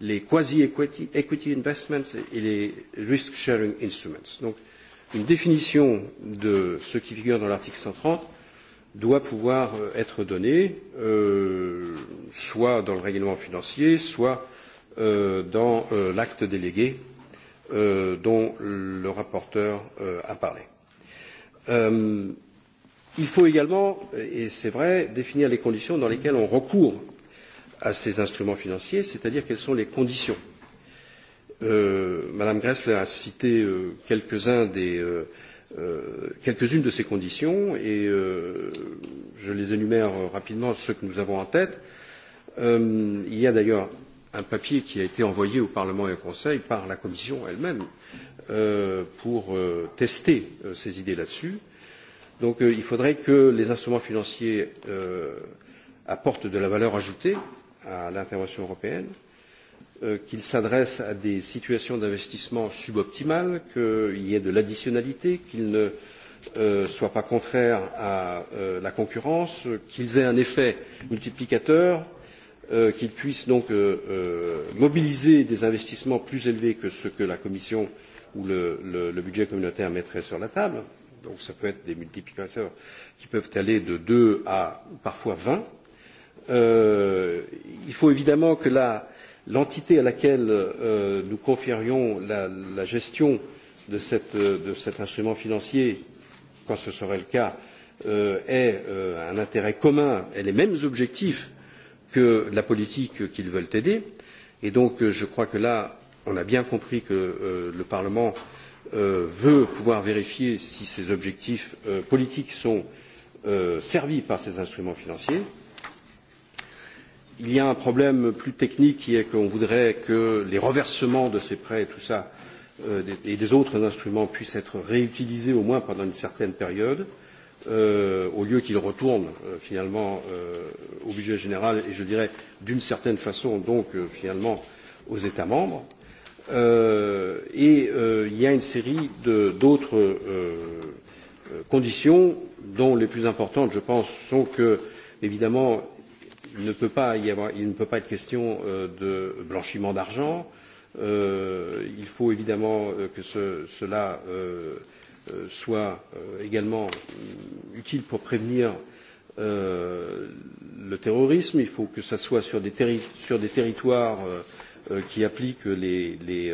les quasi-equity equity investments et les risk-sharing instruments. Donc, une définition de ce qui figure dans l'article cent trente doit pouvoir euh, être donnée euh, soit dans le règlement financier, soit euh, dans euh, l'acte délégué Euh, dont le rapporteur euh, a parlé. Euh, il faut également, et c'est vrai, définir les conditions dans lesquelles on recourt à ces instruments financiers, c'est-à-dire quelles sont les conditions. Euh, Madame Gressler a cité euh, quelques-uns des, euh, euh, quelques-unes de ces conditions et euh, je les énumère rapidement ceux que nous avons en tête. Euh, il y a d'ailleurs un papier qui a été envoyé au Parlement et au Conseil par la Commission elle-même euh, pour euh, tester euh, ces idées là-dessus. Donc euh, il faudrait que les instruments financiers euh, apportent de la valeur ajoutée à l'intervention européenne, euh, qu'ils s'adressent à des situations d'investissement suboptimales, qu'il y ait de l'additionnalité, qu'ils ne soient pas contraires à la concurrence, qu'ils aient un effet multiplicateur Euh, qu'ils puissent donc euh, euh, mobiliser des investissements plus élevés que ceux que la Commission ou le, le, le budget communautaire mettraient sur la table. Donc ça peut être des multiplicateurs qui peuvent aller de deux à parfois vingt. Euh, il faut évidemment que l'entité à laquelle euh, nous confierions la, la gestion de, cette, de, cet instrument financier, quand ce serait le cas, euh, ait un intérêt commun et les mêmes objectifs que la politique qu'ils veulent aider. Et donc, euh, je crois que là, on a bien compris que euh, le Parlement euh, veut pouvoir vérifier si ces objectifs euh, politiques sont euh, servis par ces instruments financiers. Il y a un problème plus technique qui est qu'on voudrait que les reversements de ces prêts et tout ça euh, et des autres instruments puissent être réutilisés au moins pendant une certaine période. Euh, euh, au lieu qu'il retourne euh, finalement euh, au budget général et je dirais d'une certaine façon donc euh, finalement aux États membres. Euh, et euh, il y a une série d'autres euh, euh, conditions dont les plus importantes je pense sont que évidemment il ne peut pas, y avoir, il ne peut pas être question euh, de blanchiment d'argent. Euh, il faut évidemment euh, que ce, cela euh, Euh, soit euh, également euh, utile pour prévenir le terrorisme. Il faut que ce soit sur des, terri sur des territoires qui appliquent les, les,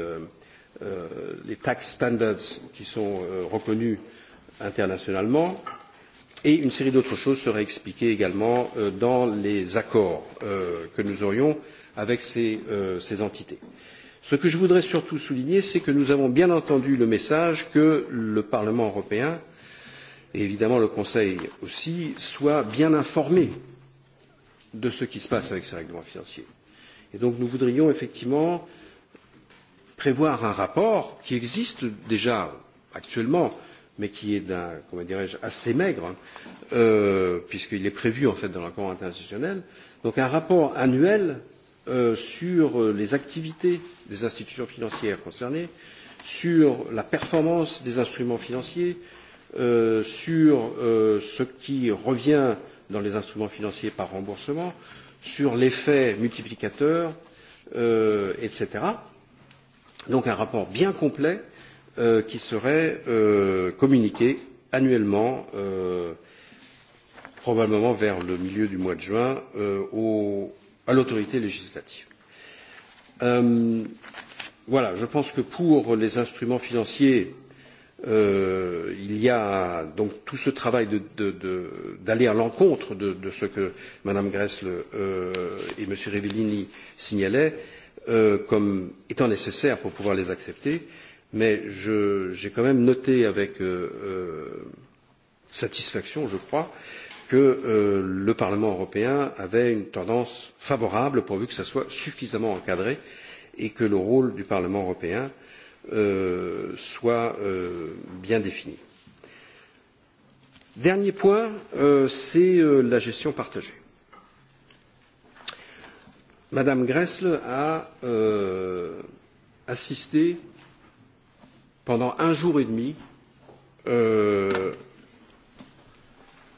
les, tax standards qui sont reconnus internationalement. Et une série d'autres choses seraient expliquées également dans les accords que nous aurions avec ces, ces entités. Euh, ce que je voudrais surtout souligner c'est que nous avons bien entendu le message que le parlement européen et évidemment le conseil aussi soient bien informés de ce qui se passe avec ces règlements financiers. Et donc nous voudrions effectivement prévoir un rapport qui existe déjà actuellement, mais qui est d'un, comment dirais-je, assez maigre, euh, puisqu'il est prévu en fait dans l'accord interinstitutionnel. Donc un rapport annuel Euh, sur les activités des institutions financières concernées, sur la performance des instruments financiers, euh, sur euh, ce qui revient dans les instruments financiers par remboursement, sur l'effet multiplicateur, euh, etc. Donc un rapport bien complet euh, qui serait euh, communiqué annuellement, probablement vers le milieu du mois de juin, aux, à l'autorité législative. Euh, voilà, je pense que pour les instruments financiers, euh, il y a donc tout ce travail d'aller à l'encontre de, de, ce que Mme Gressle euh, et M. Rivellini signalaient euh, comme étant nécessaire pour pouvoir les accepter, mais j'ai quand même noté avec euh, euh, satisfaction, je crois, euh, que euh, le Parlement européen avait une tendance favorable pourvu que ça soit suffisamment encadré et que le rôle du Parlement européen euh, soit euh, bien défini. Dernier point, euh, c'est euh, la gestion partagée. Madame Gressle a euh, assisté pendant un jour et demi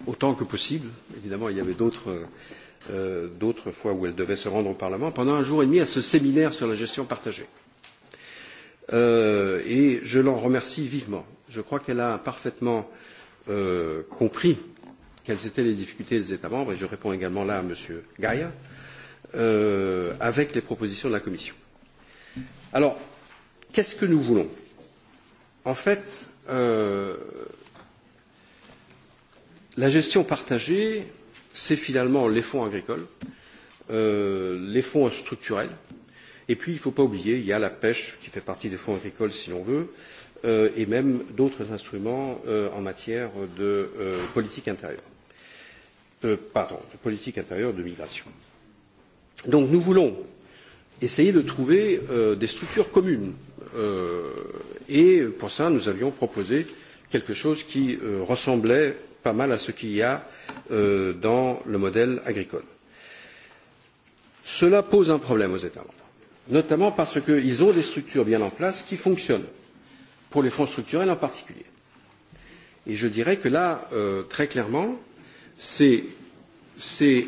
autant que possible. Évidemment, il y avait d'autres euh, fois où elle devait se rendre au Parlement, pendant un jour et demi à ce séminaire sur la gestion partagée. Euh, et je l'en remercie vivement. Je crois qu'elle a parfaitement euh, compris quelles étaient les difficultés des États membres, et je réponds également là à M. Gaïa, euh, avec les propositions de la Commission. Alors, qu'est-ce que nous voulons En fait, euh, La gestion partagée, c'est finalement les fonds agricoles, euh, les fonds structurels, et puis il ne faut pas oublier, il y a la pêche qui fait partie des fonds agricoles si l'on veut, euh, et même d'autres instruments euh, en matière de euh, politique intérieure. Euh, pardon, de politique intérieure de migration. Donc nous voulons essayer de trouver euh, des structures communes. et pour cela, nous avions proposé quelque chose qui ressemblait pas mal à ce qu'il y a euh, dans le modèle agricole. Cela pose un problème aux États membres, notamment parce qu'ils ont des structures bien en place qui fonctionnent, pour les fonds structurels en particulier. Et je dirais que là, euh, très clairement, c'est,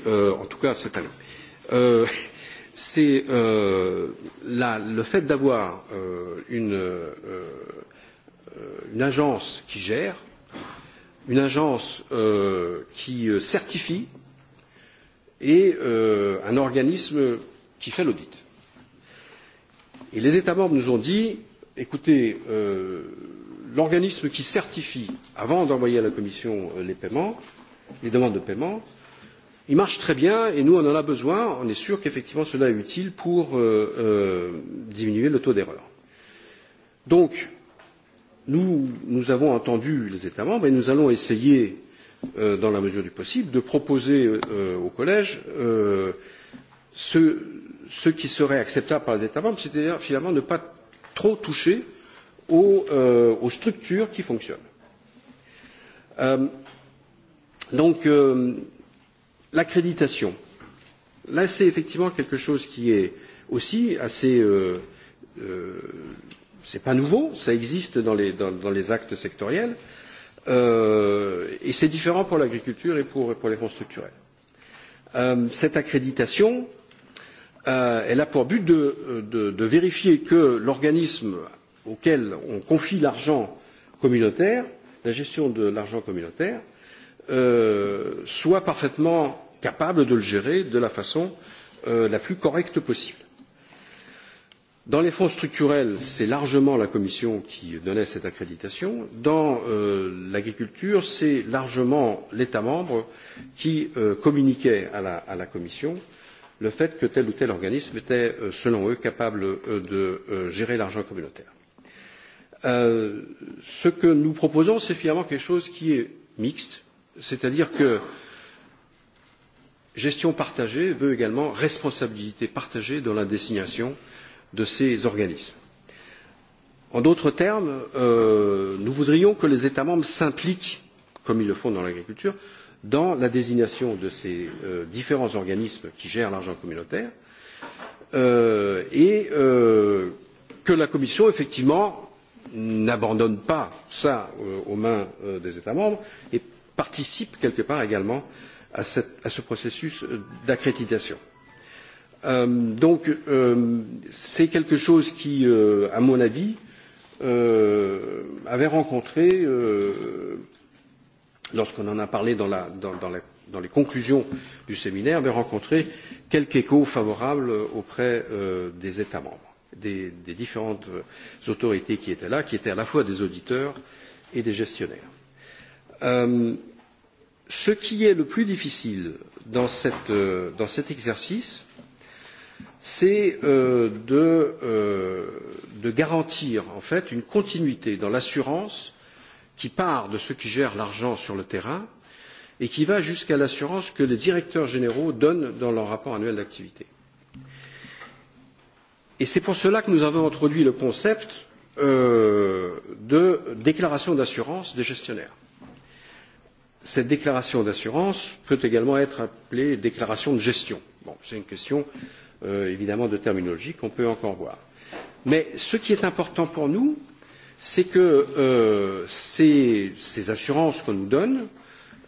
euh, en tout cas cette année, euh, *laughs* c'est euh, le fait d'avoir euh, une, euh, une agence qui gère une agence euh, qui euh, certifie et euh, un organisme qui fait l'audit. Et les États membres nous ont dit écoutez, euh, l'organisme qui certifie avant d'envoyer à la Commission euh, les paiements, les demandes de paiement, il marche très bien et nous on en a besoin, on est sûr qu'effectivement cela est utile pour euh, euh, diminuer le taux d'erreur. Donc, nous, nous avons entendu les États membres et nous allons essayer, euh, dans la mesure du possible, de proposer euh, au Collège euh, ce, ce, qui serait acceptable par les États membres, c'est-à-dire finalement ne pas trop toucher aux, euh, aux structures qui fonctionnent. Euh, donc, euh, l'accréditation. Là, c'est effectivement quelque chose qui est aussi assez Ce n'est pas nouveau, ça existe dans les, dans, dans les actes sectoriels. Euh, et c'est différent pour l'agriculture et pour, pour, les fonds structurels. Euh, cette accréditation, euh, elle a pour but de, de, de vérifier que l'organisme auquel on confie l'argent communautaire, la gestion de l'argent communautaire, euh, soit parfaitement capable de le gérer de la façon euh, la plus correcte possible. Dans les fonds structurels, c'est largement la Commission qui donnait cette accréditation. Dans euh, l'agriculture, c'est largement l'État membre qui euh, communiquait à la, à la, Commission le fait que tel ou tel organisme était, euh, selon eux, capable euh, de euh, gérer l'argent communautaire. Euh, ce que nous proposons, c'est finalement quelque chose qui est mixte, c'est-à-dire que gestion partagée veut également responsabilité partagée dans la désignation euh, de ces organismes. En d'autres termes, euh, nous voudrions que les États membres s'impliquent, comme ils le font dans l'agriculture, dans la désignation de ces euh, différents organismes qui gèrent l'argent communautaire euh, et euh, que la Commission, effectivement, n'abandonne pas cela euh, aux mains euh, des États membres et participe quelque part également à, cette, à ce processus d'accréditation. Euh, Euh, donc euh, c'est quelque chose qui, euh, à mon avis, euh, avait rencontré, euh, lorsqu'on en a parlé dans, la, dans, dans, la, dans, les conclusions du séminaire, avait rencontré quelque écho favorable auprès des États membres, des, des, différentes autorités qui étaient là, qui étaient à la fois des auditeurs et des gestionnaires. ce qui est le plus difficile dans, cette, dans cet exercice, c'est euh, de, euh, de, garantir en fait une continuité dans l'assurance qui part de ceux qui gèrent l'argent sur le terrain et qui va jusqu'à l'assurance que les directeurs généraux donnent dans leur rapport annuel d'activité. Et c'est pour cela que nous avons introduit le concept euh, de déclaration d'assurance des gestionnaires. Cette déclaration d'assurance peut également être appelée déclaration de gestion. Bon, c'est une question Euh, évidemment de terminologie qu'on peut encore voir. Mais ce qui est important pour nous, c'est que euh, ces, ces, assurances qu'on nous donne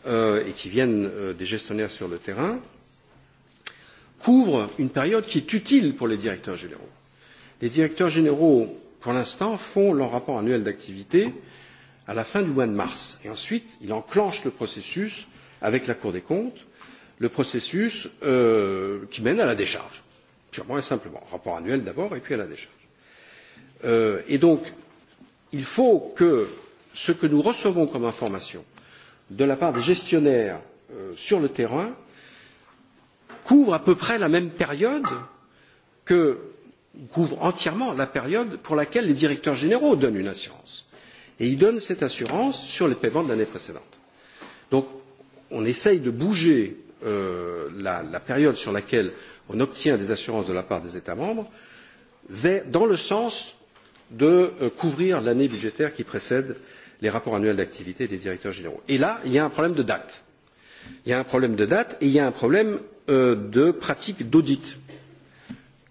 euh, et qui viennent euh, des gestionnaires sur le terrain couvrent une période qui est utile pour les directeurs généraux. Les directeurs généraux, pour l'instant, font leur rapport annuel d'activité à la fin du mois de mars et ensuite ils enclenchent le processus avec la Cour des comptes, le processus euh, qui mène à la décharge purement et simplement. Rapport annuel d'abord et puis à la décharge. Euh, et donc, il faut que ce que nous recevons comme information de la part des gestionnaires euh, sur le terrain couvre à peu près la même période que couvre entièrement la période pour laquelle les directeurs généraux donnent une assurance. Et ils donnent cette assurance sur les paiements de l'année précédente. Donc, on essaye de bouger euh, la, la période sur laquelle on obtient des assurances de la part des États membres dans le sens de euh, couvrir l'année budgétaire qui précède les rapports annuels d'activité des directeurs généraux. Et là, il y a un problème de date. Il y a un problème de date et il y a un problème euh, de pratique d'audit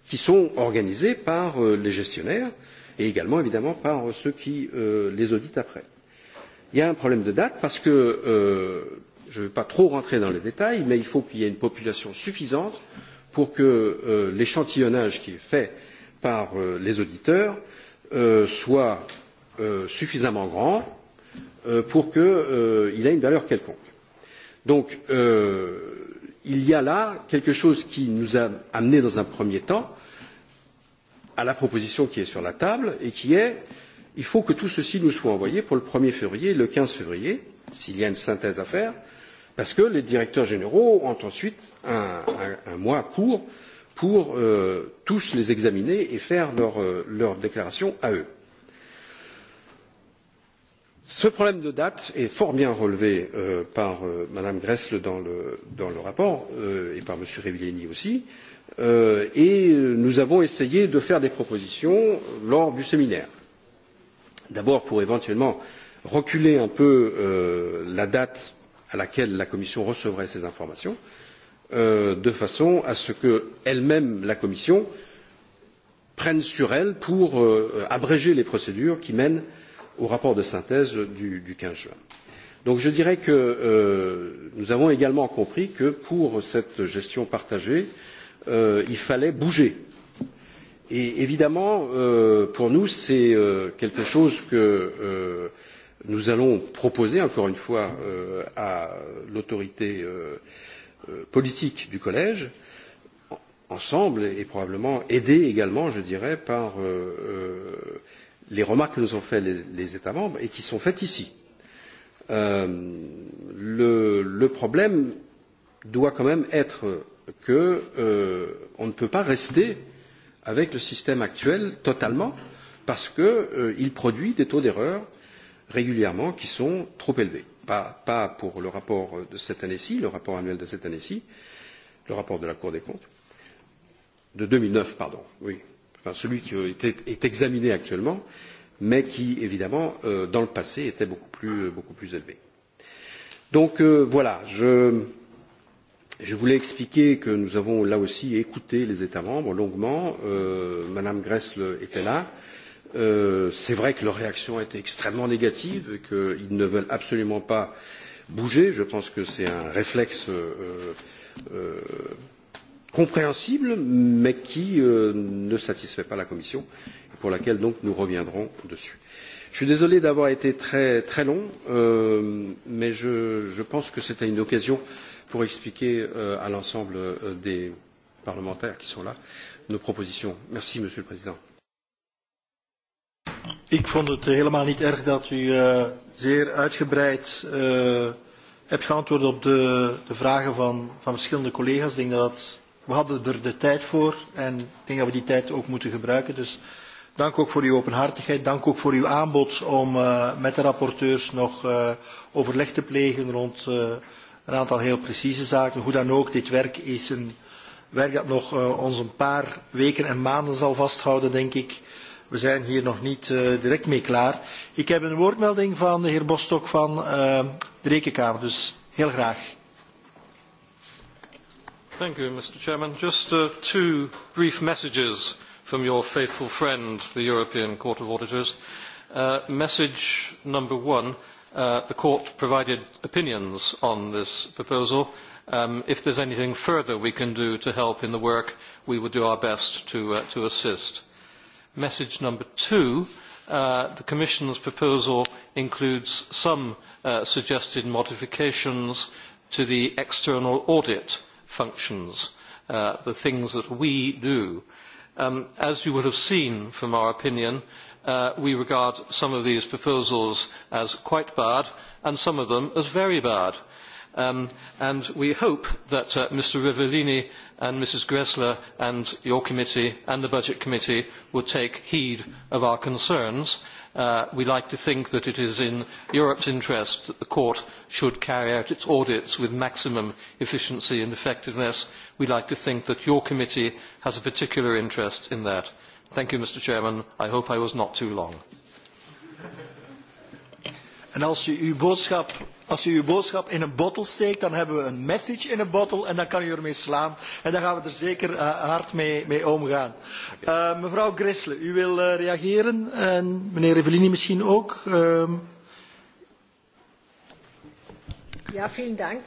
qui sont organisées par euh, les gestionnaires et également évidemment par euh, ceux qui euh, les auditent après. Il y a un problème de date parce que euh, je ne vais pas trop rentrer dans les détails, mais il faut qu'il y ait une population suffisante pour que euh, l'échantillonnage qui est fait par euh, les auditeurs euh, soit euh, suffisamment grand euh, pour qu'il euh, ait une valeur quelconque. Donc, il y a là quelque chose qui nous a amené dans un premier temps à la proposition qui est sur la table et qui est il faut que tout ceci nous soit envoyé pour le 1er février, le 15 février, s'il y a une synthèse à faire, Parce que les directeurs généraux ont ensuite un, un, un mois court pour euh, tous les examiner et faire leur, euh, leur déclaration à eux. Ce problème de date est fort bien relevé euh, par euh, Mme Gressle dans le, dans le rapport euh, et par M. Rivellini aussi. Euh, et euh, nous avons essayé de faire des propositions lors du séminaire. D'abord pour éventuellement reculer un peu euh, la date à laquelle la Commission recevrait ces informations, euh, de façon à ce que elle-même, la Commission, prenne sur elle pour euh, abréger les procédures qui mènent au rapport de synthèse du, du 15 juin. Donc je dirais que euh, nous avons également compris que pour cette gestion partagée, euh, il fallait bouger. Et évidemment, euh, pour nous, c'est euh, quelque chose que euh, nous allons proposer encore une fois euh, à l'autorité euh, euh politique du collège ensemble et probablement aidés également je dirais par euh, euh, les remarques que nous ont faites les, les états membres et qui sont faites ici. Euh, le, le, problème doit quand même être que on ne peut pas rester avec le système actuel totalement parce qu'il produit des taux d'erreur régulièrement qui sont trop élevés. Pas, pas pour le rapport de cette année-ci, le rapport annuel de cette année-ci, le rapport de la Cour des comptes, de 2009, pardon, oui, enfin celui qui est, est examiné actuellement, mais qui, évidemment, euh, dans le passé, était beaucoup plus, euh, beaucoup plus élevé. Donc euh, voilà, je, je voulais expliquer que nous avons là aussi écouté les États membres longuement. Euh, Madame Gressle était là. Euh, Euh, c'est vrai que leur réaction a été extrêmement négative et qu'ils ne veulent absolument pas bouger. Je pense que c'est un réflexe euh, euh, compréhensible, mais qui euh, ne satisfait pas la Commission, pour laquelle donc nous reviendrons dessus. Je suis désolé d'avoir été très, très long, euh, mais je, je, pense que c'était une occasion pour expliquer à l'ensemble des parlementaires qui sont là nos propositions. Merci, Monsieur le Président. Ik vond het helemaal niet erg dat u eh, zeer uitgebreid eh, hebt geantwoord op de, de vragen van, van verschillende collega's. Ik denk dat we hadden er de tijd voor en ik denk dat we die tijd ook moeten gebruiken. Dus dank ook voor uw openhartigheid. Dank ook voor uw aanbod om eh, met de rapporteurs nog overleg te plegen rond een aantal heel precieze zaken. Hoe dan ook, dit werk is een werk dat nog ons een paar weken en maanden zal vasthouden, denk ik. We zijn hier nog niet uh, direct mee klaar. Ik heb een woordmelding van de heer Bostok van uh, de Rekenkamer, dus heel graag. Thank you, Mr. Chairman. Just uh, two brief messages from your faithful friend, the European Court of Auditors. Uh, message number one, uh, the Court provided opinions on this proposal. Um, if there's anything further we can do to help in the work, we will do our best to, uh, to assist. Message number two, uh, the Commission's proposal includes some uh, suggested modifications to the external audit functions, uh, the things that we do. Um, as you would have seen from our opinion, uh, we regard some of these proposals as quite bad and some of them as very bad. Um, and we hope that uh, Mr Rivellini and Mrs Gressler and your committee and the Budget Committee will take heed of our concerns. Uh, we like to think that it is in Europe's interest that the court should carry out its audits with maximum efficiency and effectiveness. We like to think that your committee has a particular interest in that. Thank you, Mr Chairman. I hope I was not too long. En als uw boodschap Als u uw boodschap in een bottle steekt, dan hebben we een message in een bottle en dan kan u ermee slaan. En dan gaan we er zeker uh, hard mee, mee omgaan. Uh, mevrouw Grissle, u wil uh, reageren en meneer Evelini misschien ook. Uh... Ja, Dank.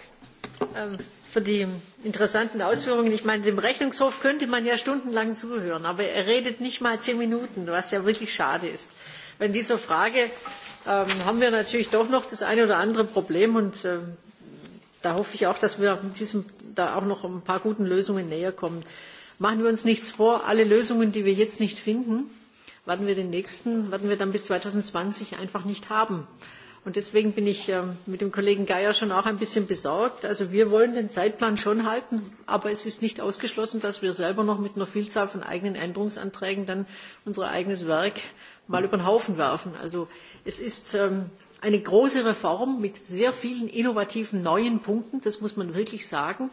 Ähm, für die interessanten Ausführungen. Ich meine, dem Rechnungshof könnte man ja stundenlang zuhören, aber er redet nicht mal zehn Minuten, was ja wirklich schade ist. Äh, bei dieser Frage ähm, haben wir natürlich doch noch das eine oder andere Problem und ähm, da hoffe ich auch, dass wir mit diesem da auch noch ein paar guten Lösungen näher kommen. Machen wir uns nichts vor, alle Lösungen, die wir jetzt nicht finden, werden wir den nächsten, werden wir dann bis 2020 einfach nicht haben. Und deswegen bin ich ähm, mit dem Kollegen Geier schon auch ein bisschen besorgt. Also wir wollen den Zeitplan schon halten, aber es ist nicht ausgeschlossen, dass wir selber noch mit einer Vielzahl von eigenen Änderungsanträgen dann unser eigenes Werk mal über den Haufen werfen. Also es ist ähm, eine große Reform mit sehr vielen innovativen neuen Punkten, das muss man wirklich sagen.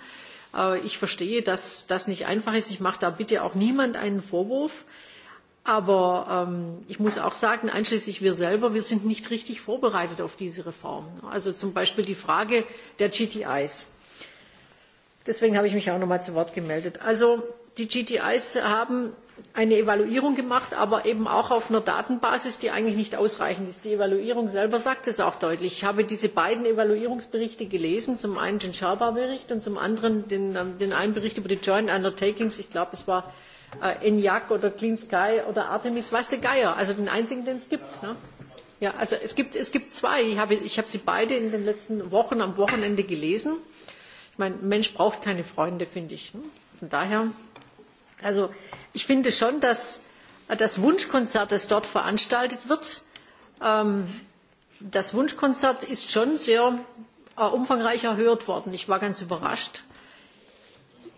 Äh, ich verstehe, dass das nicht einfach ist. Ich mache da bitte auch niemand einen Vorwurf. Aber ähm, ich muss auch sagen, einschließlich wir selber, wir sind nicht richtig vorbereitet auf diese Reform. Also zum Beispiel die Frage der GTIs. Deswegen habe ich mich auch noch mal zu Wort gemeldet. Also die GTIs haben eine Evaluierung gemacht, aber eben auch auf einer Datenbasis, die eigentlich nicht ausreichend ist. Die Evaluierung selber sagt es auch deutlich. Ich habe diese beiden Evaluierungsberichte gelesen, zum einen den Schaubau-Bericht und zum anderen den, ähm, den, einen Bericht über die Joint Undertakings. Ich glaube, es war äh, ENIAC oder Clean Sky oder Artemis, weiß der Geier, also den einzigen, den es gibt. Ne? Ja, also es gibt, es gibt zwei. Ich habe, ich habe sie beide in den letzten Wochen am Wochenende gelesen. Ich meine, ein Mensch braucht keine Freunde, finde ich. Von daher Also ich finde schon, dass äh, das Wunschkonzert, das dort veranstaltet wird, ähm, das Wunschkonzert ist schon sehr äh, umfangreich erhört worden. Ich war ganz überrascht.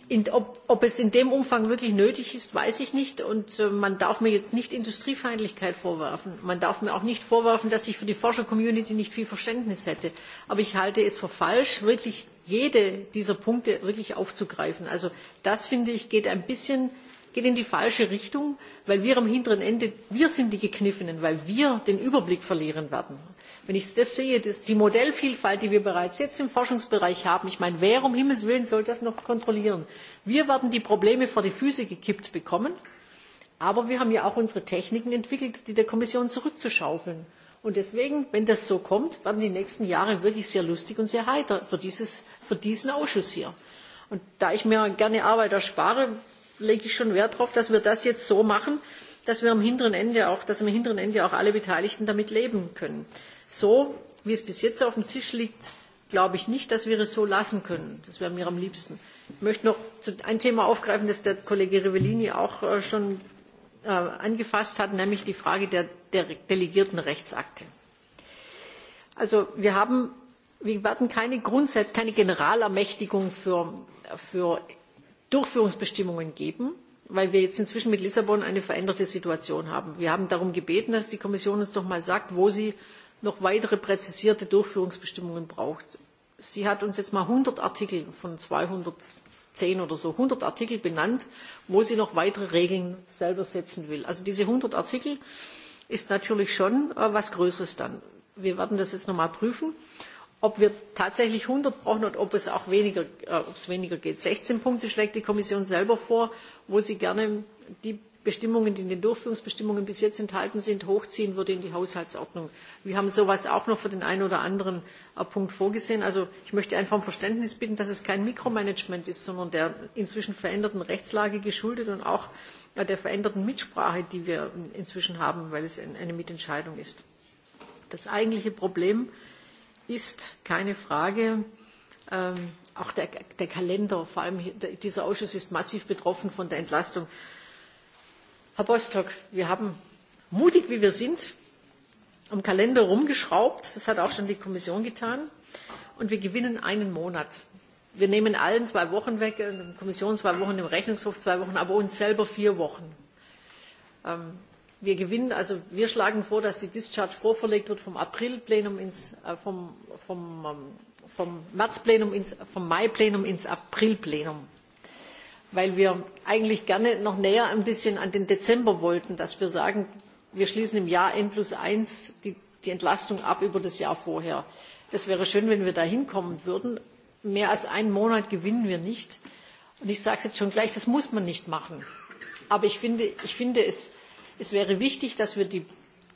In, ob, ob, es in dem Umfang wirklich nötig ist, weiß ich nicht. Und äh, man darf mir jetzt nicht Industriefeindlichkeit vorwerfen. Man darf mir auch nicht vorwerfen, dass ich für die Forscher-Community nicht viel Verständnis hätte. Aber ich halte es für falsch, wirklich jede dieser Punkte wirklich aufzugreifen. Also das, finde ich, geht ein bisschen geht in die falsche Richtung, weil wir am hinteren Ende, wir sind die Gekniffenen, weil wir den Überblick verlieren werden. Wenn ich das sehe, das, die Modellvielfalt, die wir bereits jetzt im Forschungsbereich haben, ich meine, wer um Himmels Willen soll das noch kontrollieren? Wir werden die Probleme vor die Füße gekippt bekommen, aber wir haben ja auch unsere Techniken entwickelt, die der Kommission zurückzuschaufeln. Und deswegen, wenn das so kommt, werden die nächsten Jahre wirklich sehr lustig und sehr heiter für, dieses, für diesen Ausschuss hier. Und da ich mir gerne Arbeit erspare, lege ich schon Wert darauf, dass wir das jetzt so machen, dass wir am hinteren Ende auch, dass am hinteren Ende auch alle Beteiligten damit leben können. So, wie es bis jetzt auf dem Tisch liegt, glaube ich nicht, dass wir es so lassen können. Das wäre mir am liebsten. Ich möchte noch ein Thema aufgreifen, das der Kollege Rivellini auch äh, schon Äh, angefasst hat, nämlich die Frage der, der delegierten Rechtsakte. Also wir, haben, wir werden keine, Grundsatz, keine Generalermächtigung für, für Durchführungsbestimmungen geben weil wir jetzt inzwischen mit Lissabon eine veränderte Situation haben. Wir haben darum gebeten, dass die Kommission uns doch mal sagt, wo sie noch weitere präzisierte Durchführungsbestimmungen braucht. Sie hat uns jetzt mal 100 Artikel von 200 zehn oder so hundert artikel benannt wo sie noch weitere regeln selber setzen will. also diese hundert artikel ist natürlich schon etwas äh, größeres dann. wir werden das jetzt noch einmal prüfen ob wir tatsächlich hundert brauchen und ob es auch weniger, äh, ob es weniger geht. sechzehn punkte schlägt die kommission selber vor wo sie gerne die Bestimmungen, die in den Durchführungsbestimmungen bis jetzt enthalten sind, hochziehen würde in die Haushaltsordnung. Wir haben so etwas auch noch für den einen oder anderen äh, Punkt vorgesehen. Also ich möchte einfach um Verständnis bitten, dass es kein Mikromanagement ist, sondern der inzwischen veränderten Rechtslage geschuldet und auch äh, der veränderten Mitsprache, die wir äh, inzwischen haben, weil es eine Mitentscheidung ist. Das eigentliche Problem ist keine Frage, ähm, auch der, der Kalender, vor allem dieser Ausschuss ist massiv betroffen von der Entlastung herr bostock wir haben mutig wie wir sind am kalender rumgeschraubt das hat auch schon die kommission getan und wir gewinnen einen monat. wir nehmen allen zwei wochen weg äh, der kommission zwei wochen dem rechnungshof zwei wochen aber uns selber vier wochen. Ähm, wir gewinnen also wir schlagen vor dass die discharge vorverlegt wird vom april plenum ins äh, vom, vom, ähm, vom märz plenum ins, vom mai plenum ins april plenum weil wir eigentlich gerne noch näher ein bisschen an den Dezember wollten, dass wir sagen, wir schließen im Jahr N plus 1 die, die Entlastung ab über das Jahr vorher. Das wäre schön, wenn wir da hinkommen würden. Mehr als einen Monat gewinnen wir nicht. Und ich sage es jetzt schon gleich, das muss man nicht machen. Aber ich finde, ich finde es, es wäre wichtig, dass wir die,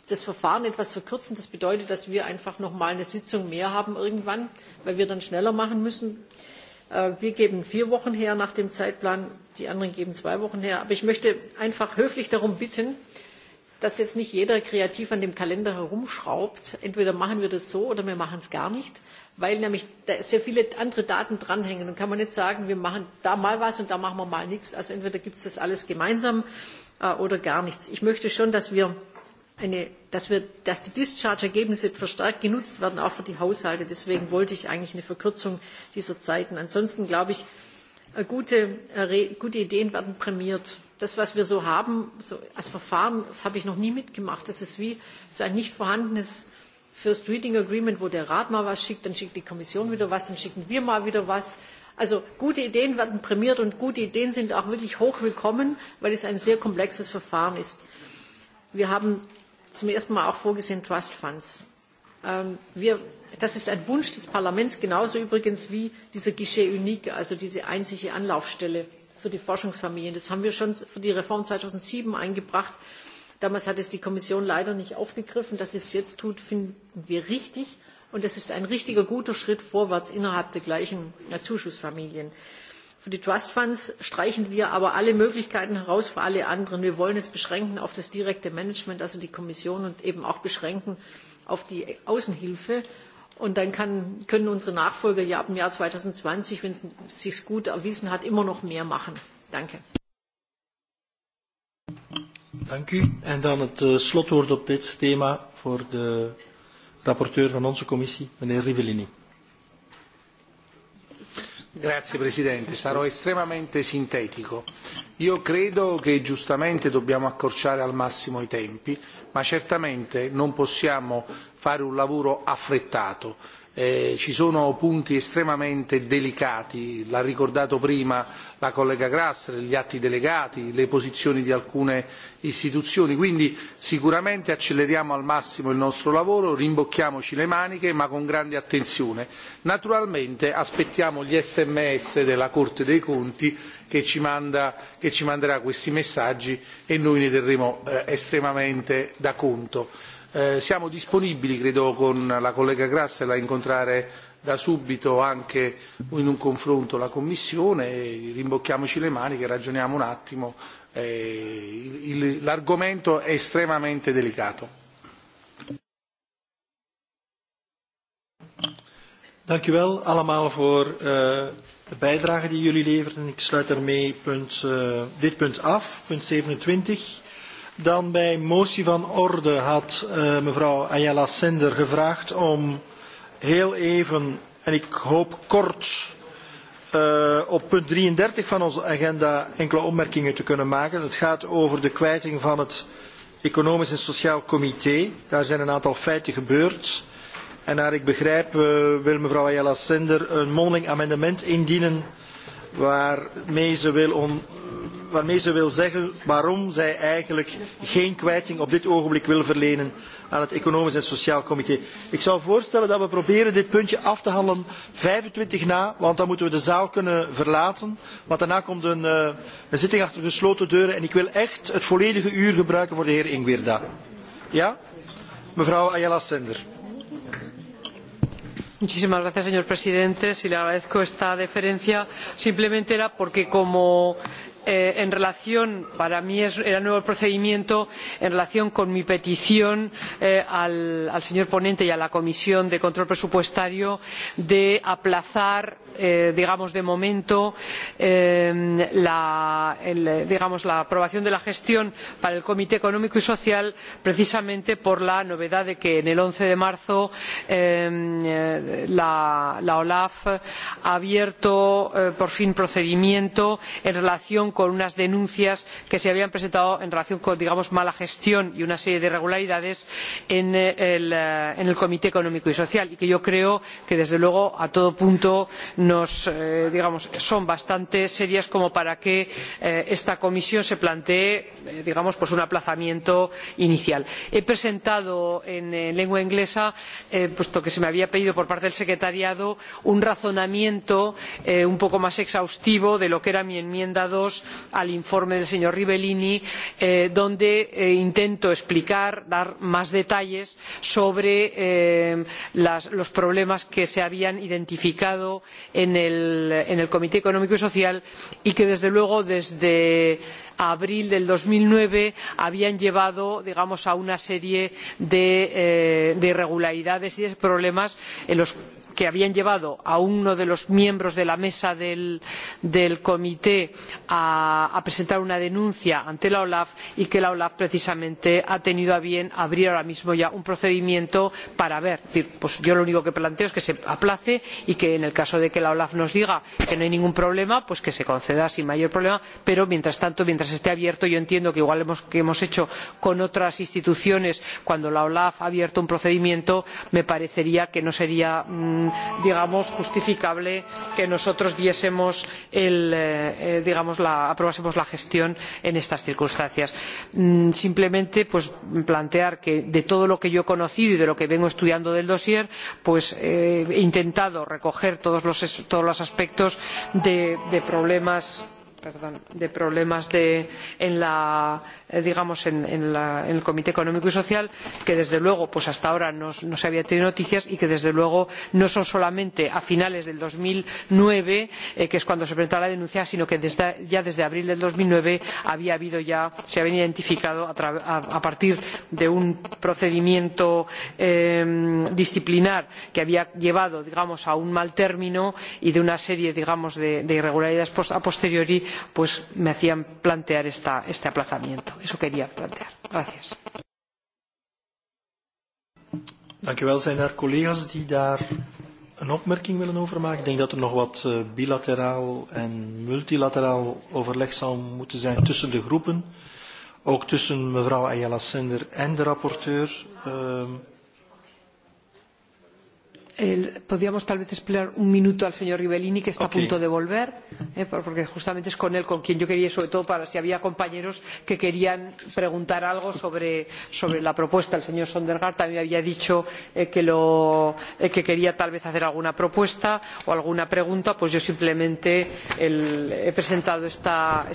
das Verfahren etwas verkürzen. Das bedeutet, dass wir einfach noch mal eine Sitzung mehr haben irgendwann, weil wir dann schneller machen müssen. Äh, Äh, wir geben vier Wochen her nach dem Zeitplan, die anderen geben zwei Wochen her. Aber ich möchte einfach höflich darum bitten, dass jetzt nicht jeder kreativ an dem Kalender herumschraubt. Entweder machen wir das so oder wir machen es gar nicht, weil nämlich da sehr viele andere Daten dranhängen. Und kann man nicht sagen, wir machen da mal was und da machen wir mal nichts. Also entweder gibt es das alles gemeinsam äh, oder gar nichts. Ich möchte schon, dass wir dass, die Discharge-Ergebnisse verstärkt genutzt werden, auch für die Haushalte. Deswegen wollte ich eigentlich eine Verkürzung dieser Zeiten. Ansonsten glaube ich, äh, äh, gute, Ideen werden prämiert. Das, was wir so haben, als Verfahren, das habe ich noch nie mitgemacht. Das ist wie so ein nicht vorhandenes First Reading Agreement, wo der Rat mal was schickt, dann schickt die Kommission wieder was, dann schicken wir mal wieder was. Also gute Ideen werden prämiert und gute Ideen sind auch wirklich hoch willkommen, weil es ein sehr komplexes Verfahren ist. Wir haben zum ersten Mal auch vorgesehen Trust Funds. Ähm, wir, das ist ein Wunsch des Parlaments, genauso übrigens wie dieser Guichet Unique, also diese einzige Anlaufstelle für die Forschungsfamilien. Das haben wir schon für die Reform 2007 eingebracht. Damals hat es die Kommission leider nicht aufgegriffen. Dass sie es jetzt tut, finden wir richtig. Und das ist ein richtiger guter Schritt vorwärts innerhalb der gleichen Zuschussfamilien. Für die Trust Funds streichen wir aber alle Möglichkeiten heraus für alle anderen. Wir wollen es beschränken auf das direkte Management, also die Kommission und eben auch beschränken auf die Außenhilfe. Und dann kann, können unsere Nachfolger ja ab dem Jahr 2020, wenn es sich gut erwiesen hat, immer noch mehr machen. Danke. Dank u. En dan het uh, slotwoord op dit thema voor de rapporteur van onze commissie, meneer Rivellini. Grazie Presidente, sarò estremamente sintetico. Io credo che giustamente dobbiamo accorciare al massimo i tempi, ma certamente non possiamo fare un lavoro affrettato Eh, ci sono punti estremamente delicati, l'ha ricordato prima la collega Grassler, gli atti delegati, le posizioni di alcune istituzioni, quindi sicuramente acceleriamo al massimo il nostro lavoro, rimbocchiamoci le maniche ma con grande attenzione. Naturalmente aspettiamo gli sms della Corte dei Conti che ci, manderà questi messaggi e noi ne terremo eh, estremamente da conto Eh, siamo disponibili, credo, con la collega Grassel a incontrare da subito anche in un confronto la Commissione, e rimbocchiamoci le maniche, ragioniamo un attimo, eh, l'argomento è estremamente delicato. Dank allemaal voor uh, de bijdrage die jullie Ik sluit daarmee punt, uh, dit punt af, punt 27. Dan bij motie van orde had uh, mevrouw Ayala Sender gevraagd om heel even, en ik hoop kort, uh, op punt 33 van onze agenda enkele opmerkingen te kunnen maken. Het gaat over de kwijting van het Economisch en Sociaal Comité. Daar zijn een aantal feiten gebeurd. En naar ik begrijp uh, wil mevrouw Ayala Sender een mondeling amendement indienen waarmee ze wil om waarmee ze wil zeggen waarom zij eigenlijk geen kwijting op dit ogenblik wil verlenen aan het Economisch en Sociaal Comité. Ik zou voorstellen dat we proberen dit puntje af te handelen 25 na, want dan moeten we de zaal kunnen verlaten. Want daarna komt een, uh, een zitting achter gesloten deuren en ik wil echt het volledige uur gebruiken voor de heer Ingwerda. Ja? Mevrouw Ayala Sender. Gracias, señor presidente si le agradezco esta deferencia simplemente era porque como Eh, en relación para mí era nuevo el procedimiento en relación con mi petición eh, al, señor ponente y a la comisión de control presupuestario de aplazar eh, digamos de momento la, aprobación de la gestión para el comité económico y social precisamente por la novedad de que el once de marzo la olaf ha abierto por fin procedimiento en relación con unas denuncias que se habían presentado en relación con digamos mala gestión y una serie de irregularidades en eh, eh, el, comité económico y social y que yo creo que desde luego a todo punto nos, eh, son bastante serias como para que esta comisión se plantee digamos, un aplazamiento inicial. he presentado en lengua inglesa puesto que se me había pedido por parte del secretaría un razonamiento un poco más exhaustivo de lo que era mi enmienda dos al informe del señor rivellini eh, donde eh, intento explicar dar más detalles sobre eh, los problemas que se habían identificado en el, comisión de comité económico y social y que desde luego desde abril de dos mil nueve habían llevado a una serie de irregularidades y de problemas en los que habían llevado a uno de los miembros de la mesa del, comité a, presentar una denuncia ante la olaf y que la olaf precisamente ha tenido a bien abrir ahora mismo ya un procedimiento para ver es decir yo lo único que planteo es que se aplace y que en el caso de que la olaf nos diga que no hay ningún problema pues que se conceda sin mayor problema pero mientras tanto mientras esté abierto yo entiendo que igual hemos, que hemos hecho con otras instituciones cuando la olaf ha abierto un procedimiento me parecería que no sería mm, digamos justificable que nosotros el, eh, eh, digamos, la, aprobásemos la gestión en estas circunstancias. Mm, simplemente pues, plantear que de todo lo que yo he conocido y de lo que vengo estudiando del dossier pues, eh, he intentado recoger todos los, todos los aspectos de, de problemas de problemas de, en, la, eh, digamos, en, el comité económico y social que desde luego hasta ahora no, no, se había tenido noticias y que desde luego no son solamente a finales de dos mil nueve eh, que es cuando se presenta la denuncia sino que ya desde abril de dos mil nueve había habido ya se habían identificado a, partir de un procedimiento disciplinar que había llevado digamos a un mal término y de una serie digamos de irregularidades a posteriori pues me hacían plantear esta, este aplazamiento. eso quería plantear. gracias. Dank u wel. Zijn er collega's die daar een opmerking willen over maken? Ik denk dat er nog wat eh, bilateraal en multilateraal overleg zal moeten zijn tussen de groepen. Ook tussen mevrouw Ayala Sender en de rapporteur. Uh, podríamos tal vez esperar un minuto al señor rivellini que está a punto de volver eh, porque justamente es con él con quien yo quería sobre todo para si había compañeros que querían preguntar algo sobre, la propuesta. el señor sondergaard también había dicho eh, eh, que, quería tal vez hacer alguna propuesta o alguna pregunta pues yo simplemente he presentado estas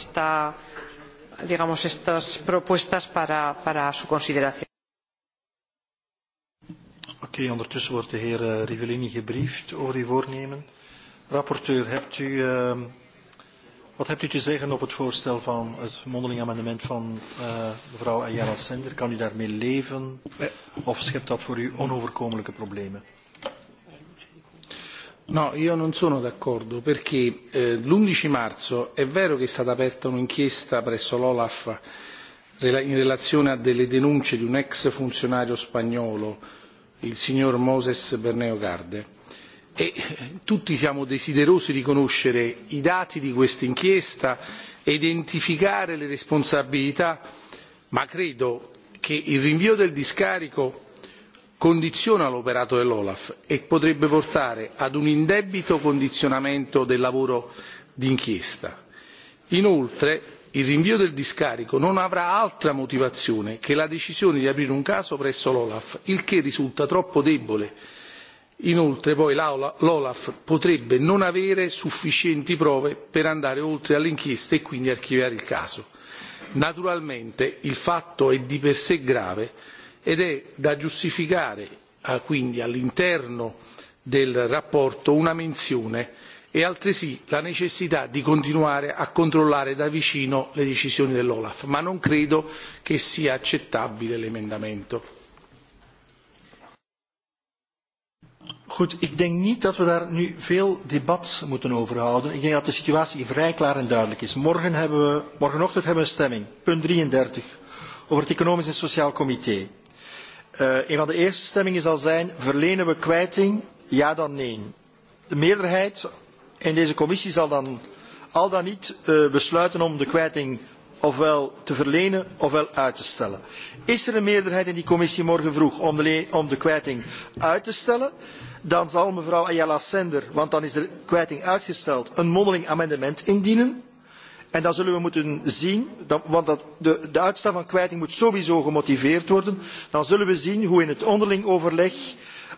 propuestas para su consideración. Oké, okay, ondertussen wordt de heer eh, Rivellini gebriefd over uw voornemen. Rapporteur, hebt u, uh, wat hebt u te zeggen op het voorstel van het mondeling amendement van uh, mevrouw Ayala Sender? Kan u daarmee leven of schept dat voor u onoverkomelijke problemen? No, io non sono d'accordo perché eh, l'11 marzo è vero che è stata aperta un'inchiesta presso l'Olaf in relazione a delle denunce di un ex funzionario spagnolo il signor Moses Garde, E tutti siamo desiderosi di conoscere i dati di questa inchiesta e identificare le responsabilità, ma credo che il rinvio del discarico condiziona l'operato dell'Olaf e potrebbe portare ad un indebito condizionamento del lavoro d'inchiesta. Inoltre, il rinvio del discarico non avrà altra motivazione che la decisione di aprire un caso presso l'olaf il che risulta troppo debole. inoltre poi l'olaf potrebbe non avere sufficienti prove per andare oltre all'inchiesta e quindi archiviare il caso. naturalmente il fatto è di per sé grave ed è da giustificare ah, quindi all'interno della relazione una menzione e altresì la necessità di continuare a controllare da vicino le decisioni dell'olaf ma non credo che sia accettabile l'emendamento. Goed, ik denk niet dat we daar nu veel debat moeten over houden. Ik denk dat de situatie vrij klaar en duidelijk is. Morgen hebben we, morgenochtend hebben we een stemming, punt 33, over het Economisch en Sociaal Comité. Uh, een van de eerste stemmingen zal zijn, verlenen we kwijting, ja dan nee. De meerderheid En deze commissie zal dan al dan niet uh, besluiten om de kwijting ofwel te verlenen ofwel uit te stellen. Is er een meerderheid in die commissie morgen vroeg om de, om de kwijting uit te stellen? Dan zal mevrouw Ayala Sender, want dan is de kwijting uitgesteld, een mondeling amendement indienen. En dan zullen we moeten zien, dat, want dat, de, de uitstel van kwijting moet sowieso gemotiveerd worden, dan zullen we zien hoe in het onderling overleg uh,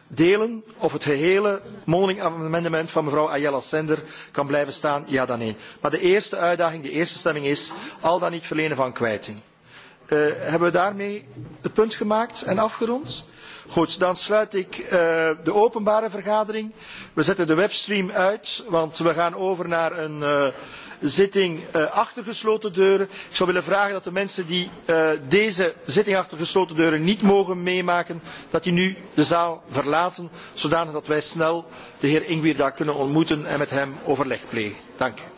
delen of het gehele mondeling amendement van mevrouw Ayala Sender kan blijven staan, ja dan nee. Maar de eerste uitdaging, de eerste stemming is al dan niet verlenen van kwijting. Uh, hebben we daarmee het punt gemaakt en afgerond? Goed, dan sluit ik uh, de openbare vergadering. We zetten de webstream uit, want we gaan over naar een... Uh, zitting eh, achter gesloten deuren. Ik zou willen vragen dat de mensen die eh, deze zitting achter gesloten deuren niet mogen meemaken, dat die nu de zaal verlaten, zodanig dat wij snel de heer Ingwierda kunnen ontmoeten en met hem overleg plegen. Dank u.